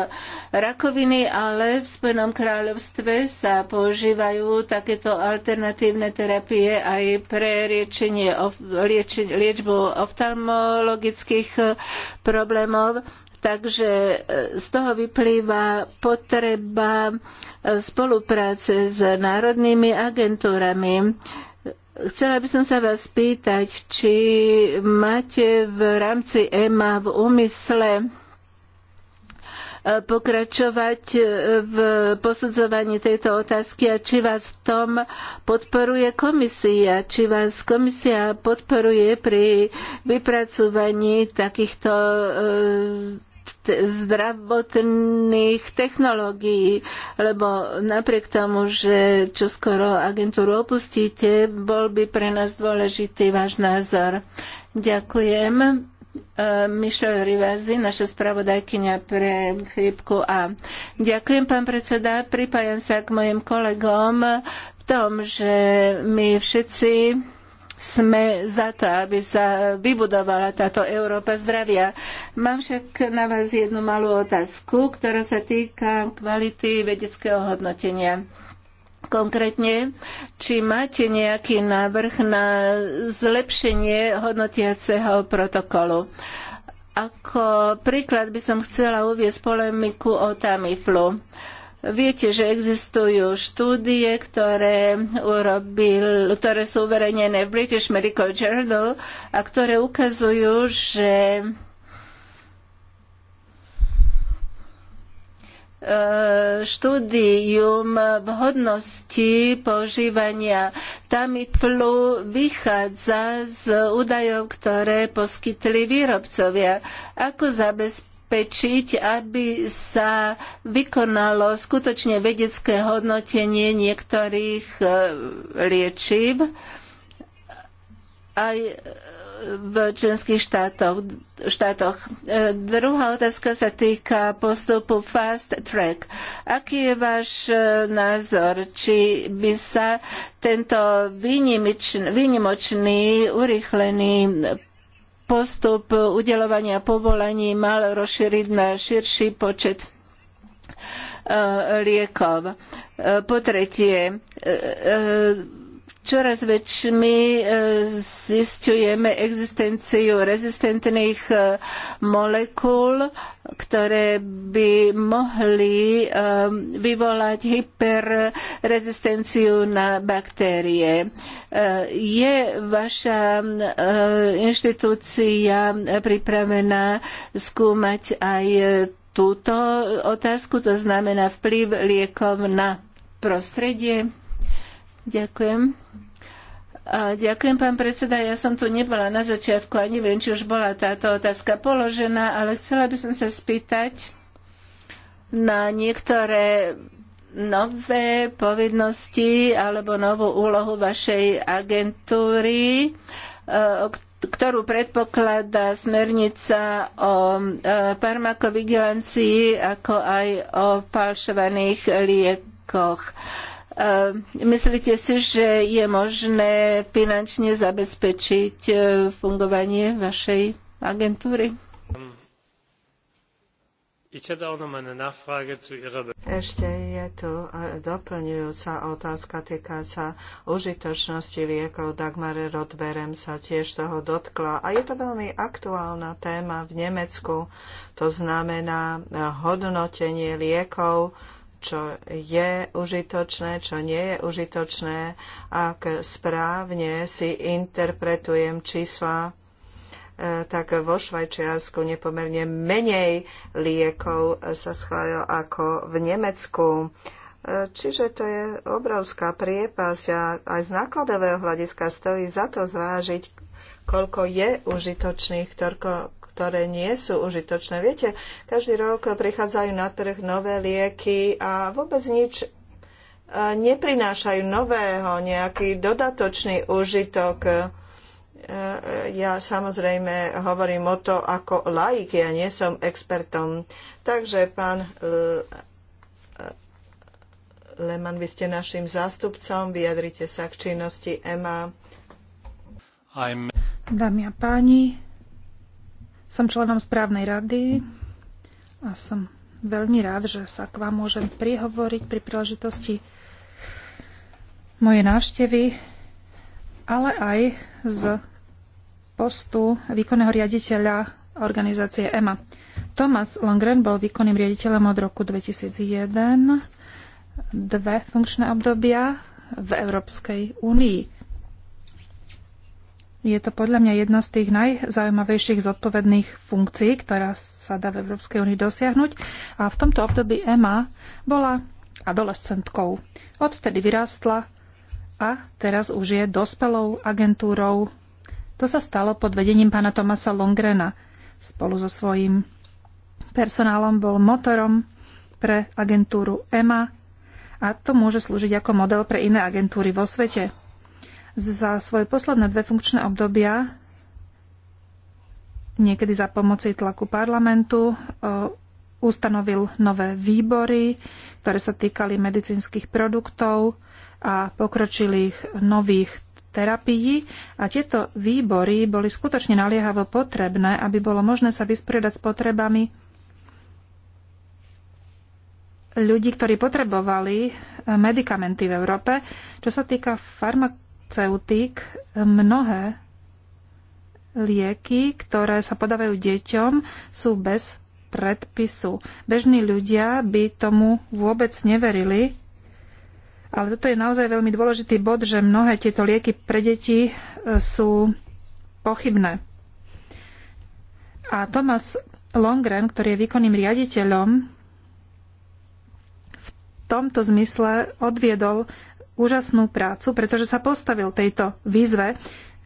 rakoviny, ale v Spojenom kráľovstve sa používajú takéto alternatívne terapie aj pre liečenie, liečbu oftalmologických uh, problémov. Takže uh, z toho vyplýva potreba uh, spolupráce s národnými agentúrami. Chcela by som sa vás pýtať, či máte v rámci EMA v úmysle e, pokračovať v posudzovaní tejto otázky a či vás v tom podporuje komisia, či vás komisia podporuje pri vypracovaní takýchto e, zdravotných technológií, lebo napriek tomu, že čo skoro agentúru opustíte, bol by pre nás dôležitý váš názor. Ďakujem. E, Michelle Rivazi, naša spravodajkynia pre chrípku A. Ďakujem, pán predseda. Pripájam sa k mojim kolegom v tom, že my všetci sme za to, aby sa vybudovala táto Európa zdravia. Mám však na vás jednu malú otázku, ktorá sa týka kvality vedeckého hodnotenia. Konkrétne, či máte nejaký návrh na zlepšenie hodnotiaceho protokolu? Ako príklad by som chcela uvieť polemiku o Tamiflu. Viete, že existujú štúdie, ktoré, urobil, ktoré sú uverejnené v British Medical Journal a ktoré ukazujú, že e, štúdium vhodnosti používania Tamiflu vychádza z údajov, ktoré poskytli výrobcovia. Ako zabezpečiť zabezpečiť, aby sa vykonalo skutočne vedecké hodnotenie niektorých e, liečiv aj v členských štátoch, štátoch. E, druhá otázka sa týka postupu Fast Track. Aký je váš e, názor? Či by sa tento výnimočný, urýchlený postup udelovania povolení mal rozšíriť na širší počet e, liekov. E, po tretie, e, Čoraz väčšmi e, zistujeme existenciu rezistentných e, molekúl, ktoré by mohli e, vyvolať hyperrezistenciu na baktérie. Je vaša inštitúcia pripravená skúmať aj túto otázku, to znamená vplyv liekov na prostredie? Ďakujem. Ďakujem, pán predseda. Ja som tu nebola na začiatku a neviem, či už bola táto otázka položená, ale chcela by som sa spýtať na niektoré nové povinnosti alebo novú úlohu vašej agentúry, e, ktorú predpokladá smernica o e, farmakovigilancii ako aj o falšovaných liekoch. Ehm, myslíte si, že je možné finančne zabezpečiť e, fungovanie vašej agentúry? Ešte je tu e, doplňujúca otázka týkajúca užitočnosti liekov. Dagmar Rodberem sa tiež toho dotkla. A je to veľmi aktuálna téma v Nemecku. To znamená e, hodnotenie liekov čo je užitočné, čo nie je užitočné, ak správne si interpretujem čísla e, tak vo Švajčiarsku nepomerne menej liekov sa schválilo ako v Nemecku. E, čiže to je obrovská priepasť a aj z nákladového hľadiska stojí za to zvážiť, koľko je užitočných, ktoré nie sú užitočné. Viete, každý rok prichádzajú na trh nové lieky a vôbec nič e, neprinášajú nového, nejaký dodatočný užitok. E, e, ja samozrejme hovorím o to ako laik, ja nie som expertom. Takže pán Leman, vy ste našim zástupcom, vyjadrite sa k činnosti EMA. Dámy a páni, som členom správnej rady a som veľmi rád, že sa k vám môžem prihovoriť pri príležitosti mojej návštevy, ale aj z postu výkonného riaditeľa organizácie EMA. Thomas Longren bol výkonným riaditeľom od roku 2001 dve funkčné obdobia v Európskej únii. Je to podľa mňa jedna z tých najzaujímavejších zodpovedných funkcií, ktorá sa dá v Európskej únii dosiahnuť. A v tomto období Ema bola adolescentkou. Odvtedy vyrástla a teraz už je dospelou agentúrou. To sa stalo pod vedením pána Tomasa Longrena. Spolu so svojím personálom bol motorom pre agentúru EMA a to môže slúžiť ako model pre iné agentúry vo svete. Za svoje posledné dve funkčné obdobia, niekedy za pomoci tlaku parlamentu, e, ustanovil nové výbory, ktoré sa týkali medicínskych produktov a pokročilých nových terapií a tieto výbory boli skutočne naliehavo potrebné, aby bolo možné sa vysporiadať s potrebami ľudí, ktorí potrebovali medikamenty v Európe. Čo sa týka farmak- farmaceutík mnohé lieky, ktoré sa podávajú deťom, sú bez predpisu. Bežní ľudia by tomu vôbec neverili, ale toto je naozaj veľmi dôležitý bod, že mnohé tieto lieky pre deti e, sú pochybné. A Thomas Longren, ktorý je výkonným riaditeľom, v tomto zmysle odviedol úžasnú prácu, pretože sa postavil tejto výzve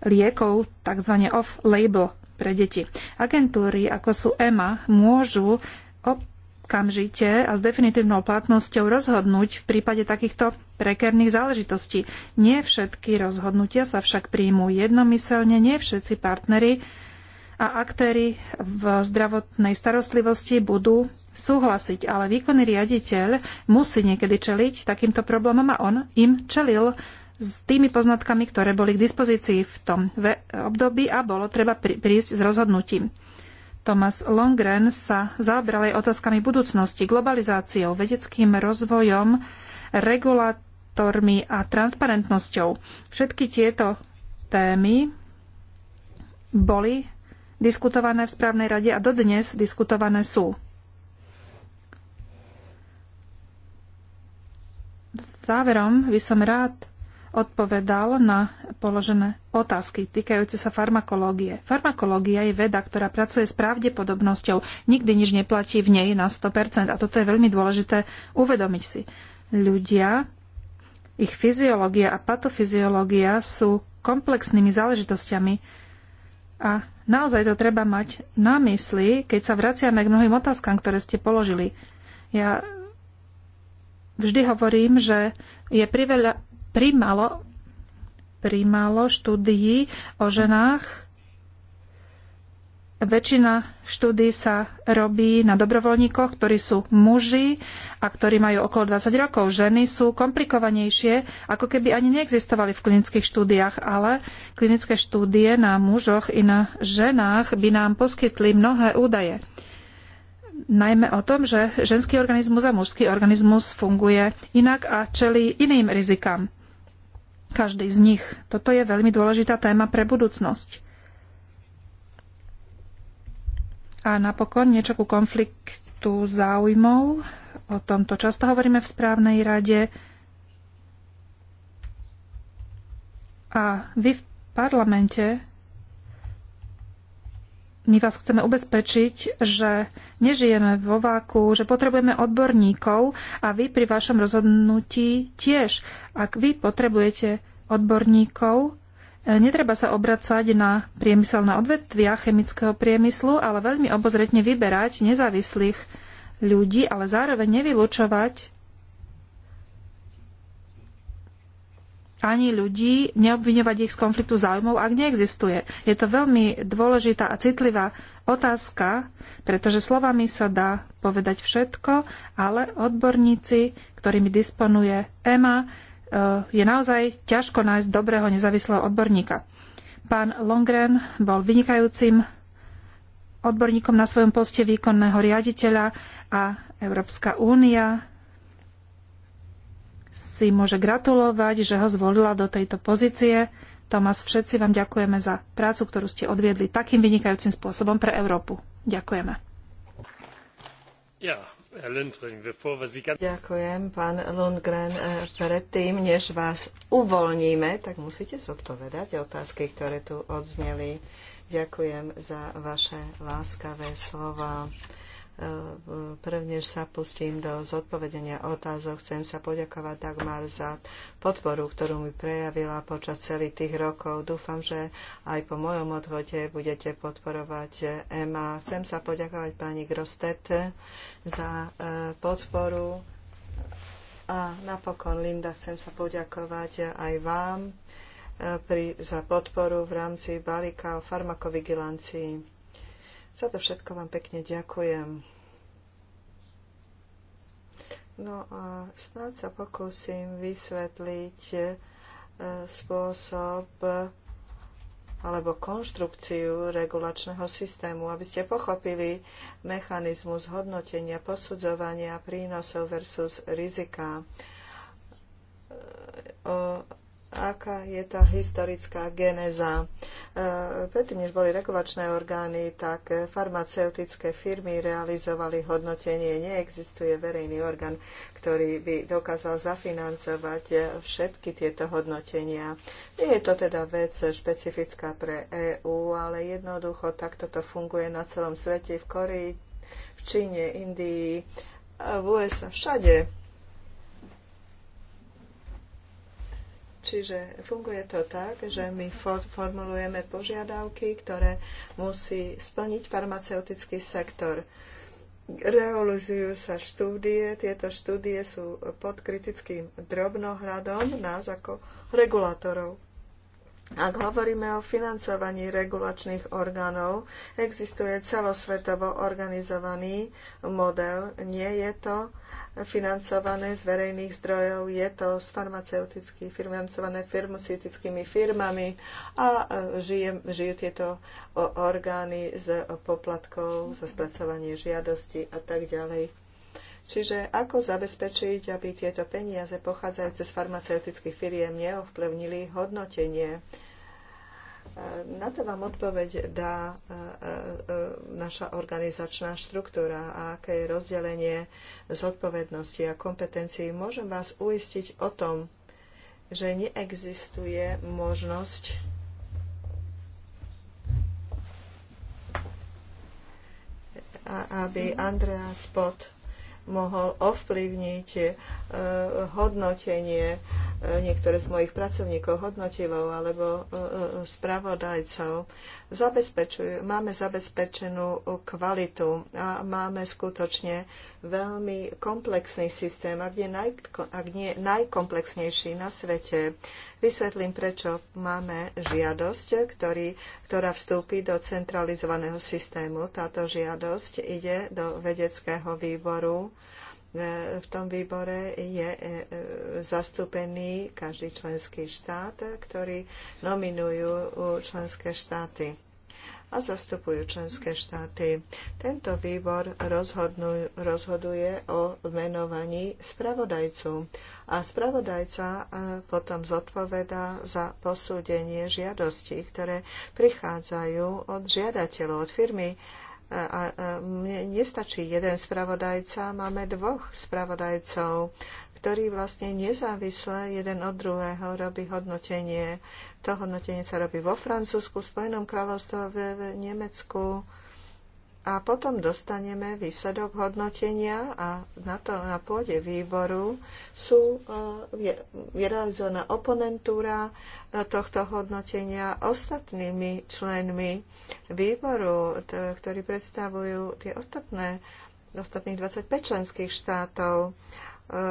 liekov tzv. off-label pre deti. Agentúry ako sú EMA môžu okamžite a s definitívnou platnosťou rozhodnúť v prípade takýchto prekerných záležitostí. Nie všetky rozhodnutia sa však príjmú jednomyselne, nie všetci partnery a aktéry v zdravotnej starostlivosti budú súhlasiť, ale výkonný riaditeľ musí niekedy čeliť takýmto problémom a on im čelil s tými poznatkami, ktoré boli k dispozícii v tom období a bolo treba prísť s rozhodnutím. Thomas Longren sa zaoberal aj otázkami budúcnosti, globalizáciou, vedeckým rozvojom, regulátormi a transparentnosťou. Všetky tieto témy boli diskutované v správnej rade a dodnes diskutované sú. Záverom by som rád odpovedal na položené otázky týkajúce sa farmakológie. Farmakológia je veda, ktorá pracuje s pravdepodobnosťou. Nikdy nič neplatí v nej na 100%. A toto je veľmi dôležité uvedomiť si. Ľudia, ich fyziológia a patofyziológia sú komplexnými záležitosťami a naozaj to treba mať na mysli, keď sa vraciame k mnohým otázkam, ktoré ste položili. Ja vždy hovorím, že je priveľa, primalo, primalo štúdií o ženách. Väčšina štúdií sa robí na dobrovoľníkoch, ktorí sú muži a ktorí majú okolo 20 rokov. Ženy sú komplikovanejšie, ako keby ani neexistovali v klinických štúdiách, ale klinické štúdie na mužoch i na ženách by nám poskytli mnohé údaje najmä o tom, že ženský organizmus a mužský organizmus funguje inak a čelí iným rizikám. Každý z nich. Toto je veľmi dôležitá téma pre budúcnosť. A napokon niečo ku konfliktu záujmov. O tomto často hovoríme v správnej rade. A vy v parlamente my vás chceme ubezpečiť, že nežijeme vo váku, že potrebujeme odborníkov a vy pri vašom rozhodnutí tiež. Ak vy potrebujete odborníkov, eh, Netreba sa obracať na priemyselné odvetvia chemického priemyslu, ale veľmi obozretne vyberať nezávislých ľudí, ale zároveň nevylučovať ani ľudí, neobviňovať ich z konfliktu záujmov, ak neexistuje. Je to veľmi dôležitá a citlivá otázka, pretože slovami sa dá povedať všetko, ale odborníci, ktorými disponuje EMA, e, je naozaj ťažko nájsť dobrého nezávislého odborníka. Pán Longren bol vynikajúcim odborníkom na svojom poste výkonného riaditeľa a Európska únia si môže gratulovať, že ho zvolila do tejto pozície. Tomás, všetci vám ďakujeme za prácu, ktorú ste odviedli takým vynikajúcim spôsobom pre Európu. Ďakujeme. Ja, Ďakujem, pán Lundgren. E, predtým, než vás uvoľníme, tak musíte zodpovedať otázky, ktoré tu odzneli. Ďakujem za vaše láskavé slova. Prvne sa pustím do zodpovedenia otázok, chcem sa poďakovať Dagmar za podporu, ktorú mi prejavila počas celých tých rokov. Dúfam, že aj po mojom odhode budete podporovať EMA. Chcem sa poďakovať pani Grostet za e, podporu. A napokon, Linda, chcem sa poďakovať aj vám e, pri, za podporu v rámci balíka o farmakovigilancii za to všetko vám pekne ďakujem. No a snáď sa pokúsim vysvetliť e, spôsob alebo konštrukciu regulačného systému, aby ste pochopili mechanizmus hodnotenia, posudzovania prínosov versus rizika. E, aká je tá historická geneza. E, predtým, než boli regulačné orgány, tak farmaceutické firmy realizovali hodnotenie. Neexistuje verejný orgán, ktorý by dokázal zafinancovať všetky tieto hodnotenia. Nie je to teda vec špecifická pre EÚ, ale jednoducho takto to funguje na celom svete, v Koreji, v Číne, Indii, v USA, všade Čiže funguje to tak, že my formulujeme požiadavky, ktoré musí splniť farmaceutický sektor. Realizujú sa štúdie, tieto štúdie sú pod kritickým drobnohľadom nás ako regulátorov. Ak hovoríme o financovaní regulačných orgánov, existuje celosvetovo organizovaný model. Nie je to financované z verejných zdrojov, je to z farmaceutických, financované farmaceutickými firmami a e, žije, žijú tieto orgány z poplatkov, za spracovanie žiadosti a tak ďalej. Čiže ako zabezpečiť, aby tieto peniaze pochádzajúce z farmaceutických firiem neovplyvnili hodnotenie? Na to vám odpoveď dá e, e, naša organizačná štruktúra a aké je rozdelenie zodpovednosti a kompetencií. Môžem vás uistiť o tom, že neexistuje možnosť aby Andrea Pot mohol ovplyvniť eh, hodnotenie niektoré z mojich pracovníkov, hodnotilov alebo e, e, spravodajcov. Máme zabezpečenú kvalitu a máme skutočne veľmi komplexný systém, ak nie, naj, ak nie najkomplexnejší na svete. Vysvetlím, prečo máme žiadosť, ktorý, ktorá vstúpi do centralizovaného systému. Táto žiadosť ide do vedeckého výboru E, v tom výbore je e, zastúpený každý členský štát, ktorý nominujú členské štáty a zastupujú členské štáty. Tento výbor rozhodnú, rozhoduje o menovaní spravodajcu a spravodajca e, potom zodpovedá za posúdenie žiadostí, ktoré prichádzajú od žiadateľov, od firmy a, a mne nestačí jeden spravodajca, máme dvoch spravodajcov, ktorí vlastne nezávisle jeden od druhého robí hodnotenie. To hodnotenie sa robí vo Francúzsku, v Spojenom kráľovstve, v, v Nemecku, a potom dostaneme výsledok hodnotenia a na, to, na pôde výboru sú, e, je, je realizovaná oponentúra e, tohto hodnotenia ostatnými členmi výboru, ktorí predstavujú tie ostatné, ostatných 25 členských štátov e,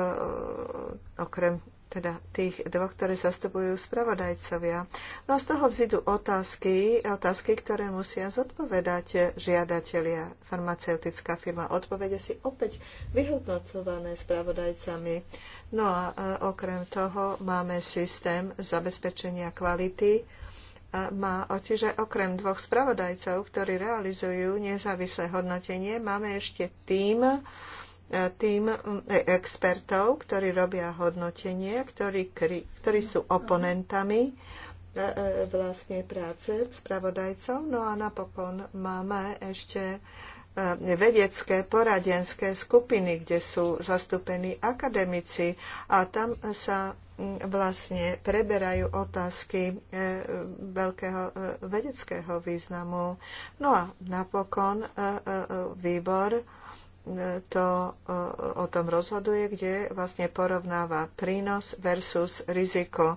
okrem teda tých dvoch, ktoré zastupujú spravodajcovia. No z toho vzidu otázky, otázky, ktoré musia zodpovedať žiadatelia. Farmaceutická firma odpovede si opäť vyhodnocované spravodajcami. No a okrem toho máme systém zabezpečenia kvality, má že okrem dvoch spravodajcov, ktorí realizujú nezávislé hodnotenie, máme ešte tým tým mm, e, expertov, ktorí robia hodnotenie, ktorí, ktorí sú oponentami e, e, vlastne práce spravodajcov. No a napokon máme ešte vedecké poradenské skupiny, kde sú zastúpení akademici a tam sa mm, vlastne preberajú otázky veľkého vedeckého významu. No a napokon výbor to e, o tom rozhoduje, kde vlastne porovnáva prínos versus riziko.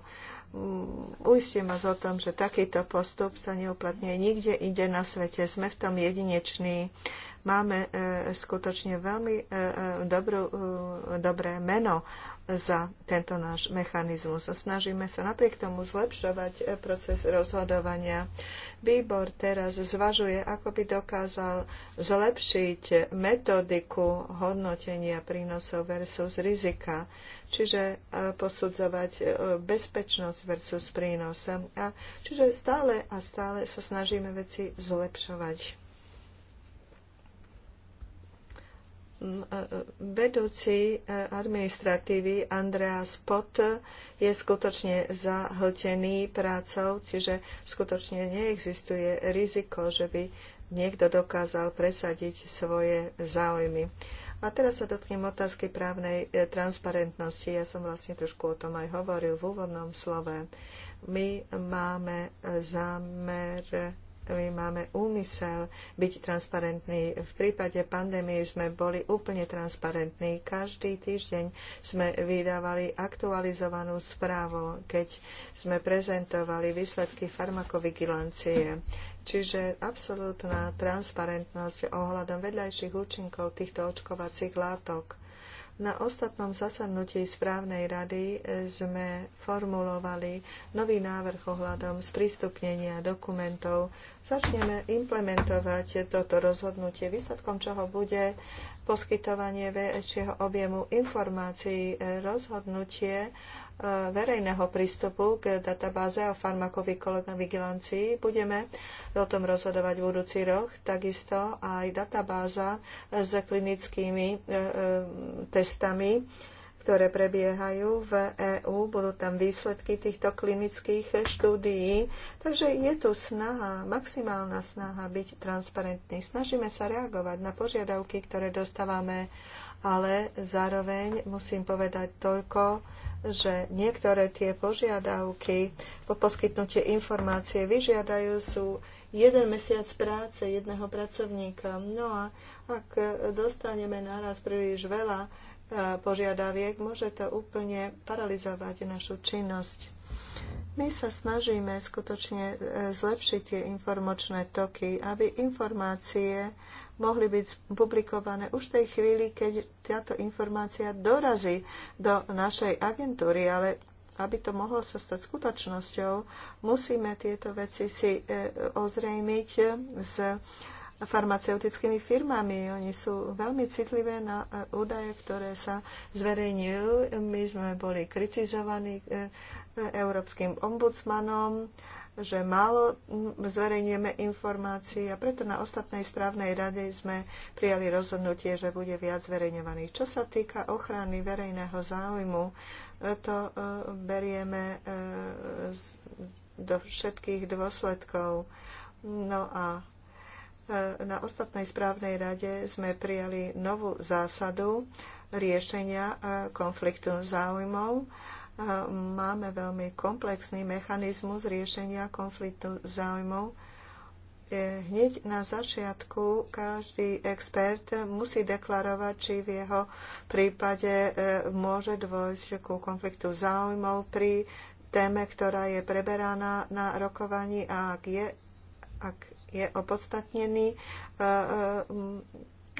Mm, Uistím vás o tom, že takýto postup sa neuplatňuje nikde inde na svete. Sme v tom jedineční. Máme e, skutočne veľmi e, dobrú, dobré meno za tento náš mechanizmus. Snažíme sa napriek tomu zlepšovať eh, proces rozhodovania. Výbor teraz zvažuje, ako by dokázal zlepšiť metodiku hodnotenia prínosov versus rizika, čiže eh, posudzovať eh, bezpečnosť versus prínos. A čiže stále a stále sa snažíme veci zlepšovať. E, vedúci e, administratívy Andreas Pot je skutočne zahltený prácou, čiže skutočne neexistuje riziko, že by niekto dokázal presadiť svoje záujmy. A teraz sa dotknem otázky právnej e, transparentnosti. Ja som vlastne trošku o tom aj hovoril v úvodnom slove. My máme zámer máme úmysel byť transparentní. V prípade pandémie sme boli úplne transparentní. Každý týždeň sme vydávali aktualizovanú správu, keď sme prezentovali výsledky farmakovigilancie. Čiže absolútna transparentnosť ohľadom vedľajších účinkov týchto očkovacích látok na ostatnom zasadnutí správnej rady e, sme formulovali nový návrh ohľadom sprístupnenia dokumentov. Začneme implementovať toto rozhodnutie, výsledkom čoho bude poskytovanie väčšieho objemu informácií, e, rozhodnutie verejného prístupu k databáze o farmakovigilancii. Budeme o tom rozhodovať v budúci roh. Takisto aj databáza s klinickými e, e, testami ktoré prebiehajú v EÚ. Budú tam výsledky týchto klinických štúdií. Takže je tu snaha, maximálna snaha byť transparentný. Snažíme sa reagovať na požiadavky, ktoré dostávame, ale zároveň musím povedať toľko, že niektoré tie požiadavky po poskytnutie informácie vyžiadajú sú jeden mesiac práce jedného pracovníka. No a ak dostaneme naraz príliš veľa eh, požiadaviek, môže to úplne paralizovať našu činnosť. My sa snažíme skutočne e, zlepšiť tie informačné toky, aby informácie mohli byť publikované už v tej chvíli, keď táto informácia dorazí do našej agentúry, ale aby to mohlo sa stať skutočnosťou, musíme tieto veci si e, ozrejmiť e, s farmaceutickými firmami. Oni sú veľmi citlivé na údaje, ktoré sa zverejňujú. My sme boli kritizovaní európskym ombudsmanom, že málo zverejnieme informácií a preto na ostatnej správnej rade sme prijali rozhodnutie, že bude viac zverejňovaných. Čo sa týka ochrany verejného záujmu, to e, berieme e, do všetkých dôsledkov. No a e, na ostatnej správnej rade sme prijali novú zásadu riešenia konfliktu záujmov máme veľmi komplexný mechanizmus riešenia konfliktu záujmov. E, hneď na začiatku každý expert musí deklarovať, či v jeho prípade e, môže dôjsť ku konfliktu záujmov pri téme, ktorá je preberaná na rokovaní a ak je, ak je opodstatnený, e,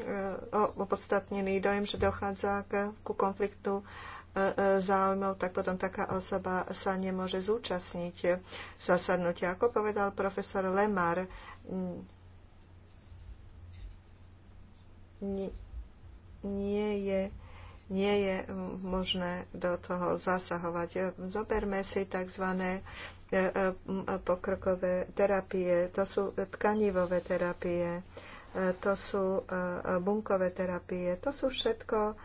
E, opodstatnený dojem, že dochádza k, ku konfliktu e, e, záujmov, tak potom taká osoba sa nemôže zúčastniť zasadnutia. Ako povedal profesor Lemar, nie je, nie je možné do toho zasahovať. Zoberme si tzv. pokrokové terapie. To sú tkanivové terapie E, to sú e, e, bunkové terapie, to sú všetko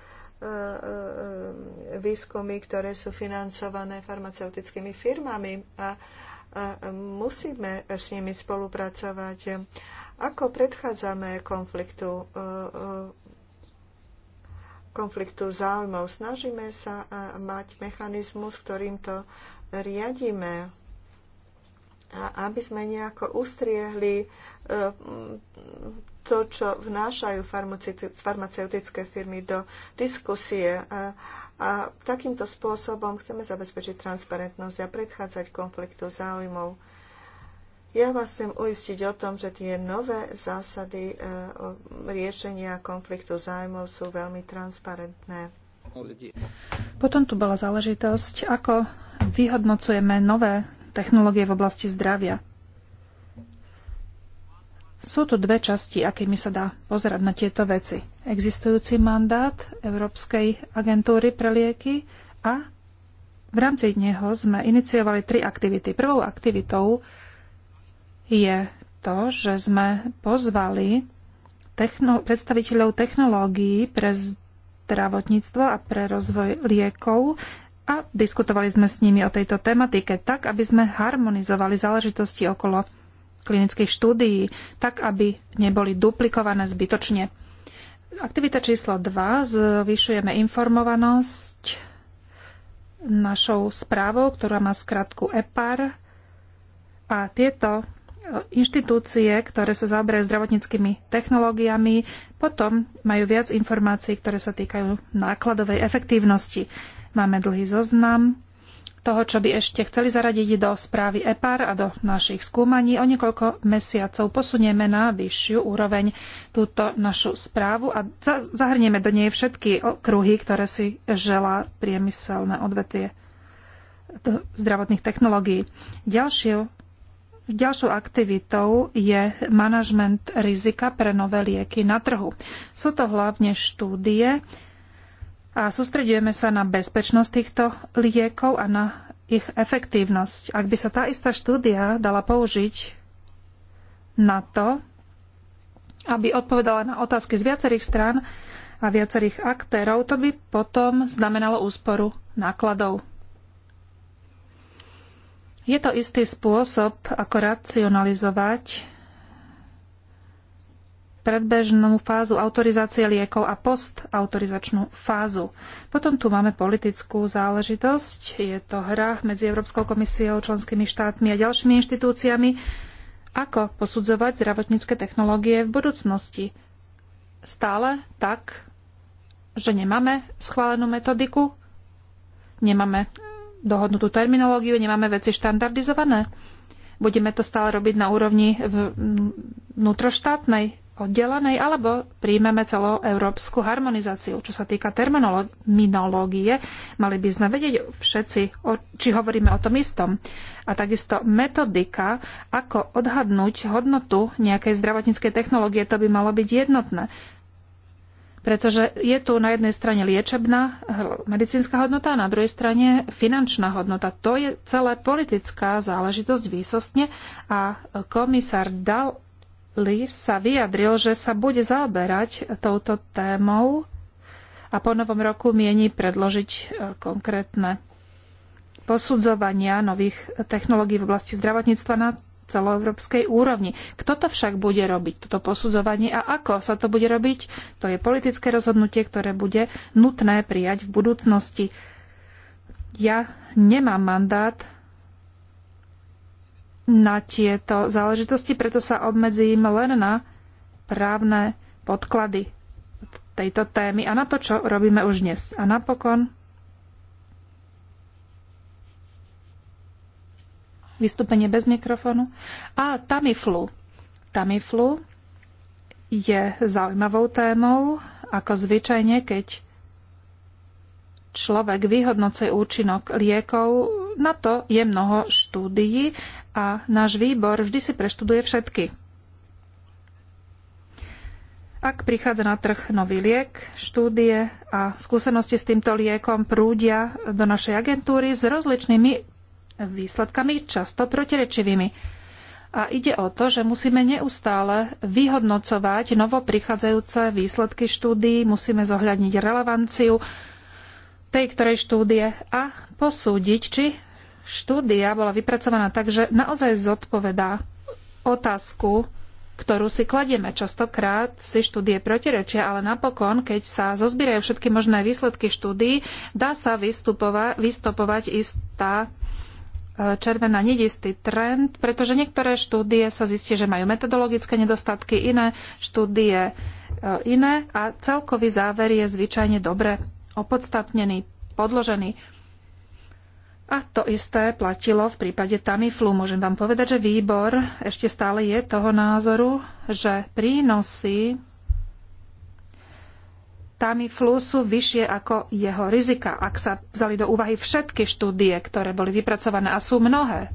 výskumy, ktoré sú financované farmaceutickými firmami a musíme s nimi spolupracovať. Ako predchádzame konfliktu, konfliktu záujmov? Snažíme sa mať mechanizmus, ktorým to riadíme, aby sme nejako ustriehli to, čo vnášajú farmaceutické firmy do diskusie. A, takýmto spôsobom chceme zabezpečiť transparentnosť a predchádzať konfliktu záujmov. Ja vás chcem uistiť o tom, že tie nové zásady e, riešenia konfliktu záujmov sú veľmi transparentné. Potom tu bola záležitosť, ako vyhodnocujeme nové technológie v oblasti zdravia. Sú tu dve časti, akými sa dá pozerať na tieto veci. Existujúci mandát Európskej agentúry pre lieky a v rámci neho sme iniciovali tri aktivity. Prvou aktivitou je to, že sme pozvali techno- predstaviteľov technológií pre zdravotníctvo a pre rozvoj liekov a diskutovali sme s nimi o tejto tematike tak, aby sme harmonizovali záležitosti okolo klinických štúdií, tak aby neboli duplikované zbytočne. Aktivita číslo 2. Zvyšujeme informovanosť našou správou, ktorá má skratku EPAR. A tieto e, inštitúcie, ktoré sa zaoberajú zdravotníckými technológiami, potom majú viac informácií, ktoré sa týkajú nákladovej efektívnosti. Máme dlhý zoznam toho, čo by ešte chceli zaradiť do správy EPAR a do našich skúmaní. O niekoľko mesiacov posunieme na vyššiu úroveň túto našu správu a zahrnieme do nej všetky kruhy, ktoré si želá priemyselné odvetvie zdravotných technológií. Ďalšou, ďalšou aktivitou je manažment rizika pre nové lieky na trhu. Sú to hlavne štúdie, a sústredujeme sa na bezpečnosť týchto liekov a na ich efektívnosť. Ak by sa tá istá štúdia dala použiť na to, aby odpovedala na otázky z viacerých strán a viacerých aktérov, to by potom znamenalo úsporu nákladov. Je to istý spôsob, ako racionalizovať predbežnú fázu autorizácie liekov a postautorizačnú fázu. Potom tu máme politickú záležitosť. Je to hra medzi Európskou komisiou, členskými štátmi a ďalšími inštitúciami, ako posudzovať zdravotnícke technológie v budúcnosti. Stále tak, že nemáme schválenú metodiku, nemáme dohodnutú terminológiu, nemáme veci štandardizované. Budeme to stále robiť na úrovni vnútroštátnej oddelenej, alebo príjmeme celoeurópsku harmonizáciu. Čo sa týka terminológie, mali by sme vedieť všetci, či hovoríme o tom istom. A takisto metodika, ako odhadnúť hodnotu nejakej zdravotníckej technológie, to by malo byť jednotné. Pretože je tu na jednej strane liečebná eh, medicínska hodnota a na druhej strane finančná hodnota. To je celá politická záležitosť výsostne a eh, komisár dal Lee sa vyjadril, že sa bude zaoberať touto témou a po novom roku mieni predložiť e, konkrétne posudzovania nových technológií v oblasti zdravotníctva na celoeurópskej úrovni. Kto to však bude robiť, toto posudzovanie a ako sa to bude robiť, to je politické rozhodnutie, ktoré bude nutné prijať v budúcnosti. Ja nemám mandát na tieto záležitosti, preto sa obmedzím len na právne podklady tejto témy a na to, čo robíme už dnes. A napokon vystúpenie bez mikrofónu. A Tamiflu. Tamiflu je zaujímavou témou, ako zvyčajne, keď človek vyhodnocuje účinok liekov, na to je mnoho štúdií a náš výbor vždy si preštuduje všetky. Ak prichádza na trh nový liek, štúdie a skúsenosti s týmto liekom prúdia do našej agentúry s rozličnými výsledkami, často protirečivými. A ide o to, že musíme neustále vyhodnocovať novo prichádzajúce výsledky štúdií, musíme zohľadniť relevanciu tej ktorej štúdie a posúdiť, či štúdia bola vypracovaná tak, že naozaj zodpovedá otázku, ktorú si kladieme. Častokrát si štúdie protirečia, ale napokon, keď sa zozbierajú všetky možné výsledky štúdií, dá sa vystupova- vystupovať istá e, červená nedistý trend, pretože niektoré štúdie sa zistí, že majú metodologické nedostatky, iné štúdie e, iné a celkový záver je zvyčajne dobre opodstatnený, podložený. A to isté platilo v prípade Tamiflu. Môžem vám povedať, že výbor ešte stále je toho názoru, že prínosy Tamiflu sú vyššie ako jeho rizika, ak sa vzali do úvahy všetky štúdie, ktoré boli vypracované a sú mnohé.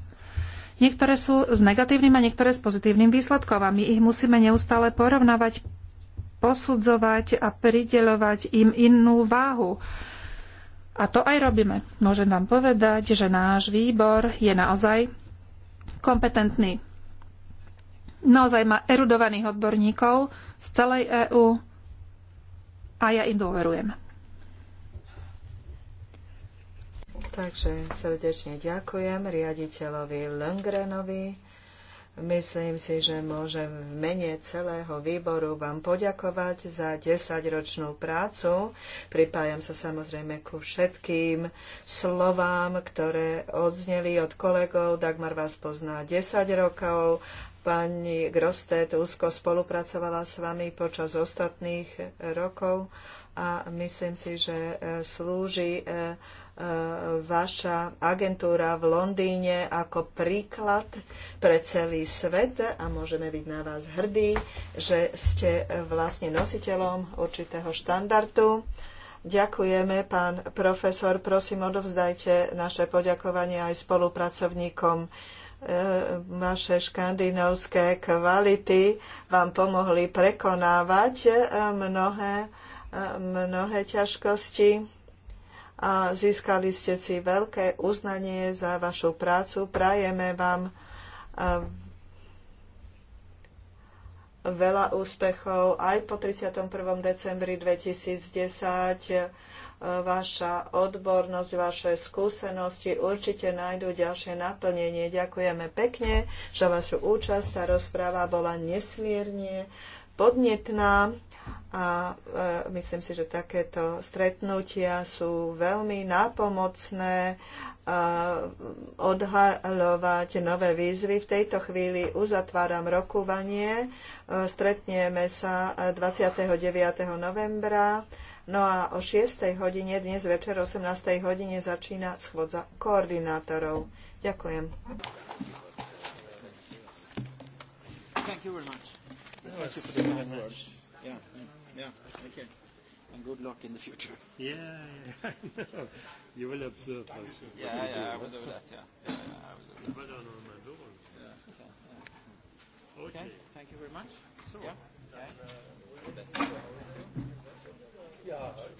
Niektoré sú s negatívnym a niektoré s pozitívnym výsledkom a my ich musíme neustále porovnávať, posudzovať a prideľovať im inú váhu a to aj robíme. Môžem vám povedať, že náš výbor je naozaj kompetentný. Naozaj má erudovaných odborníkov z celej EÚ a ja im dôverujem. Takže srdečne ďakujem riaditeľovi Lengrenovi Myslím si, že môžem v mene celého výboru vám poďakovať za desaťročnú prácu. Pripájam sa samozrejme ku všetkým slovám, ktoré odzneli od kolegov. Dagmar vás pozná 10 rokov. Pani Grostet úzko spolupracovala s vami počas ostatných rokov a myslím si, že slúži eh, vaša agentúra v Londýne ako príklad pre celý svet a môžeme byť na vás hrdí, že ste vlastne nositeľom určitého štandardu. Ďakujeme, pán profesor. Prosím, odovzdajte naše poďakovanie aj spolupracovníkom. E, vaše škandinávské kvality vám pomohli prekonávať e, mnohé, e, mnohé ťažkosti a získali ste si veľké uznanie za vašu prácu. Prajeme vám ehm, veľa úspechov aj po 31. decembri 2010. Ehm, vaša odbornosť, vaše skúsenosti určite nájdú ďalšie naplnenie. Ďakujeme pekne že vašu účasť. a rozpráva bola nesmierne podnetná a e, myslím si, že takéto stretnutia sú veľmi nápomocné e, odhaľovať nové výzvy. V tejto chvíli uzatváram rokovanie. E, stretneme sa 29. novembra. No a o 6. hodine, dnes večer 18. hodine začína schôdza koordinátorov. Ďakujem. Thank you very much. Thank you for the Yeah, okay. And good luck in the future. Yeah, yeah. [laughs] you will observe. Us. Yeah, yeah, do, I will do that. Yeah, yeah, yeah I will do that. Well on my door. Yeah. Okay, yeah. Okay. Thank you very much. So. Yeah. Uh, yeah. yeah.